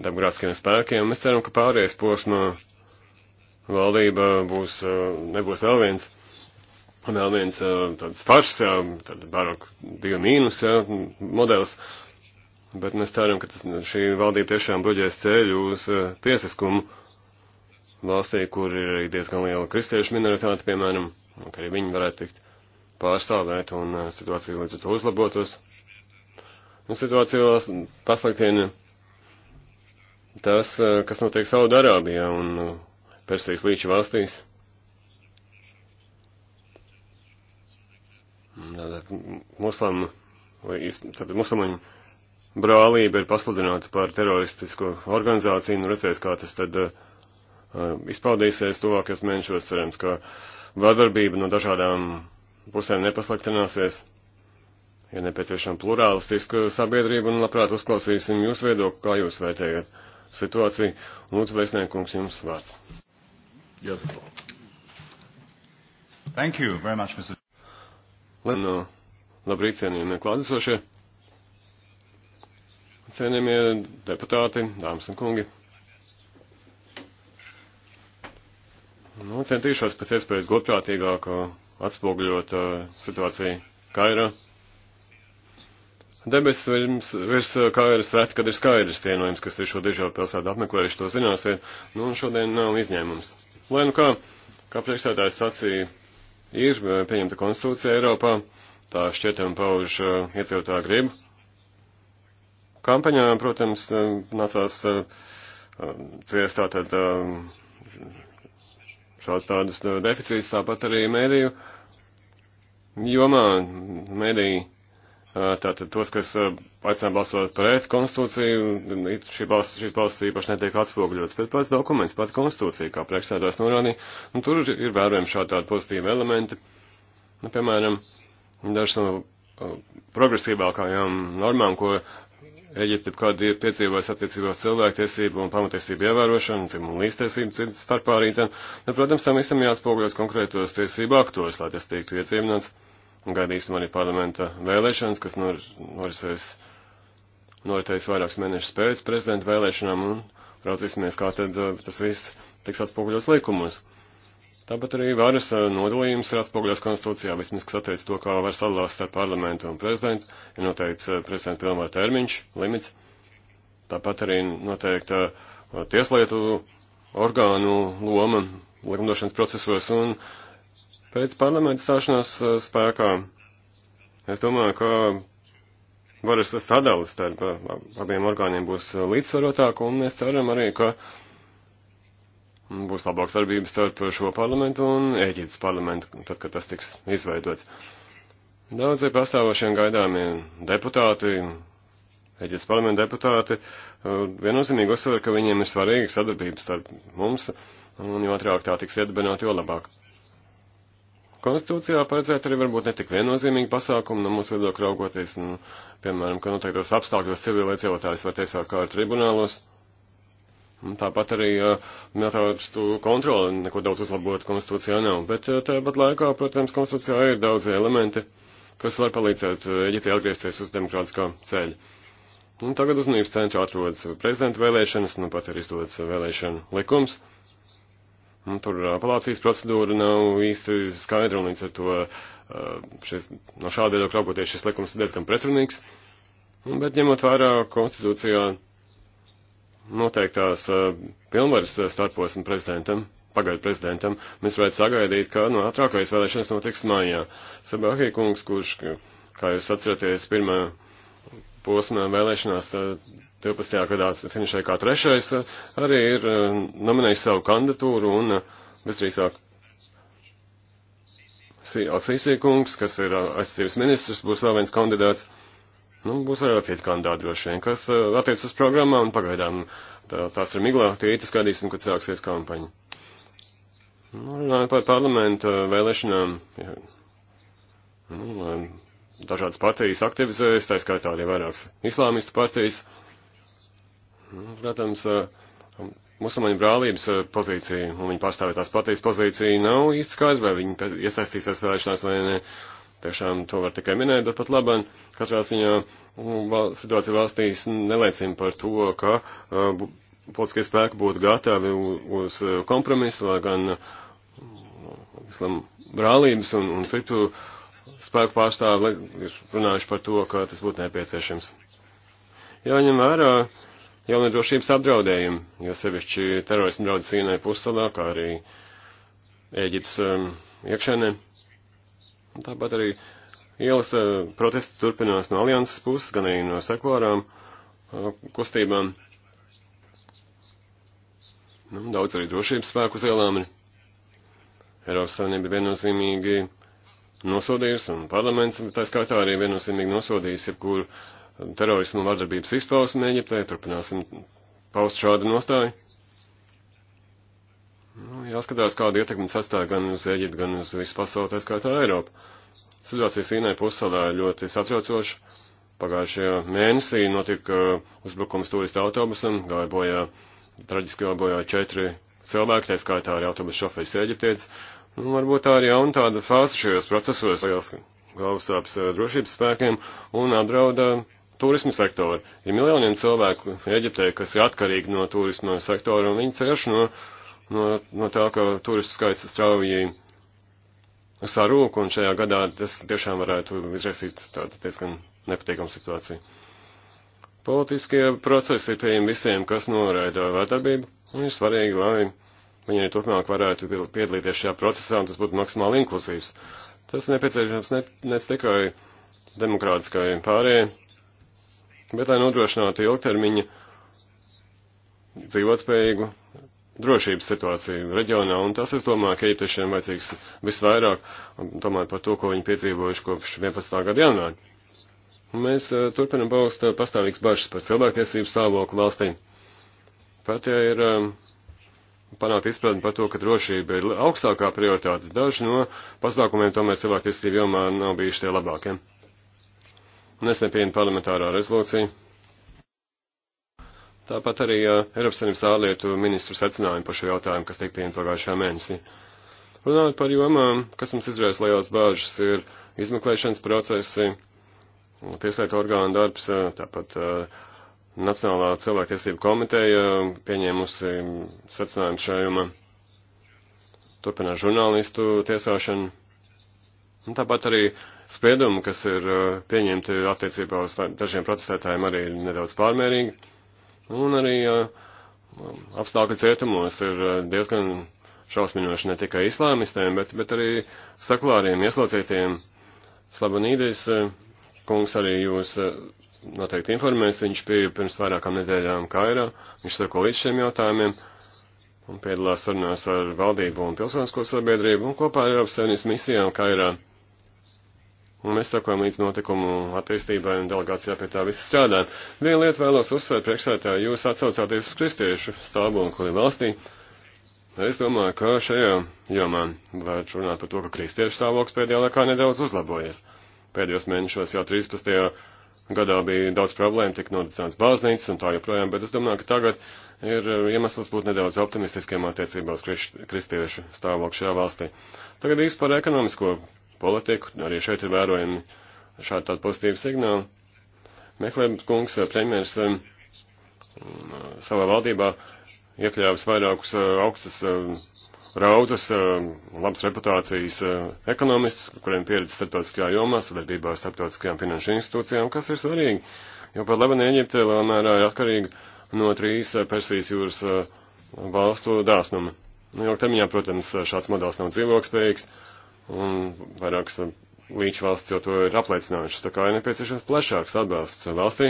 demokrātiskiem spēkiem. Mēs ceram, ka pārējais posma valdība būs, nebūs vēl viens. Vēl viens tāds fars, tāda baroka divi mīnus modelis. Bet mēs ceram, ka tas, šī valdība tiešām bruģēs ceļu uz uh, tiesiskumu valstī, kur ir arī diezgan liela kristiešu minoritāte, piemēram, un ka arī viņi varētu tikt pārstāvēt un uh, situācija līdz ar to uzlabotos. Un nu, situācija pasliktina tas, uh, kas notiek Saudārābijā un uh, Persijas līča valstīs. Tātad muslimu, vai, tātad muslimiņu brālība ir pasludināta par teroristisko organizāciju, nu redzēs, kā tas tad uh, uh izpaudīsies tuvākajos mēnešos, cerams, ka vardarbība no dažādām pusēm nepasliktināsies. Ir nepieciešama plurālistiska sabiedrība, un labprāt uzklausīsim jūsu viedokli, kā jūs vērtējat situāciju. Lūdzu, vēstniekums, jums vārds. Thank you very much, Mr. Lab no, labrīt, cienījamie klātesošie cienījamie deputāti, dāmas un kungi. Nu, centīšos pēc iespējas godprātīgāk atspoguļot uh, situāciju Kairā. Debesis virs, virs Kairas reti, kad ir skaidrs cienojums, kas ir šo dižo pilsētu apmeklējuši, to zināsiet. Nu, un šodien nav izņēmums. Lai nu kā, kā priekšsētājs sacīja, ir uh, pieņemta konstitūcija Eiropā, tā šķietam pauž uh, iedzīvotāju gribu kampaņā, protams, eh, nācās eh, eh, ciest tātad šāds tādus deficīts, tāpat arī mēdīju jomā mēdīju. Tātad tos, kas aicināja balsot pret konstitūciju, šī balss, šīs balss īpaši netiek atspogļots, bet pats dokuments, pat konstitūcija, kā priekšsēdājs norādīja, un tur ir vērojami šādi tādi pozitīvi elementi. Nu, piemēram, dažas no progresīvākajām normām, ko Eģipte kāda ir piedzīvojusi attiecībās cilvēktiesību un pamatiesību ievērošanu, dzimumu līdztiesību starpā arī, tad, nu, protams, tam visam jāatspoguļos konkrētos tiesību aktos, lai tas tiktu iedzīvināts. Un gaidīsim arī parlamenta vēlēšanas, kas nor, norisēs, noritēs vairākus mēnešus pēc prezidenta vēlēšanām, un raudzīsimies, kā tad uh, tas viss tiks atspoguļos likumos. Tāpat arī varas eh, nodalījums ir atspoguļos konstitūcijā, vismaz kas attiec to, kā var sadalās starp parlamentu un prezidentu, ir noteikts eh, prezidenta pilnvaru termiņš, limits. Tāpat arī noteikta eh, tieslietu orgānu loma likumdošanas procesos un pēc parlamenta stāšanās spēkā. Es domāju, ka varas sadalis starp abiem orgāniem būs līdzsvarotāk, un mēs ceram arī, ka Būs labāks darbības starp šo parlamentu un Ēģiptes parlamentu, tad, kad tas tiks izveidots. Daudzie pastāvošiem gaidāmie deputāti, Eģiptes parlamenta deputāti, viennozīmīgi uzsver, ka viņiem ir svarīga sadarbības starp mums, un jo ātrāk tā tiks iedibināta, jo labāk. Konstitūcijā paredzēt arī varbūt netik viennozīmīgi pasākumi, no mūsu viedokļa raugoties, nu, piemēram, ka noteiktos apstākļos civilizētājs vai tiesā kā ar tribunālos. Un tāpat arī netraukstu kontroli, neko daudz uzlabot konstitūcijā nav. Bet tāpat laikā, protams, konstitūcijā ir daudz elementi, kas var palīdzēt Eģiptei atgriezties uz demokrātiskā ceļa. Un tagad uzmanības centrā atrodas prezidenta vēlēšanas, nu pat ir izdodas vēlēšana likums. Un tur apelācijas procedūra nav īsti skaidra, un līdz ar to šis, no šāda viedokļa raugoties šis likums ir diezgan pretrunīgs. Un, bet ņemot vērā konstitūcijā noteiktās eh, pilnvaras eh, starposma prezidentam, pagaidu prezidentam, mēs varētu sagaidīt, ka no nu, ātrākais vēlēšanas notiks mājā. Sabākī kungs, kurš, kā jūs atceraties, pirmā posmā vēlēšanās 12. Eh, gadā finišēja kā trešais, arī ir nominējis savu kandidatūru un visdrīzāk Alsīsī kungs, kas ir aizsardzības ministrs, būs vēl viens kandidāts. Nu, būs arī citi kandidāti droši vien, kas eh, attiec uz programmām, pagaidām tā, tās ir miglā, tie it skatīsim, kad sāksies kampaņa. Nu, runājot par parlamenta vēlēšanām, jā, nu, dažādas partijas aktivizējas, tā skaitā arī vairākas islāmistu partijas. Nu, protams, eh, musulmaņu brālības eh, pozīcija un viņa pārstāvētās partijas pozīcija nav īsti skaidrs, vai viņi iesaistīsies vēlēšanās vai ne. Tiešām to var tikai minēt, bet pat labam katrā ziņā mm, val, situācija valstīs neliecina par to, ka uh, politiskie spēki būtu gatavi uz kompromisu, lai gan islam brālības un, un citu spēku pārstāvi ir runājuši par to, ka tas būtu nepieciešams. Jāņem vērā jaunie drošības apdraudējumi, jo sevišķi terorismu draudz Sīnai pussalā, kā arī Ēģips um, iekšēnē. Tāpat arī ielas eh, protesti turpinās no alianses puses, gan arī no sekulārām eh, kustībām. Nu, daudz arī drošības spēku uz ielām ir. Eiropas Savienība viennozīmīgi nosodījusi, un parlaments tā skaitā arī viennozīmīgi nosodījusi, jebkuru terorismu vardarbības izpausmi Eģiptē, turpināsim paust šādu nostāju jāskatās, kāda ietekme sastāv gan uz Eģiptu, gan uz visu pasauli, tā skaitā Eiropu. Situācija Sīnai pussalā ir ļoti satraucoša. Pagājušajā mēnesī notika uh, uzbrukums turista autobusam, gāja bojā, traģiski gāja bojā četri cilvēki, tā skaitā arī autobusu šoferis Eģiptietis. Nu, varbūt tā ir jauna tāda fāze šajos procesos, liels galvasāps uh, drošības spēkiem un apdrauda turismu sektoru. Ir miljoniem cilvēku Eģiptē, kas ir atkarīgi no turisma sektora, un viņi cieš no no, no tā, ka turistu skaits strauji sarūk, un šajā gadā tas tiešām varētu izraisīt tādu diezgan nepatīkamu situāciju. Politiskie procesi ir pieejami visiem, kas noraida vērtarbību, un ir svarīgi, lai viņi arī turpmāk varētu piedalīties šajā procesā, un tas būtu maksimāli inklusīvs. Tas nepieciešams ne, ne tikai demokrātiskajiem pārējiem, bet lai nodrošinātu ilgtermiņa dzīvotspējīgu drošības situāciju reģionā, un tas, es domāju, ka Eģiptešiem vajadzīgs visvairāk, domājot par to, ko viņi piedzīvojuši kopš 11. gada janvāra. Mēs uh, turpinam baust uh, eh, pastāvīgs bažas par cilvēktiesību stāvokli valstī. Pat ja ir um, panākt izpratni par to, ka drošība ir augstākā prioritāte, daži no pasākumiem tomēr cilvēktiesību jomā nav bijuši tie labākie. Ja? Nesen pieņem parlamentārā rezolūcija Tāpat arī Eiropas Savienības ārlietu ministru secinājumi par šo jautājumu, kas tiek pieņemti pagājušā mēnesī. Runājot par jomām, kas mums izraisa lielās bāžas, ir izmeklēšanas procesi, tieslietu orgānu darbs, tāpat eh, Nacionālā cilvēktiesība komiteja pieņēmusi secinājumu šajumā. Turpinās žurnālistu tiesāšanu. Un tāpat arī spriedumi, kas ir eh, pieņemti attiecībā uz dažiem protestētājiem, arī ir nedaudz pārmērīgi. Un arī um, apstākļi cietumos ir uh, diezgan šausminoši ne tikai islāmistiem, bet, bet arī saklāriem, ieslocītiem. Slabanīdis uh, kungs arī jūs uh, noteikti informēs, viņš bija pirms vairākām nedēļām Kairā, viņš sako līdz šiem jautājumiem un piedalās sarunās ar valdību un pilsonisko sabiedrību un kopā ar Eiropas Savienības misijām Kairā. Un mēs sakojam līdz notikumu attīstībai un delegācijā pie tā visa strādājam. Vienu lietu vēlos uzsvērt priekšsētāju, jūs atsaucāties uz kristiešu stāvokli valstī. Es domāju, ka šajā jomā varētu runāt par to, ka kristiešu stāvoklis pēdējā laikā nedaudz uzlabojies. Pēdējos mēnešos jau 13. gadā bija daudz problēmu, tika nodicēts baznīcas un tā joprojām, bet es domāju, ka tagad ir uh, iemesls būt nedaudz optimistiskiem attiecībā uz kristiešu stāvokli šajā valstī. Tagad īsti par ekonomisko politiku. Arī šeit ir vērojami šādi tādi pozitīvi signāli. Meklējums kungs, premjers, um, savā valdībā iekļāvis vairākus uh, augstas uh, rautas, uh, labas reputācijas ekonomistus, kuriem pieredze starptautiskajā jomā, sadarbībā ar starptautiskajām finanšu institūcijām, kas ir svarīgi, jo pat Labana Eģipte lielā mērā ir atkarīga no trīs Persijas jūras valstu dāsnuma. Nu, ilgtermiņā, protams, šāds modelis nav dzīvokspējīgs, un vairākas līdz valsts jau to ir apliecinājušas, tā kā ir nepieciešams plašāks atbalsts valstī,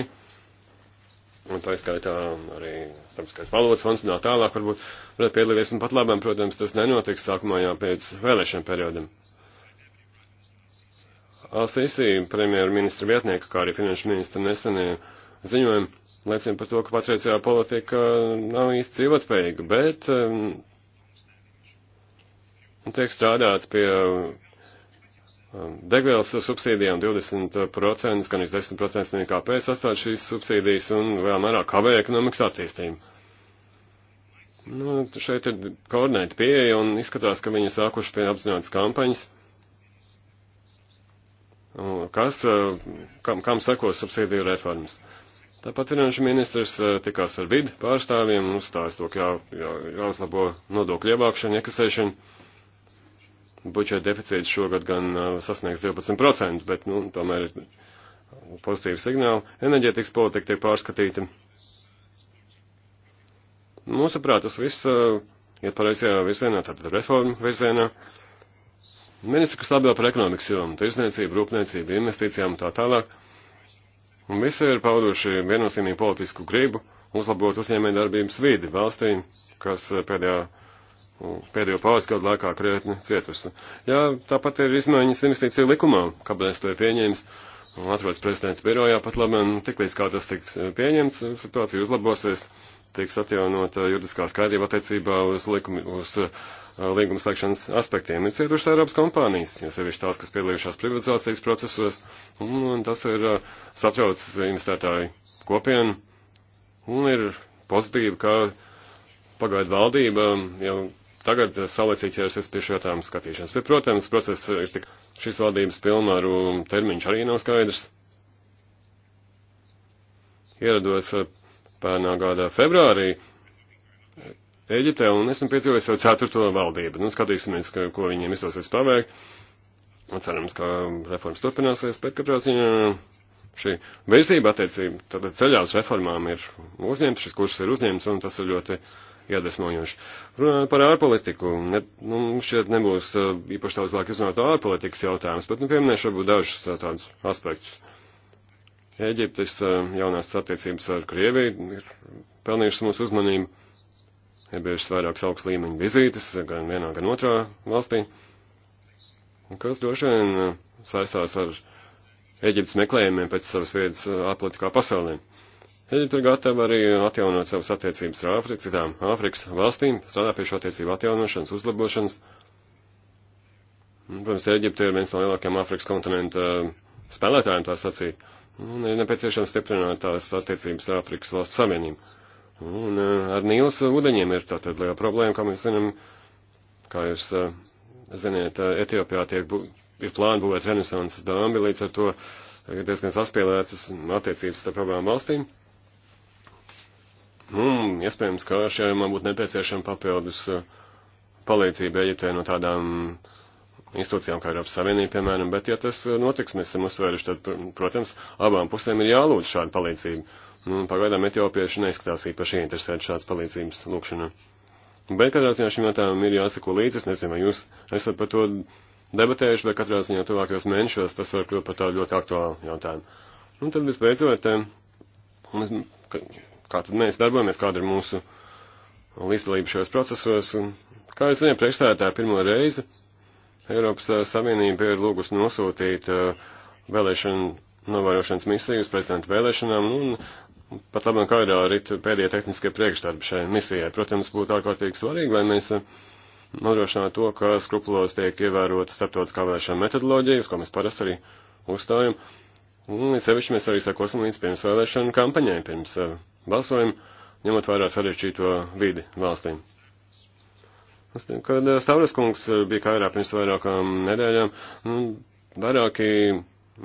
un tā skaitā arī starpskais valodas fonds un tā tālāk varbūt varētu piedalīties, un pat labam, protams, tas nenotiks sākumā jau pēc vēlēšana periodam. Al-Sisi, premjerministra vietnieka, kā arī finanšu ministra nesenie ziņojumi liecina par to, ka patreizējā politika nav īsti dzīvotspējīga, bet um, Un tiek strādāts pie um, degvielas subsīdijām 20%, gan iz 10% no IKP sastāv šīs subsīdijas un vēl mērā kavē ekonomikas attīstību. Nu, šeit ir koordinēta pieeja un izskatās, ka viņi sākuši pie apzinātas kampaņas. Kas, uh, kam, kam sekos subsīdiju reformas? Tāpat finanšu ministrs uh, tikās ar vidu pārstāvjiem un uzstājas to, ka jā, jā, jāuzlabo nodokļu ievākšana, iekasēšana budžeta deficīts šogad gan uh, sasniegs 12%, bet, nu, tomēr ir pozitīvi signāli. Enerģētikas politika tiek pārskatīta. Mūsuprāt, tas viss uh, iet pareizajā virzienā, tātad reformu virzienā. Ministri, kas labāk par ekonomikas jomu, tirsniecību, rūpniecību, investīcijām un tā tālāk. Un visi ir pauduši viennozīmīgu politisku gribu uzlabot uzņēmē darbības vidi valstī, kas uh, pēdējā pēdējo pāris gadu laikā krietni cietusi. Jā, tāpat ir izmaiņas investīcija likumā, kāpēc to ir pieņēmis. Atrodas prezidenta birojā pat labi, tik līdz kā tas tiks eh, pieņemts, situācija uzlabosies, tiks atjaunot juridiskā skaidrība attiecībā uz, likumi, uz eh, līguma slēgšanas aspektiem. Ir cietušas Eiropas kompānijas, jo sevišķi tās, kas piedalījušās privatizācijas procesos, un, un tas ir eh, satraucis investētāju kopienu, un ir pozitīvi, ka pagaidu valdība jau tagad saulēcīgi ķersies pie šī jautājuma skatīšanas. Bet, protams, process ir tik šīs valdības pilnvaru termiņš arī nav skaidrs. Ierados eh, pērnā gada februārī eh, Eģiptē un esmu piedzīvojis jau ceturto valdību. Nu, skatīsimies, ka, ko viņiem izdosies paveikt. Cerams, ka reformas turpināsies, bet katrā ziņā šī virzība attiecība, tātad ceļā uz reformām ir uzņemta, šis kurs ir uzņemts un tas ir ļoti. Uh, iedvesmojoši. Runājot par ārpolitiku, ne, nu, šeit nebūs eh, īpaši daudz laika izrunāt ārpolitikas jautājumus, bet, nu, pieminēšu varbūt dažus eh, tādus aspektus. Ēģiptes eh, jaunās attiecības ar Krieviju ir pelnījušas mūsu uzmanību. Ir bijušas vairākas augsts līmeņa vizītes, gan vienā, gan otrā valstī, kas droši vien saistās ar Ēģiptes meklējumiem pēc savas vietas atletikā pasaulē. Uh, Eģipte ir gatava arī atjaunot savas attiecības ar Āfriku, citām Āfrikas valstīm, strādā pie šo attiecību atjaunošanas, uzlabošanas. Protams, Eģipte ir viens no lielākajiem Āfrikas kontinenta eh, spēlētājiem, tā sacīt. Un ir nepieciešams stiprināt tās attiecības ar Āfrikas valstu savienību. Un eh, ar Nīlas ūdeņiem ir tātad liela problēma, kā mēs zinām, kā jūs eh, ziniet, Etiopijā tiek, bū, ir plāni būvēt renesanses dāmbi, līdz ar to ir diezgan saspielētas attiecības starp abām valstīm. Un, nu, iespējams, ka šiem būtu nepieciešama papildus eh, palīdzība Eģiptē no tādām mm, institūcijām kā Eiropas Savienība, piemēram, bet, ja tas eh, notiks, mēs esam uzsvēruši, tad, protams, abām pusēm ir jālūdz šāda palīdzība. Nu, pagaidām etiopieši neizskatās īpaši interesēti šādas palīdzības lūkšanā. Bet katrā ziņā šim jautājumam ir jāsako līdzi, es nezinu, vai jūs esat par to debatējuši, bet katrā ziņā tuvākajos mēnešos tas var kļūt par tādu ļoti aktuālu jautājumu. Un nu, tad visbeidzot, eh, kā tad mēs darbojamies, kāda ir mūsu līdzdalība šajos procesos. Un, kā es zinu, priekšstādātāja pirmo reizi Eiropas uh, Savienība ir lūgusi nosūtīt uh, vēlēšanu novērošanas misiju uz prezidenta vēlēšanām, un pat labam kairā arī pēdējie tehniskie priekšstādi šai misijai. Protams, būtu ārkārtīgi svarīgi, lai mēs uh, nodrošinātu to, ka skrupulos tiek ievērota starptautiskā vēlēšana metodoloģija, uz ko mēs parasti arī uzstājam, un sevišķi mēs arī sakosim līdz pirms vēlēšanu kampaņai, pirms uh, balsojumu, ņemot vērā sarežģīto vidi valstīm. Kad eh, Stavras kungs eh, bija kairā pirms vairākām nedēļām, nu, vairāki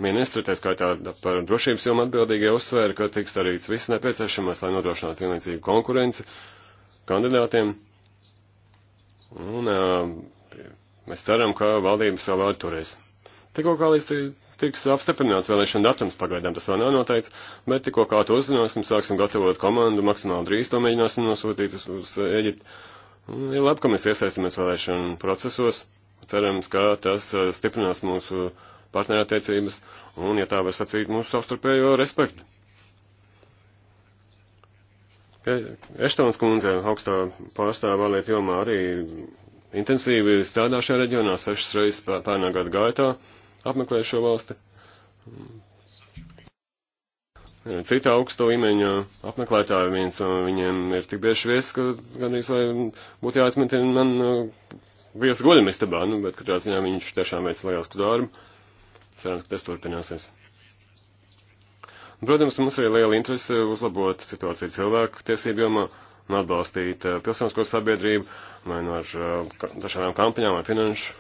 ministri, tā skaitā par drošības jomu atbildīgie, uzsvēra, ka tiks darīts viss nepieciešamais, lai nodrošinātu vienlīdzīgu konkurenci kandidātiem. Un eh, mēs ceram, ka valdība savu vārdu turēs. Tikko kā līdz tiks apstiprināts vēlēšana datums, pagaidām tas vēl nav noteikts, bet tikko kā to uzzināsim, sāksim gatavot komandu, maksimāli drīz to mēģināsim nosūtīt uz, uz Eģiptu. Ir ja labi, ka mēs iesaistamies vēlēšanu procesos, cerams, ka tas eh, stiprinās mūsu partnerattiecības un, ja tā var sacīt, mūsu savstarpējo respektu. Eštons kundze augstā pārstāvā lietu jomā arī intensīvi strādā šajā reģionā sešas reizes pērnā gada gaitā apmeklēja šo valsti. Mm. Cita augsta līmeņa apmeklētāja viens, un viņiem ir tik bieži viesis, ka gandrīz vai būtu jāizmantina man uh, viesu guļamistabā, nu, bet katrā ziņā viņš tiešām veic lielisku darbu. Cerams, ka tas turpināsies. Protams, mums ir liela interese uzlabot situāciju cilvēku tiesību jomā un atbalstīt uh, pilsonisko sabiedrību, vai nu ar uh, dažādām kampaņām, vai finanšu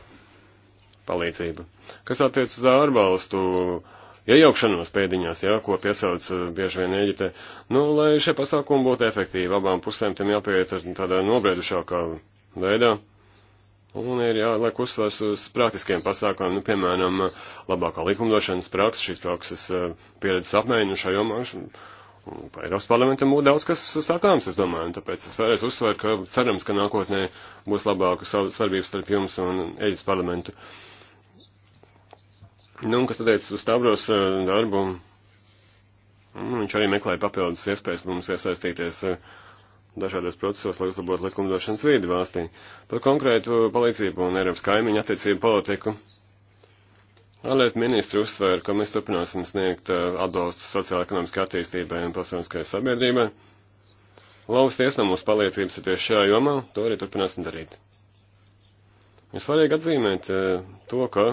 palīdzību. Kas attiec uz ārbalstu iejaukšanos pēdiņās, jā, ko piesauc eh, bieži vien Eģipte, nu, lai šie pasākumi būtu efektīvi, abām pusēm tam jāpieiet tādā nobriedušākā veidā. Un ir jāliek uzsvars uz praktiskiem pasākumiem, nu, piemēram, labākā likumdošanas praksa, šīs prakses eh, pieredzes apmaiņu šajā jomā. Pa Eiropas parlamentam būtu daudz kas sakāms, es domāju, tāpēc es vēlreiz uzsveru, ka cerams, ka nākotnē būs labāka sadarbības starp jums un Eģis parlamentu. Uh, Nu, un kas attiecas uz Stavros eh, darbu, nu, viņš arī meklēja papildus iespējas mums iesaistīties eh, dažādos procesos, lai uzlabotu likumdošanas vīdi valstī. Par konkrētu palīdzību un Eiropas kaimiņu attiecību politiku. Ārlietu ministru uzsver, ka mēs turpināsim sniegt eh, atbalstu sociāla-ekonomiskai attīstībai un pilsoniskajai sabiedrībai. Lauks tiesnam mūsu palīdzības ir tieši šajā jomā, to arī turpināsim darīt. Ir svarīgi atzīmēt to, ka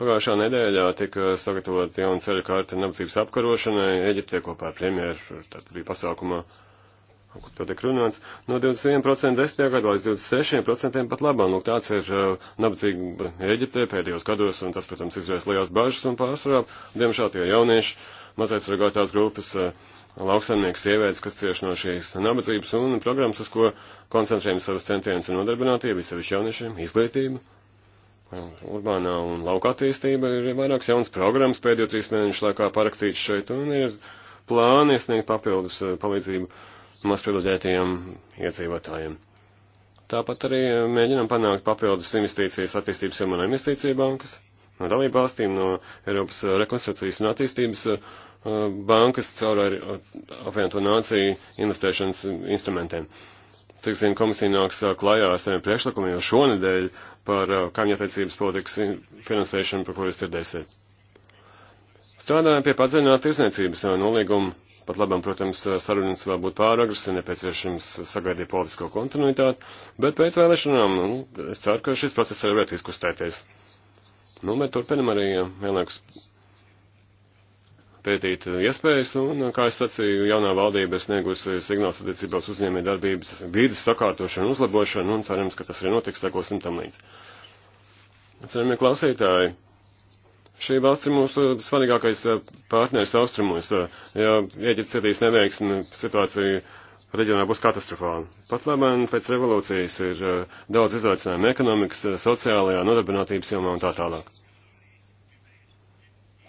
Pagājušā nedēļā tika sagatavota jauna ceļu karta nabadzības apkarošanai Eģiptē kopā ar premjeru, tad bija pasākumā, kur to tiek runāts, no 21% 10. gadā līdz 26% pat labāk. Lūk, tāds ir uh, nabadzība Eģiptē pēdējos gados, un tas, protams, izraisa lielās bažas un pārsvarā. Diemžēl tie jaunieši, mazais ragātās grupas, uh, lauksaimnieks sievietes, kas cieš no šīs nabadzības un programmas, uz ko koncentrējam savus centienus un nodarbinātību, sevišķi jauniešiem, izglītību Uh, urbānā un lauka attīstība ir vairākas jaunas programmas pēdējo trīs mēnešu laikā parakstīts šeit, un ir plāni sniegt papildus uh, palīdzību mazprivileģētajiem iedzīvotājiem. Tāpat arī uh, mēģinām panākt papildus investīcijas attīstības jomā no investīcija bankas, no dalību valstīm, no Eiropas rekonstrukcijas un attīstības bankas caur apvienoto nāciju investēšanas instrumentiem. Uh, Cik zinu, komisija nāks uh, klajā ar saviem priekšlikumiem jau šonedēļ par uh, kaimiņattiecības politikas finansēšanu, par ko jūs dzirdēsiet. Strādājam pie padziļināta tirsniecības uh, nolīguma. Pat labam, protams, sarunas vēl būtu pāragras, ir nepieciešams sagaidīt politisko kontinuitāti, bet pēc vēlēšanām nu, es ceru, ka šis process arī varētu izkustēties. Nu, mēs turpinam arī vienlaikus pētīt iespējas, un, kā es sacīju, jaunā valdība ir sniegusi signāls attiecībā uz uzņēmē darbības vīdes sakārtošanu, uzlabošanu, un cerams, ka tas arī notiks, sekosim tam līdz. Ceramie klausītāji, šī valsts ir mūsu svarīgākais eh, partneris austrumos. Ja Ēģipts cietīs neveiksmi, situācija reģionā būs katastrofāla. Pat labāk pēc revolūcijas ir eh, daudz izaicinājumu ekonomikas, sociālajā, nodarbinātības jomā un tā tālāk.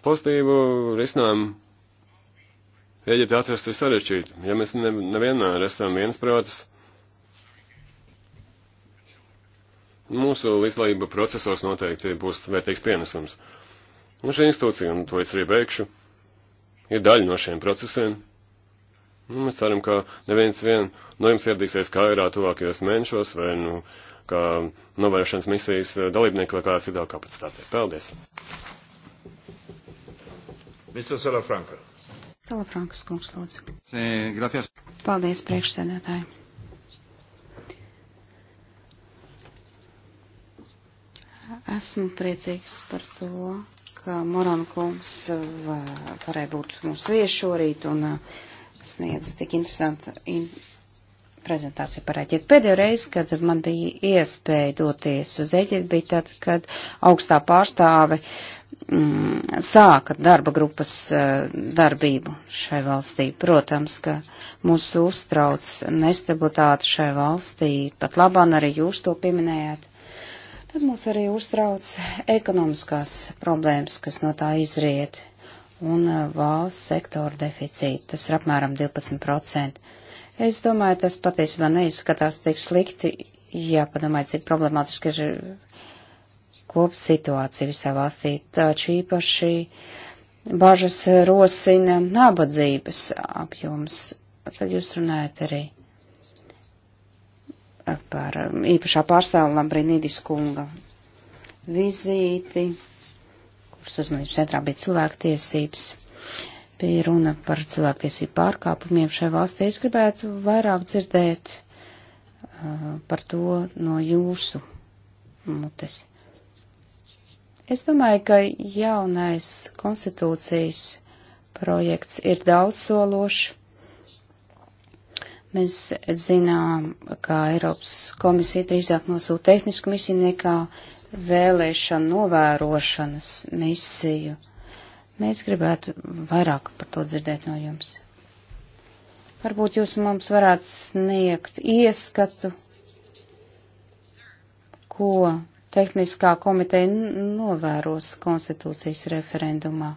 Pozitīvu risinājumu Eģipte atrast ir sarežģīti, ja mēs ne, nevienmēr esam viensprātis. Mūsu līdzlība procesos noteikti būs vērtīgs pienesums. Un šī institūcija, un to es arī beigšu, ir daļa no šiem procesiem. Un mēs ceram, ka neviens vien no jums ieradīsies Kairā tuvākajos mēnešos vai nu, kā novērošanas misijas dalībnieki vai kādā citā kapacitātē. Paldies! Mr. Salafranka. Salafrankas kungs, lūdzu. Gracias. Paldies, priekšsēdētāji. Esmu priecīgs par to, ka Morona kungs eh, varēja būt mūsu viesis šorīt un eh, sniedz tik interesantu in prezentāciju par Eģiptu. Pēdējo reizi, kad man bija iespēja doties uz Eģiptu, bija tad, kad augstā pārstāve uh, Mm, sāka darba grupas eh, darbību šai valstī. Protams, ka mūs uztrauc nestabilitāte šai valstī, pat labāk arī jūs to pieminējāt. Tad mūs arī uztrauc ekonomiskās problēmas, kas no tā izriet, un eh, valsts sektora deficīti, tas ir apmēram 12%. Es domāju, tas patiesībā neizskatās tik slikti, ja padomājiet, cik problemātiski ir kop situācija visā valstī, taču īpaši bažas rosina nabadzības apjoms. Tad jūs runājat arī par um, īpašā pārstāvu Lambrinīdis kunga vizīti, kuras uzmanības centrā bija cilvēktiesības. Bija runa par cilvēktiesību pārkāpumiem šai valstī. Es gribētu vairāk dzirdēt uh, par to no jūsu mutes. Es domāju, ka jaunais konstitūcijas projekts ir daudzsološs. Mēs zinām, ka Eiropas komisija drīzāk nosūta tehnisku misiju nekā vēlēšanu novērošanas misiju. Mēs gribētu vairāk par to dzirdēt no jums. Varbūt jūs mums varētu sniegt ieskatu, ko tehniskā komiteja novēros konstitūcijas referendumā.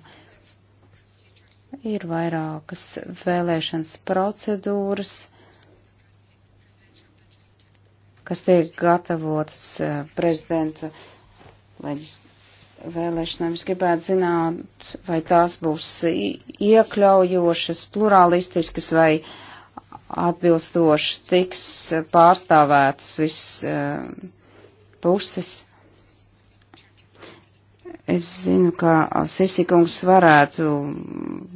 Ir vairākas vēlēšanas procedūras, kas tiek gatavotas eh, prezidenta vēlēšanām. Es gribētu zināt, vai tās būs iekļaujošas, plurālistiskas vai atbilstoši tiks pārstāvētas viss eh, puses. Es zinu, ka Sisikungs varētu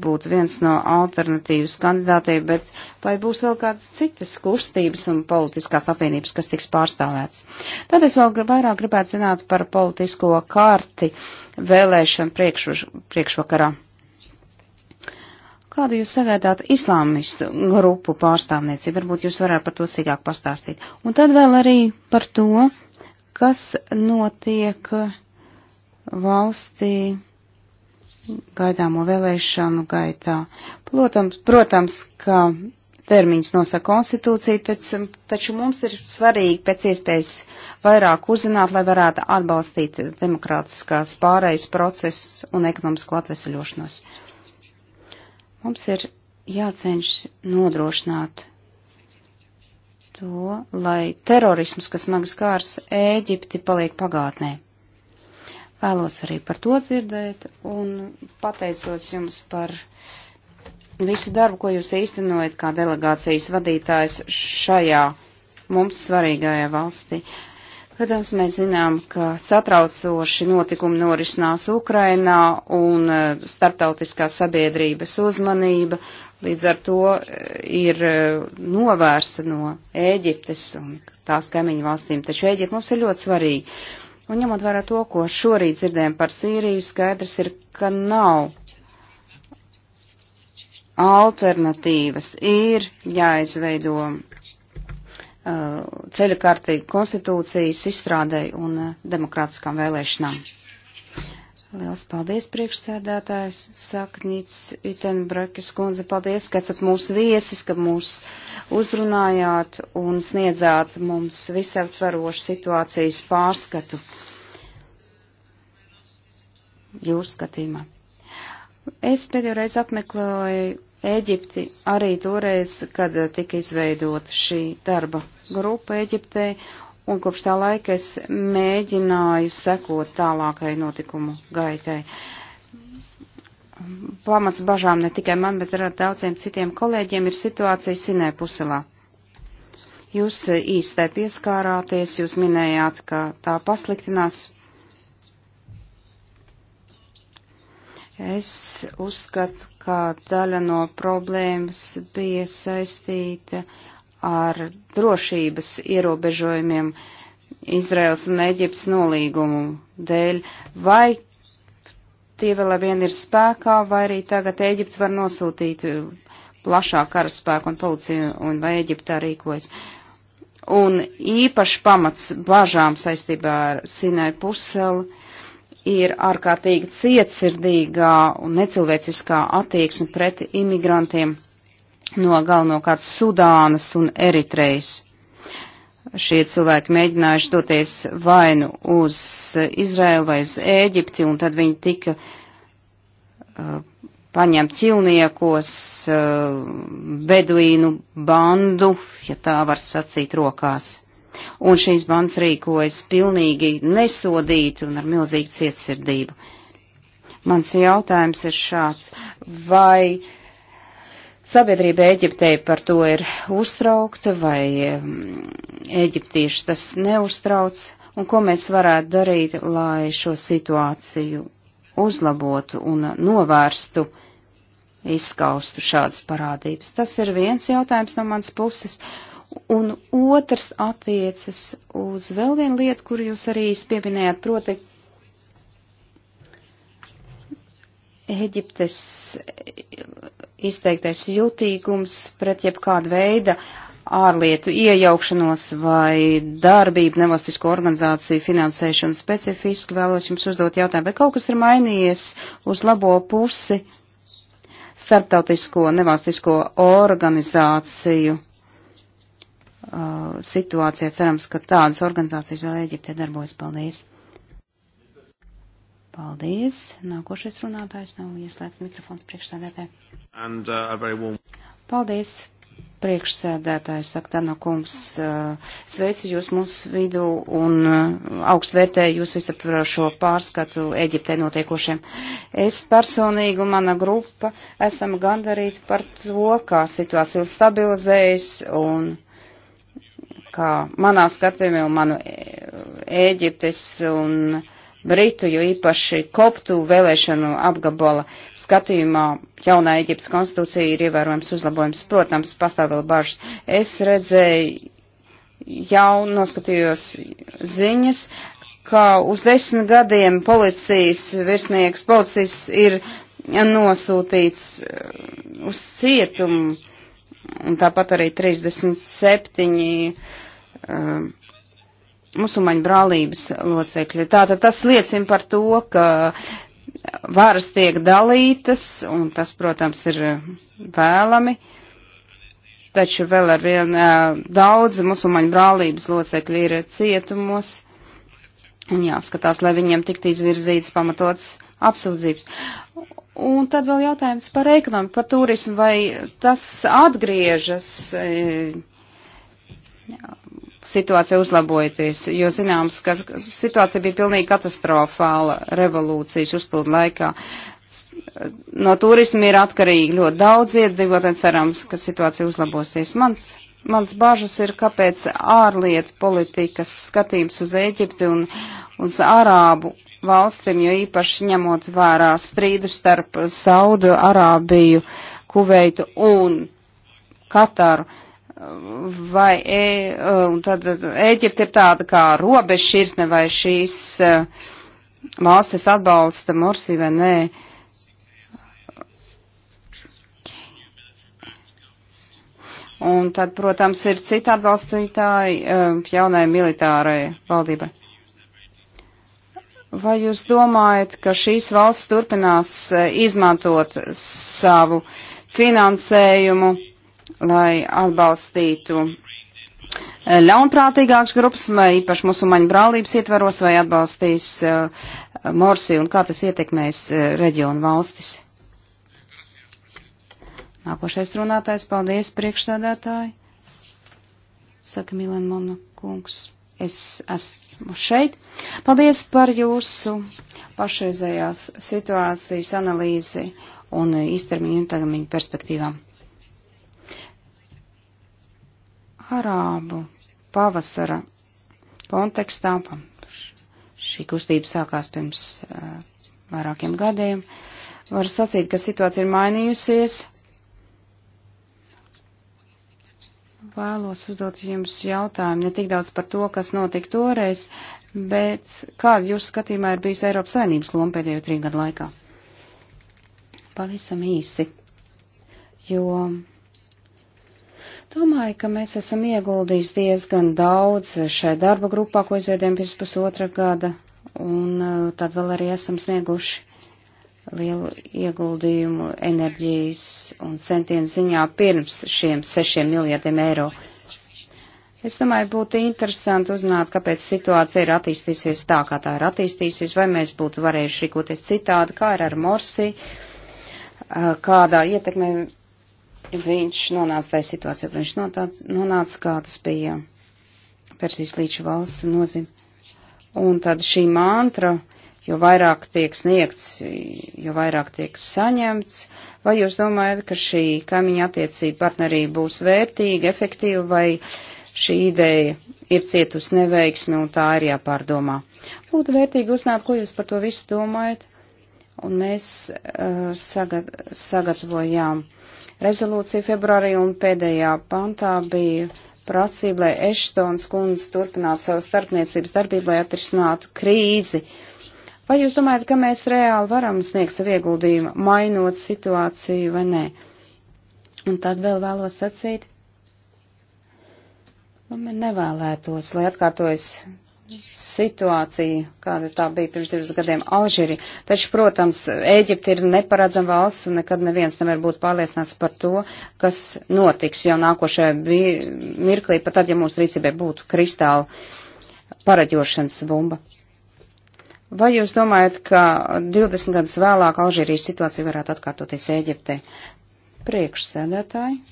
būt viens no alternatīvas kandidātiem, bet vai būs vēl kādas citas kustības un politiskās apvienības, kas tiks pārstāvēts? Tad es vēl vairāk gribētu zināt par politisko karti vēlēšanu priekš, priekšvakarā. Kādu jūs sagaidāt islāmistu grupu pārstāvniecību? Varbūt jūs varētu par to sīkāk pastāstīt. Un tad vēl arī par to, kas notiek valstī gaidāmo vēlēšanu gaitā. Protams, protams ka termiņus nosaka konstitūcija, taču, taču mums ir svarīgi pēc iespējas vairāk uzzināt, lai varētu atbalstīt demokrātiskās pārējas procesus un ekonomisko atvesaļošanos. Mums ir jācenš nodrošināt to, lai terorisms, kas smags kārs Ēģipti, paliek pagātnē. Vēlos arī par to dzirdēt un pateicos jums par visu darbu, ko jūs īstenojat kā delegācijas vadītājs šajā mums svarīgajā valstī. Protams, mēs zinām, ka satraucoši notikumi norisinās Ukrainā un eh, starptautiskā sabiedrības uzmanība Līdz ar to eh, ir eh, novērsa no Ēģiptes un tās kaimiņu valstīm, taču Ēģipte mums ir ļoti svarīga. Un ņemot vērā to, ko šorīt dzirdējām par Sīriju, skaidrs ir, ka nav alternatīvas. Ir jāizveido uh, eh, ceļu kārtīgi konstitūcijas izstrādē un uh, demokrātiskām vēlēšanām. Liels paldies, priekšsēdētājs Saknīts Itenbrekas kundze. Paldies, ka esat mūsu viesis, ka mūs uzrunājāt un sniedzāt mums visaptverošu situācijas pārskatu. Jūsu skatījumā. Es pēdējo reizi apmeklēju Ēģipti arī toreiz, kad tika izveidota šī darba grupa Ēģiptei, un kopš tā laika es mēģināju sekot tālākai notikumu gaitai. Pamats bažām ne tikai man, bet ar daudziem citiem kolēģiem ir situācija Sinē puselā. Jūs īstē pieskārāties, jūs minējāt, ka tā pasliktinās. Es uzskatu, ka daļa no problēmas bija saistīta ar drošības ierobežojumiem Izraels un Eģiptes nolīgumu dēļ, vai tie vēl vien ir spēkā, vai arī tagad Eģipte var nosūtīt uh, plašāk karaspēku un policiju, un vai Eģiptā rīkojas. Un īpaši pamats bažām saistībā ar Sinai puseli ir ārkārtīgi cietsirdīgā un necilvēciskā attieksme pret imigrantiem no galvenokārt Sudānas un Eritrejas. Šie cilvēki mēģinājuši doties vainu uz Izraelu vai uz Ēģipti, un tad viņi tika uh, paņemt ķilniekos uh, beduīnu bandu, ja tā var sacīt, rokās. Un šīs bandas rīkojas pilnīgi nesodīti un ar milzīgu cietsirdību. Mans jautājums ir šāds, vai uh, Sabiedrība Eģiptei par to ir uztraukta, vai mm, eģiptīši tas neuztrauc, un ko mēs varētu darīt, lai šo situāciju uzlabotu un novērstu, izskaustu šādas parādības. Tas ir viens jautājums no manas puses, un otrs attiecas uz vēl vienu lietu, kuru jūs arī pieminējāt, proti Eģiptes izteiktais jutīgums pret jebkādu veidu ārlietu iejaukšanos vai darbību nevalstisko organizāciju finansēšanu specifiski vēlos jums uzdot jautājumu, vai kaut kas ir mainījies uz labo pusi starptautisko nevalstisko organizāciju uh, situācijā. Cerams, ka tādas organizācijas vēl Eģiptē darbojas. Paldies! Paldies. Nākošais runātājs nav ieslēgts mikrofons priekšsēdētē. And, uh, warm... Paldies. Priekšsēdētājs saka, Dana kungs, uh, sveicu jūs mūsu vidu un uh, augstu vērtēju jūs visaptvarošo pārskatu Eģiptē notiekošiem. Es personīgi un mana grupa esam gandarīti par to, kā situācija ir stabilizējusi un kā manā skatījumā, manu Ēģiptes e, un. E Britu, jo īpaši koptu vēlēšanu apgabala skatījumā jaunā Eģiptes konstitūcija ir ievērojams uzlabojums. Protams, pastāv vēl bažas. Es redzēju, jau noskatījos ziņas, ka uz desmit gadiem policijas virsnieks, policijas ir nosūtīts uh, uz cietumu, un tāpat arī 37 um, musulmaņu brālības locekļi. Tātad tas liecina par to, ka varas tiek dalītas, un tas, protams, ir vēlami, taču vēl ar vien daudz musulmaņu brālības locekļi ir cietumos, un jāskatās, lai viņiem tiktu izvirzīts pamatots apsūdzības. Un tad vēl jautājums par ekonomiku, par turismu, vai tas atgriežas. E, jā situācija uzlabojoties, jo zināms, ka situācija bija pilnīgi katastrofāla revolūcijas uzpildu laikā. No turisma ir atkarīgi ļoti daudz iedzīvotāji, cerams, ka situācija uzlabosies. Mans, mans bažas ir, kāpēc ārlietu politikas skatījums uz Eģipti un uz Arābu valstīm, jo īpaši ņemot vērā strīdu starp Saudu, Arābiju, Kuveitu un Kataru vai e, e, un tad Ēģipte ir tāda kā robežšķirtne, vai šīs e, valstis atbalsta Morsi vai nē. Un tad, protams, ir citi atbalstītāji e, jaunai militārai valdībai. Vai jūs domājat, ka šīs valsts turpinās izmantot savu finansējumu? lai atbalstītu e, ļaunprātīgākas grupas, vai īpaši musulmaņu brālības ietveros, vai atbalstīs uh, Morsi un kā tas ietekmēs uh, reģionu valstis. Nākošais runātājs, paldies priekšsēdētāji. Saka Milan Mona kungs, es esmu šeit. Paldies par jūsu pašreizējās situācijas analīzi un īstermiņu un tagamiņu perspektīvām. arābu pavasara kontekstā. Šī kustība sākās pirms uh, vairākiem gadiem. Var sacīt, ka situācija ir mainījusies. Vēlos uzdot jums jautājumu ne tik daudz par to, kas notika toreiz, bet kāda jūsu skatījumā ir bijusi Eiropas Savienības loma pēdējo trīs gadu laikā? Pavisam īsi, jo Domāju, ka mēs esam ieguldījuši diezgan daudz šai darba grupā, ko izveidējam pirms pusotra gada, un e, tad vēl arī esam snieguši lielu ieguldījumu enerģijas un centienu ziņā pirms šiem sešiem miljardiem eiro. Es domāju, būtu interesanti uzzināt, kāpēc situācija ir attīstīsies tā, kā tā ir attīstīsies, vai mēs būtu varējuši rīkoties citādi, kā ir ar Morsi, e, kādā ietekmē viņš nonāca tajā situācijā, viņš nonāca kā tas bija Persijas līča valsts nozīme. Un tad šī mantra, jo vairāk tiek sniegts, jo vairāk tiek saņemts, vai jūs domājat, ka šī kaimiņa attiecība partnerība būs vērtīga, efektīva, vai šī ideja ir cietusi neveiksmi un tā ir jāpārdomā? Būtu vērtīgi uzzināt, ko jūs par to visu domājat, un mēs uh, eh, sagat sagatavojām. Uh, rezolūciju februārī un pēdējā pantā bija prasība, lai Eštons kundze turpinātu savu starpniecības darbību, lai atrisinātu krīzi. Vai jūs domājat, ka mēs reāli varam sniegt savu ieguldījumu, mainot situāciju vai nē? Un tad vēl vēlos sacīt, man nu, nevēlētos, lai atkārtojas situācija, kāda tā bija pirms 20 gadiem Alžīri. Taču, protams, Ēģipte ir neparedzama valsts un nekad neviens nevar būt pārliecināts par to, kas notiks jau nākošajā mirklī, pat tad, ja mūsu rīcībai būtu kristāla paraģošanas bumba. Vai jūs domājat, ka 20 gadus vēlāk Alžīrijas situācija varētu atkārtoties Ēģiptē? Priekšsēdētāji.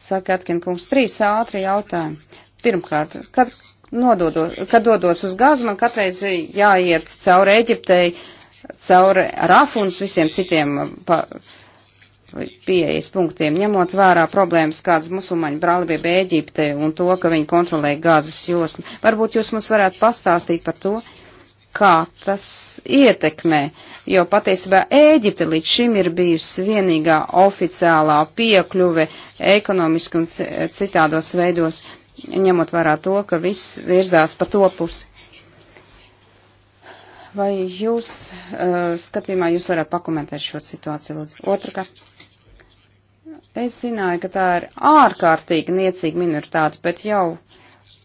Saka Atkinkungs, trīs ātri jautājumi. Pirmkārt, kad nododo, kad dodos uz gāzi, man katreiz jāiet cauri Eģiptei, cauri Rafu un visiem citiem uh, pa, pieejas punktiem, ņemot vērā problēmas, kādas musulmaņu brāli bija Eģipte un to, ka viņi kontrolē gāzes joslu. Varbūt jūs mums varētu pastāstīt par to, kā tas ietekmē, jo patiesībā Ēģipte līdz šim ir bijusi vienīgā oficiālā piekļuve ekonomiski un citādos veidos. Uh, ņemot vērā to, ka viss virzās pa to pusi. Vai jūs uh, skatījumā jūs varat pakomentēt šo situāciju, lūdzu? Otrakārt. Es zināju, ka tā ir ārkārtīgi niecīga minoritāte, bet jau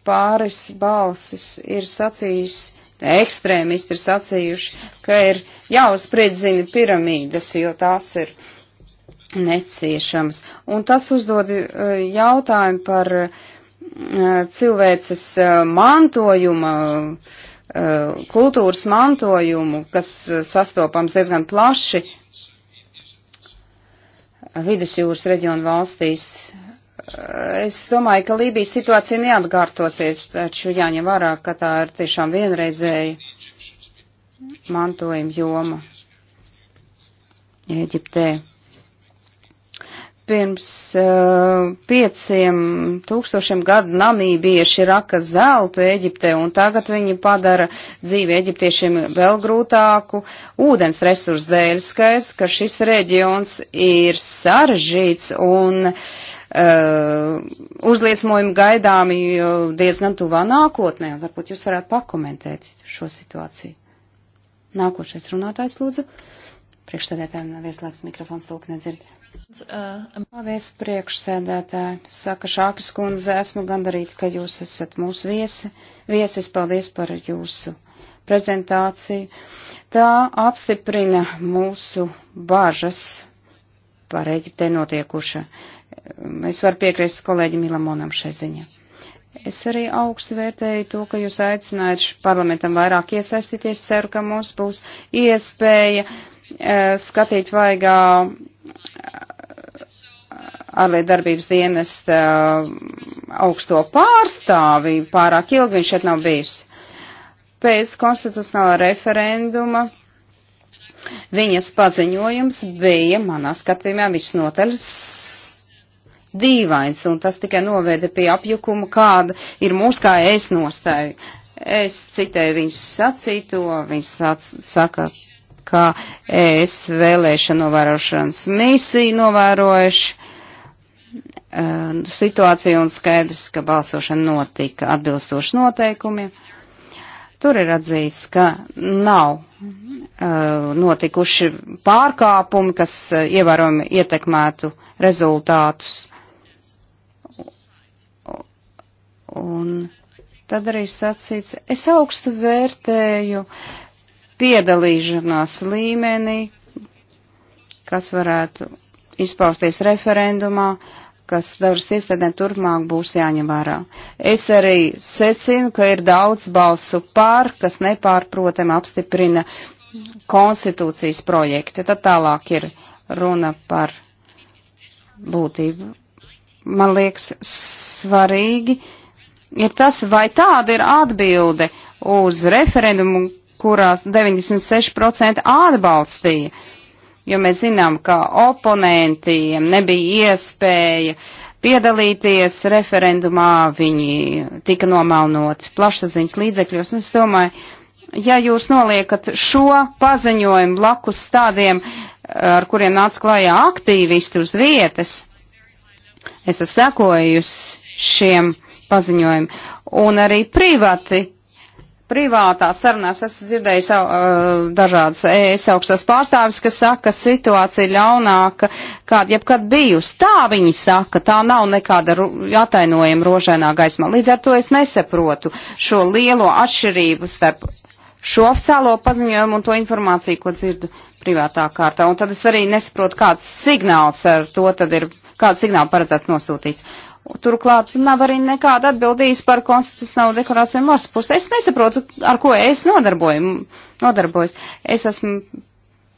pāris balsis ir sacījis, ekstrēmisti ir sacījuši, ka ir jāuzspriedzina piramīdas, jo tās ir neciešamas. Un tas uzdod uh, jautājumu par uh, cilvēces eh, mantojuma, eh, kultūras mantojumu, kas eh, sastopams diezgan plaši vidusjūras reģionu valstīs. Es domāju, ka Lībijas situācija neatkārtosies, taču jāņem vērā, ka tā ir tiešām vienreizēja mantojuma joma Eģiptē. Pirms uh, pieciem tūkstošiem gadu namībieši raka zeltu Eģipte, un tagad viņi padara dzīvi eģiptiešiem vēl grūtāku ūdens resursu dēļ. Skaidrs, ka šis reģions ir sarežģīts un uh, uzliesmojumi gaidāmi diezgan tuvā nākotnē. Varbūt jūs varētu pakomentēt šo situāciju. Nākošais runātājs lūdzu. Uh, Priekšsēdētājiem nav ieslēgts mikrofons, lūk, nedzird. Uh, paldies, priekšsēdētāji. Saka Šākas kundze, esmu gandarīta, ka jūs esat mūsu viesi. Viesis, paldies par jūsu prezentāciju. Tā apstiprina mūsu bažas par Eģiptē notiekuša. Es varu piekrist kolēģim Ilamonam šai ziņā. Es arī augstu vērtēju to, ka jūs aicinājāt parlamentam vairāk iesaistīties. Ceru, ka mums būs iespēja Eh, skatīt vajagā eh, ārlietu darbības dienas eh, augsto pārstāvi, pārāk ilgi viņš šeit nav bijis. Pēc konstitucionāla referenduma viņas paziņojums bija, manā skatījumā, visnotaļ dīvains, un tas tikai noveda pie apjukuma, kāda ir mūsu kā es nostāju. Es citēju viņas sacīto, viņas saka, kā es vēlēšana novērošanas misija novērojuši eh, situāciju un skaidrs, ka balsošana notika atbilstoši noteikumiem. Tur ir atzīsts, ka nav eh, notikuši pārkāpumi, kas eh, ievērojami ietekmētu rezultātus. Un tad arī sacīts, es augstu vērtēju uh, piedalīšanās līmenī, kas varētu izpausties referendumā, kas dažas iestādēm turpmāk būs jāņem vērā. Es arī secinu, ka ir daudz balsu pār, kas nepārprotam apstiprina konstitūcijas projektu. Tad tālāk ir runa par būtību. Man liekas, svarīgi ir tas, vai tāda ir atbilde uz referendumu, kurās 96% atbalstīja, jo mēs zinām, ka oponentiem nebija iespēja piedalīties referendumā, viņi tika nomalnoti plašsaziņas līdzekļos, un es domāju, ja jūs noliekat šo paziņojumu blakus tādiem, ar kuriem nāca klājā aktīvisti uz vietas, es esmu sekojusi šiem paziņojumiem, un arī privāti privātā sarunās esmu dzirdējis uh, dažādas ES augstās pārstāvis, kas saka, ka situācija ļaunāka, kāda jebkad bijusi. Tā viņi saka, tā nav nekāda atainojuma rožainā gaismā. Līdz ar to es nesaprotu šo lielo atšķirību starp šo oficiālo paziņojumu un to informāciju, ko dzirdu privātā kārtā. Un tad es arī nesaprotu, kāds signāls ar to tad ir, kāds signāls paredzēts nosūtīts. Turklāt nav arī nekāda atbildīs par konstitucionālu deklarāciju Morsas pusē. Es nesaprotu, ar ko es nodarbojos. Es esmu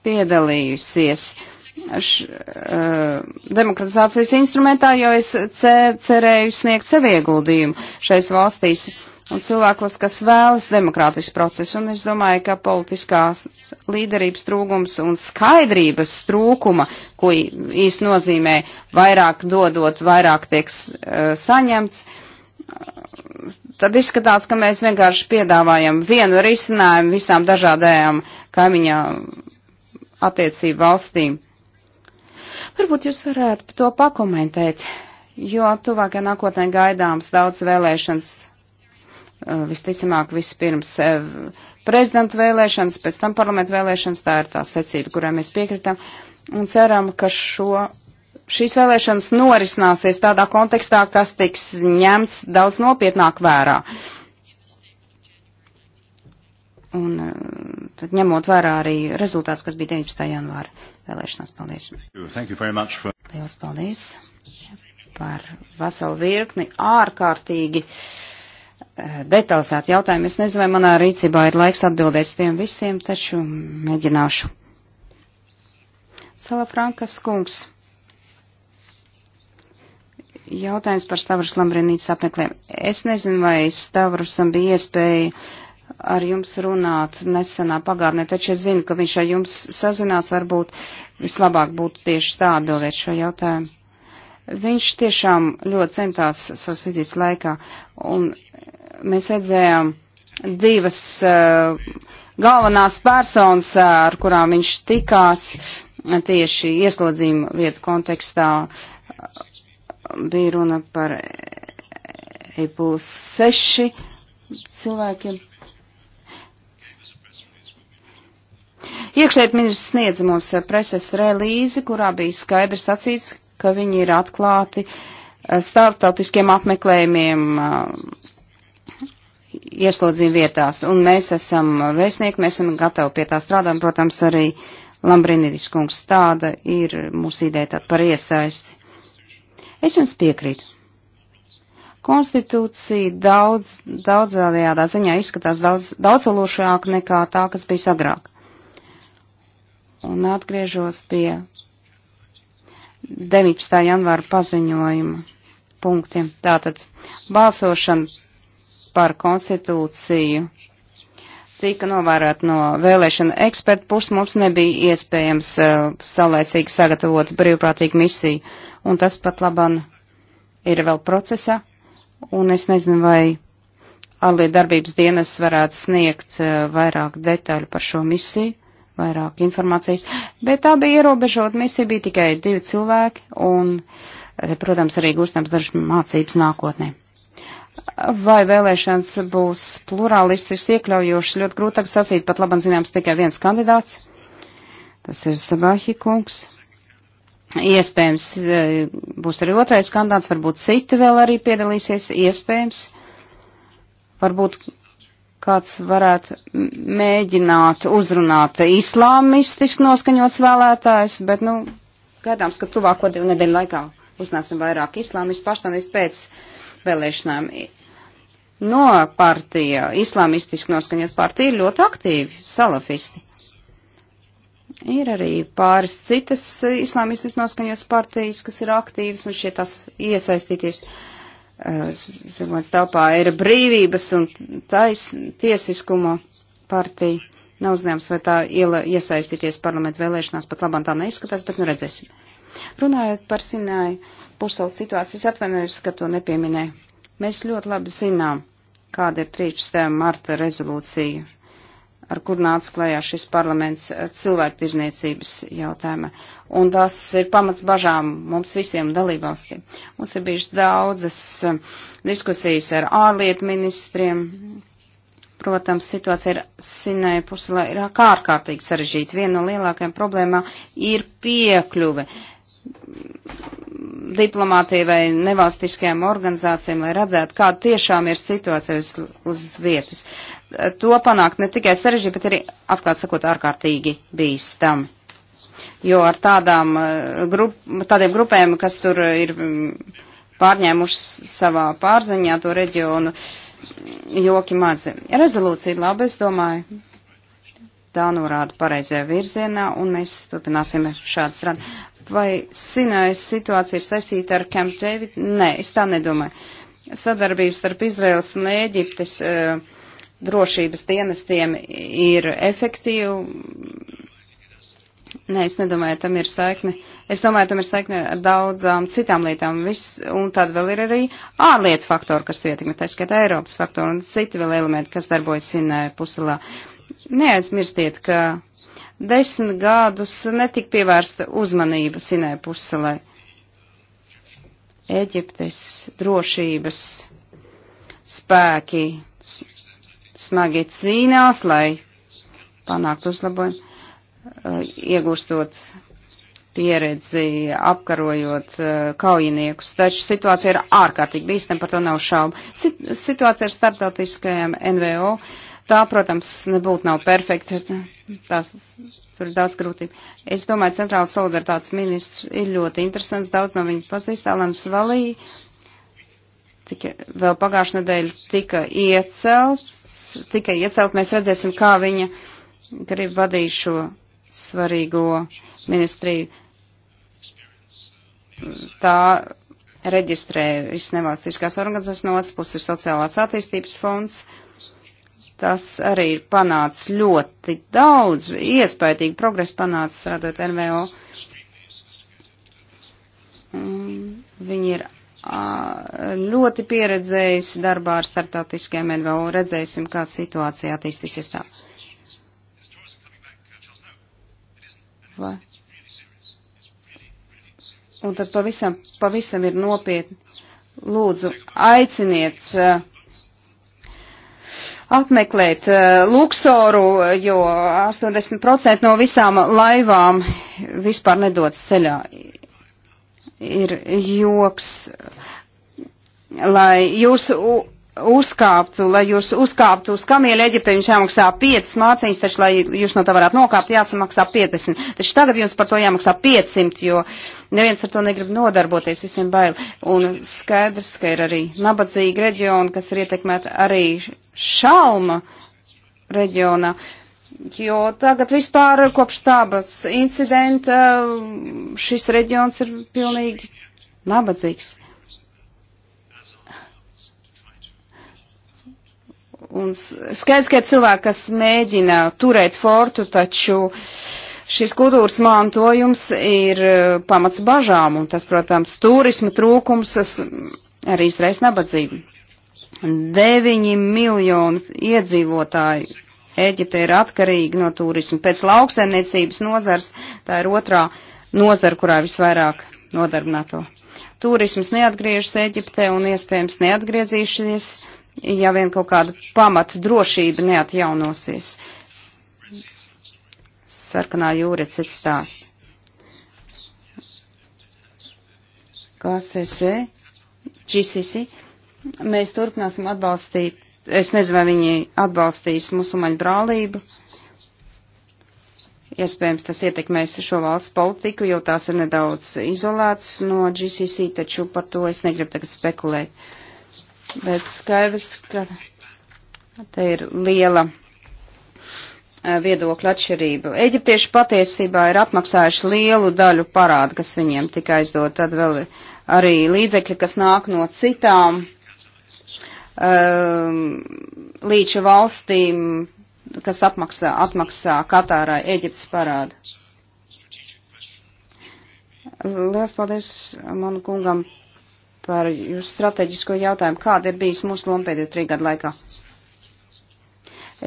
piedalījusies š, uh, demokratizācijas instrumentā, jo es cerēju sniegt sev ieguldījumu šais valstīs. Uh, un cilvēkos, kas vēlas demokrātisku procesu. Un es domāju, ka politiskās līderības trūkums un skaidrības trūkuma, ko īsti nozīmē vairāk dodot, vairāk tiek uh, saņemts, tad izskatās, ka mēs vienkārši piedāvājam vienu risinājumu visām dažādajām kaimiņā attiecību valstīm. Varbūt jūs varētu to pakomentēt, jo tuvākajā nākotnē gaidāms daudz vēlēšanas Eh, visticamāk vispirms eh, prezidenta vēlēšanas, pēc tam parlamenta vēlēšanas, tā ir tā secība, kurai mēs piekritam, un ceram, ka šo, šīs vēlēšanas norisināsies tādā kontekstā, kas tiks ņemts daudz nopietnāk vērā. Un eh, tad ņemot vērā arī rezultāts, kas bija 19. janvāra vēlēšanās. Paldies! Thank you very much for... Lielas paldies par veselu virkni ārkārtīgi. Uh, detalizēti jautājumi. Es nezinu, vai manā rīcībā ir laiks atbildēt tiem visiem, taču mēģināšu. Salafrankas kungs. Jautājums par Stavras Lambrinītas apmeklēm. Es nezinu, vai Stavrasam bija iespēja ar jums runāt nesenā pagātnē, taču es zinu, ka viņš ar jums sazinās, varbūt vislabāk būtu tieši tā atbildēt šo jautājumu. Viņš tiešām ļoti centās savas vizītes laikā, un mēs redzējām divas uh, galvenās personas, eh, ar kurām viņš tikās tieši ieslodzījuma vietu kontekstā. Bija runa par Apple 6 cilvēkiem. Iekšēt ministrs sniedz mums eh, preses relīzi, kurā bija skaidrs sacīts, ka viņi ir atklāti eh, starptautiskiem apmeklējumiem eh, ieslodzījuma vietās. Un mēs esam vēstnieki, mēs esam gatavi pie tā strādāt, protams, arī Lambrinidis kungs tāda ir mūsu ideja tāda par iesaisti. Es jums piekrītu. Konstitūcija daudz, daudzādajādā ziņā izskatās daudz, daudzsološāk nekā tā, kas bija agrāk. Un atgriežos pie 19. janvāra paziņojumu punktiem. Tātad balsošana par konstitūciju tika novērot no vēlēšana eksperta puses. Mums nebija iespējams uh, saulēcīgi sagatavot brīvprātīgu misiju, un tas pat laban ir vēl procesā, un es nezinu, vai ārlietu darbības dienas varētu sniegt uh, vairāk detaļu par šo misiju vairāk informācijas, bet tā bija ierobežota misija, bija tikai divi cilvēki, un, eh, protams, arī gūstams dažas mācības nākotnē. Vai vēlēšanas būs plurālistisks, iekļaujošs, ļoti grūti tagad sacīt, pat labam zināms tikai viens kandidāts. Tas ir Sabāhi kungs. Iespējams, eh, būs arī otrais kandidāts, varbūt citi vēl arī piedalīsies, iespējams. Varbūt kāds varētu mēģināt uzrunāt islāmistiski noskaņots vēlētājs, bet, nu, gaidāms, ka tuvāko divu nedēļu laikā uznāsim vairāk islāmistu pārstāvjus pēc vēlēšanām. No partija, islāmistiski noskaņot partija ir ļoti aktīvi salafisti. Ir arī pāris citas islāmistiski noskaņotas partijas, kas ir aktīvas un šie tās iesaistīties. Uh, Eh, zemāts telpā ir brīvības un tais, tiesiskuma partija. Nav zināms, vai tā iela, iesaistīties parlamentu vēlēšanās, pat labāk tā neizskatās, bet nu redzēsim. Runājot par Sināju pusēlu situāciju, es atvainojos, ka to nepieminēju. Mēs ļoti labi zinām, kāda ir 13. marta rezolūcija ar kur nāca klējā šis parlaments eh, cilvēktirzniecības jautājumā. Un tas ir pamats bažām mums visiem dalībvalstīm. Mums ir bijušas daudzas eh, diskusijas ar ārlietu ministriem. Protams, situācija ir Sinēja puselē ir ārkārtīgi sarežģīta. Viena no lielākajām problēmām ir piekļuve diplomātija vai nevalstiskajām organizācijām, lai redzētu, kāda tiešām ir situācija uz, uz vietas. To panākt ne tikai sarežģīti, bet arī, atklāt sakot, ārkārtīgi bīstami. Jo ar tādām, eh, grup, tādiem grupēm, kas tur ir mm, pārņēmuši savā pārziņā to reģionu, joki mazi. Rezolūcija labi, es domāju tā norāda pareizajā virzienā, un mēs turpināsim šādu strādāt. Vai Sinais situācija ir saistīta ar Camp David? Nē, es tā nedomāju. Sadarbības starp Izraels un Ēģiptes uh, drošības dienestiem ir efektīva. Nē, es nedomāju, tam ir saikne. Es domāju, tam ir saikne ar daudzām citām lietām. Viss, un tad vēl ir arī ārlietu faktori, kas ietekmē, tā skaitā Eiropas faktori un citi vēl elementi, kas darbojas Sinē puselā. Neaizmirstiet, ka desmit gadus netika pievērsta uzmanība Sinē pusselē. Eģiptes drošības spēki smagi cīnās, lai panāktu uzlabojumu, uh, iegūstot pieredzi, apkarojot uh, kaujiniekus, taču situācija ir ārkārtīgi bīstama, par to nav šaubu. Situācija ar starptautiskajām NVO uh, tā, protams, nebūtu nav perfekta. Tās, tur ir daudz grūtību. Es domāju, centrāla solidaritātes ministrs ir ļoti interesants. Daudz no viņu pazīst. Alans Valī tika, vēl pagājušā nedēļa tika iecelts. Tika iecelt. Mēs redzēsim, kā viņa grib vadīt šo svarīgo ministriju. Tā reģistrē visas nevalstiskās organizācijas no otras puses ir sociālās attīstības fonds. Uh, Tas arī ir panācis ļoti daudz, iespaidīgi progresu panācis strādājot NVO. Mm, viņi ir ļoti pieredzējusi darbā ar startautiskiem NVO. Redzēsim, kā situācija attīstīsies tā. Vai? Un tad pavisam, pavisam ir nopietni. Lūdzu, aiciniet uh, apmeklēt eh, Luksoru, jo 80% no visām laivām vispār nedodas ceļā. Ir joks, lai jūsu uzkāptu, lai jūs uzkāptu uz kamieļa Eģipte, jums jāmaksā 5 mācīņas, taču, lai jūs no tā varētu nokāpt, jāsamaksā 50. Taču tagad jums par to jāmaksā 500, jo neviens ar to negrib nodarboties, visiem bail. Un skaidrs, ka ir arī nabadzīgi reģioni, kas ir ietekmēti arī šalma reģionā. Jo tagad vispār kopš tābas incidenta šis reģions ir pilnīgi nabadzīgs. Un skaidrs, ka ir cilvēki, kas mēģina turēt fortu, taču šis kultūras mantojums ir e, pamats bažām, un tas, protams, turisma trūkums arī izraisa nabadzību. 9 miljonus iedzīvotāju Eģipte ir atkarīga no turisma. Pēc lauksaimniecības nozars tā ir otrā nozara, kurā visvairāk nodarbināto. Turisms neatgriežas Eģiptē un iespējams neatgriezīšies ja vien kaut kāda pamata drošība neatjaunosies. Sarkanā jūra cits stāsts. KCC, GCC, mēs turpināsim atbalstīt, es nezinu, vai viņi atbalstīs musulmaņu brālību. Iespējams, tas ietekmēs šo valsts politiku, jo tās ir nedaudz izolētas no GCC, taču par to es negribu tagad spekulēt. Uh, bet skaidrs, ka te ir liela e, viedokļa atšķirība. Eģiptieši patiesībā ir apmaksājuši lielu daļu parādu, kas viņiem tika aizdot, tad vēl arī līdzekļi, kas nāk no citām um, līča valstīm, kas apmaksā, atmaksā Katārai Eģiptes parādu. Liels paldies manu kungam par jūsu strateģisko jautājumu, kāda ir bijis mūsu loma pēdējo trī gadu laikā.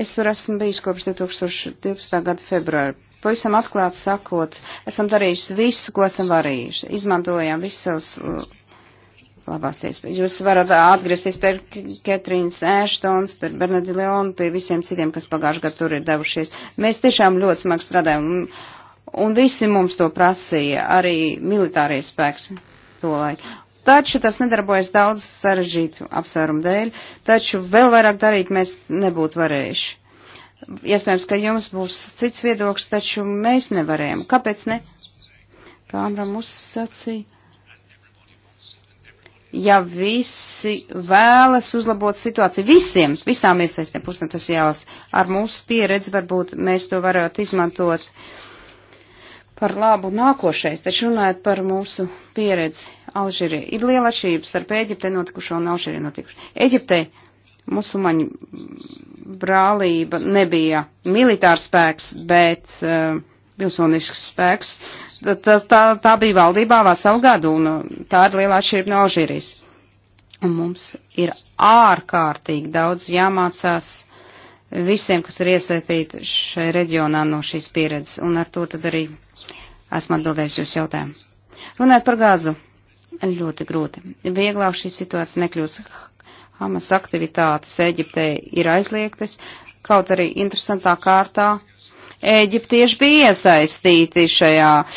Es tur esmu bijis kopš 2012. gada februāra. Pavisam atklāti sakot, esam darījuši visu, ko esam varējuši. Izmantojām visus savus uh, labās iespējas. Jūs varat atgriezties pie Ketrīnas Ashtons, pie Bernadi Leona, pie visiem citiem, kas pagājušajā gadā tur ir devušies. Mēs tiešām ļoti smagi strādājam. Un visi mums to prasīja, arī militārie spēks to laiku. Taču tas nedarbojas daudz sarežģītu apsvērumu dēļ, taču vēl vairāk darīt mēs nebūtu varējuši. Iespējams, ka jums būs cits viedoklis, taču mēs nevarējam. Kāpēc ne? Kā Amram uzsacīja? Ja visi vēlas uzlabot situāciju, visiem, visām iesaistiem pusēm tas jālas, ar mūsu pieredzi varbūt mēs to varētu izmantot. Uh, par labu nākošais, taču runājot par mūsu pieredzi Alžīrijā. Ir liela atšķirība starp Eģiptē notikušo un Alžīrijā notikušo. Eģiptē musulmaņu brālība nebija militārs spēks, bet uh, pilsonisks spēks. Tā, tā, tā bija valdībā veselu gadu, un eh, tā ir liela atšķirība no Alžīrijas. Un mums ir ārkārtīgi daudz jāmācās visiem, kas ir iesaistīti šai reģionā no šīs pieredzes, un ar to tad arī esmu atbildējis jūs jautājumu. Runāt par gāzu. Ļoti grūti. Vieglāk šī situācija nekļūst. Hamas aktivitātes Eģiptē ir aizliegtas, kaut arī interesantā kārtā Eģiptieši bija iesaistīti šajā uh,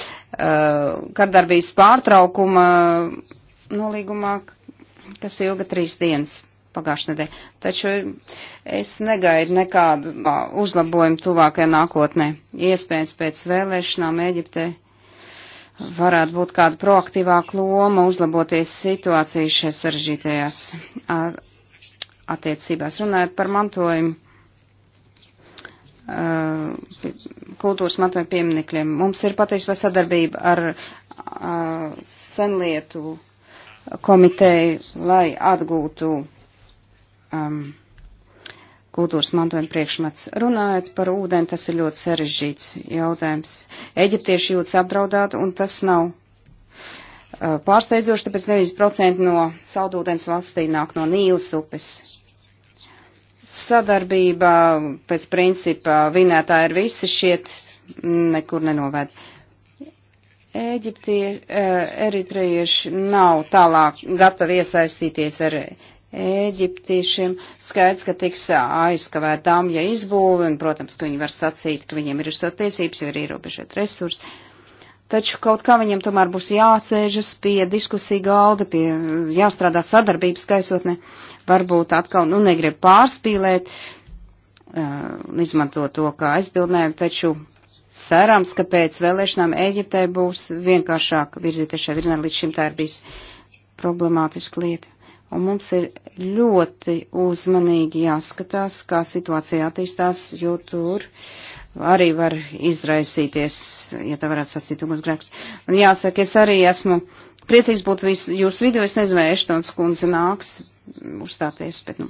kardarbības pārtraukuma nolīgumā, kas ilga trīs dienas pagājušajā nedēļā. Taču es negaidu nekādu uh, uzlabojumu tuvākajā nākotnē. Iespējams pēc vēlēšanām Eģiptē varētu būt kāda proaktīvāka loma, uzlaboties situāciju šajās sarežģītajās attiecībās. Runājot par mantojumu, kultūras mantojuma pieminekļiem, mums ir patiesībā sadarbība ar senlietu komiteju, lai atgūtu um, kultūras mantojuma priekšmets. Runājot par ūdeni, tas ir ļoti sarežģīts jautājums. Eģiptieši jūtas apdraudāti, un tas nav uh, pārsteidzoši, tāpēc 90% no saldūdens valstī nāk no Nīlas upes. Sadarbība pēc principa vinētāji ir visi šiet nekur nenovēd. Eģiptieši, uh, eritrieši nav tālāk gatavi iesaistīties ar Ēģiptiešiem skaidrs, ka tiks aizskavēt damja izbūve, un, protams, ka viņi var sacīt, ka viņiem ir uzstot tiesības, jo ir ierobežot resursi. Taču kaut kā viņiem tomēr būs jāsēžas pie diskusija galda, pie jāstrādā sadarbības gaisotne, varbūt atkal, nu, negrib pārspīlēt, uh, izmanto to kā aizbildnēm, taču cerams, ka pēc vēlēšanām Ēģiptē būs vienkāršāk virzīties šajā virzienā, līdz šim tā ir bijis problemātiska lieta un mums ir ļoti uzmanīgi jāskatās, kā situācija attīstās, jo tur arī var izraisīties, ja tā varētu sacīt, ugunsgrēks. Man jāsaka, es arī esmu priecīgs būt visu jūsu vidū, es nezinu, vai Eštons kundze nāks uzstāties, bet nu.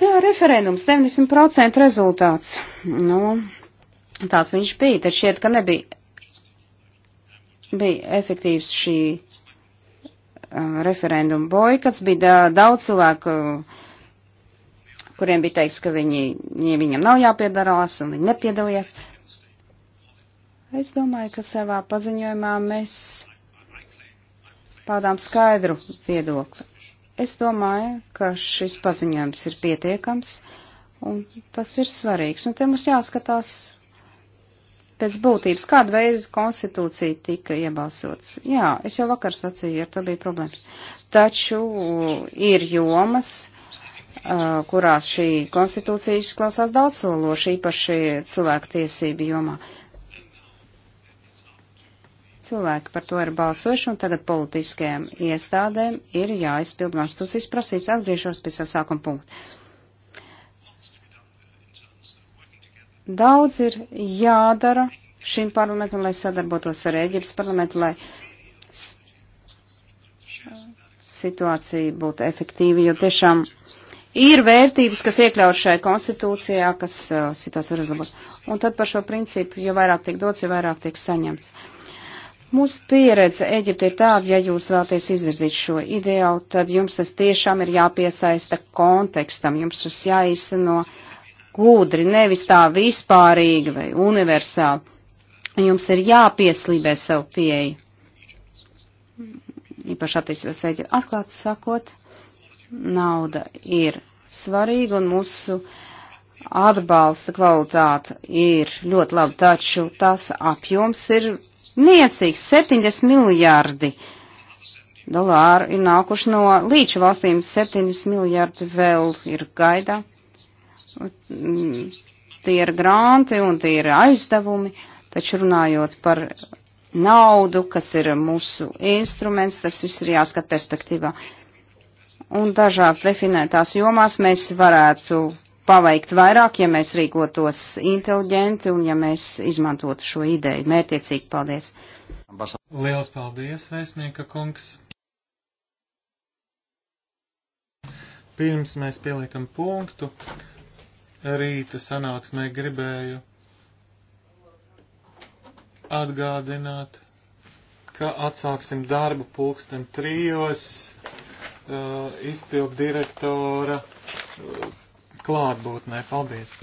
Jā, referendums, 90% rezultāts. Nu, tāds viņš bija, tad šķiet, ka nebija bija efektīvs šī referendumu boikats, bija daudz cilvēku, kuriem bija teiks, ka viņi, viņam nav jāpiedalās un viņi nepiedalījās. Es domāju, ka savā paziņojumā mēs paudām skaidru viedokli. Es domāju, ka šis paziņojums ir pietiekams un tas ir svarīgs. Un te mums jāskatās pēc būtības, kāda veida konstitūcija tika iebalsots. Jā, es jau vakar sacīju, ar to bija problēmas. Taču uh, ir jomas, uh, kurās šī konstitūcija izklausās daudzsološi, īpaši cilvēku tiesību jomā. Cilvēki par to ir balsojuši, un tagad politiskajām iestādēm ir jāizpild konstitūcijas prasības. Atgriežos pie savu sākuma punktu Daudz ir jādara šim parlamentam, lai sadarbotos ar Ēģiptes parlamentu, lai situācija būtu efektīva, jo tiešām ir vērtības, kas iekļaut šajā konstitūcijā, kas uh, situācija ir uzlabot. Un tad par šo principu, jo vairāk tiek dots, jo vairāk tiek saņemts. Mūsu pieredze Eģipte ir tāda, ja jūs vēlaties izvirzīt šo ideju, tad jums tas tiešām ir jāpiesaista kontekstam, jums tas jāīsteno. No gudri, nevis tā vispārīgi vai universāli. Jums ir jāpieslībē savu pieeju. Īpaši attīstības eģi atklāt sakot, nauda ir svarīga un mūsu atbalsta kvalitāte ir ļoti laba, taču tas apjoms ir niecīgs - 70 miljārdi dolāru ir nākuši no līča valstīm, 70 miljārdi vēl ir gaida. Tie ir granti un tie ir aizdevumi, taču runājot par naudu, kas ir mūsu instruments, tas viss ir jāskat perspektīvā. Un dažās definētās jomās mēs varētu paveikt vairāk, ja mēs rīkotos inteliģenti un ja mēs izmantotu šo ideju mērķiecīgi. Paldies! Liels paldies, vēstnieka kungs! Pirms mēs pieliekam punktu, rīta sanāksmē gribēju atgādināt, ka atsāksim darbu pulksten trijos uh, izpildu direktora uh, klātbūtnē. Paldies!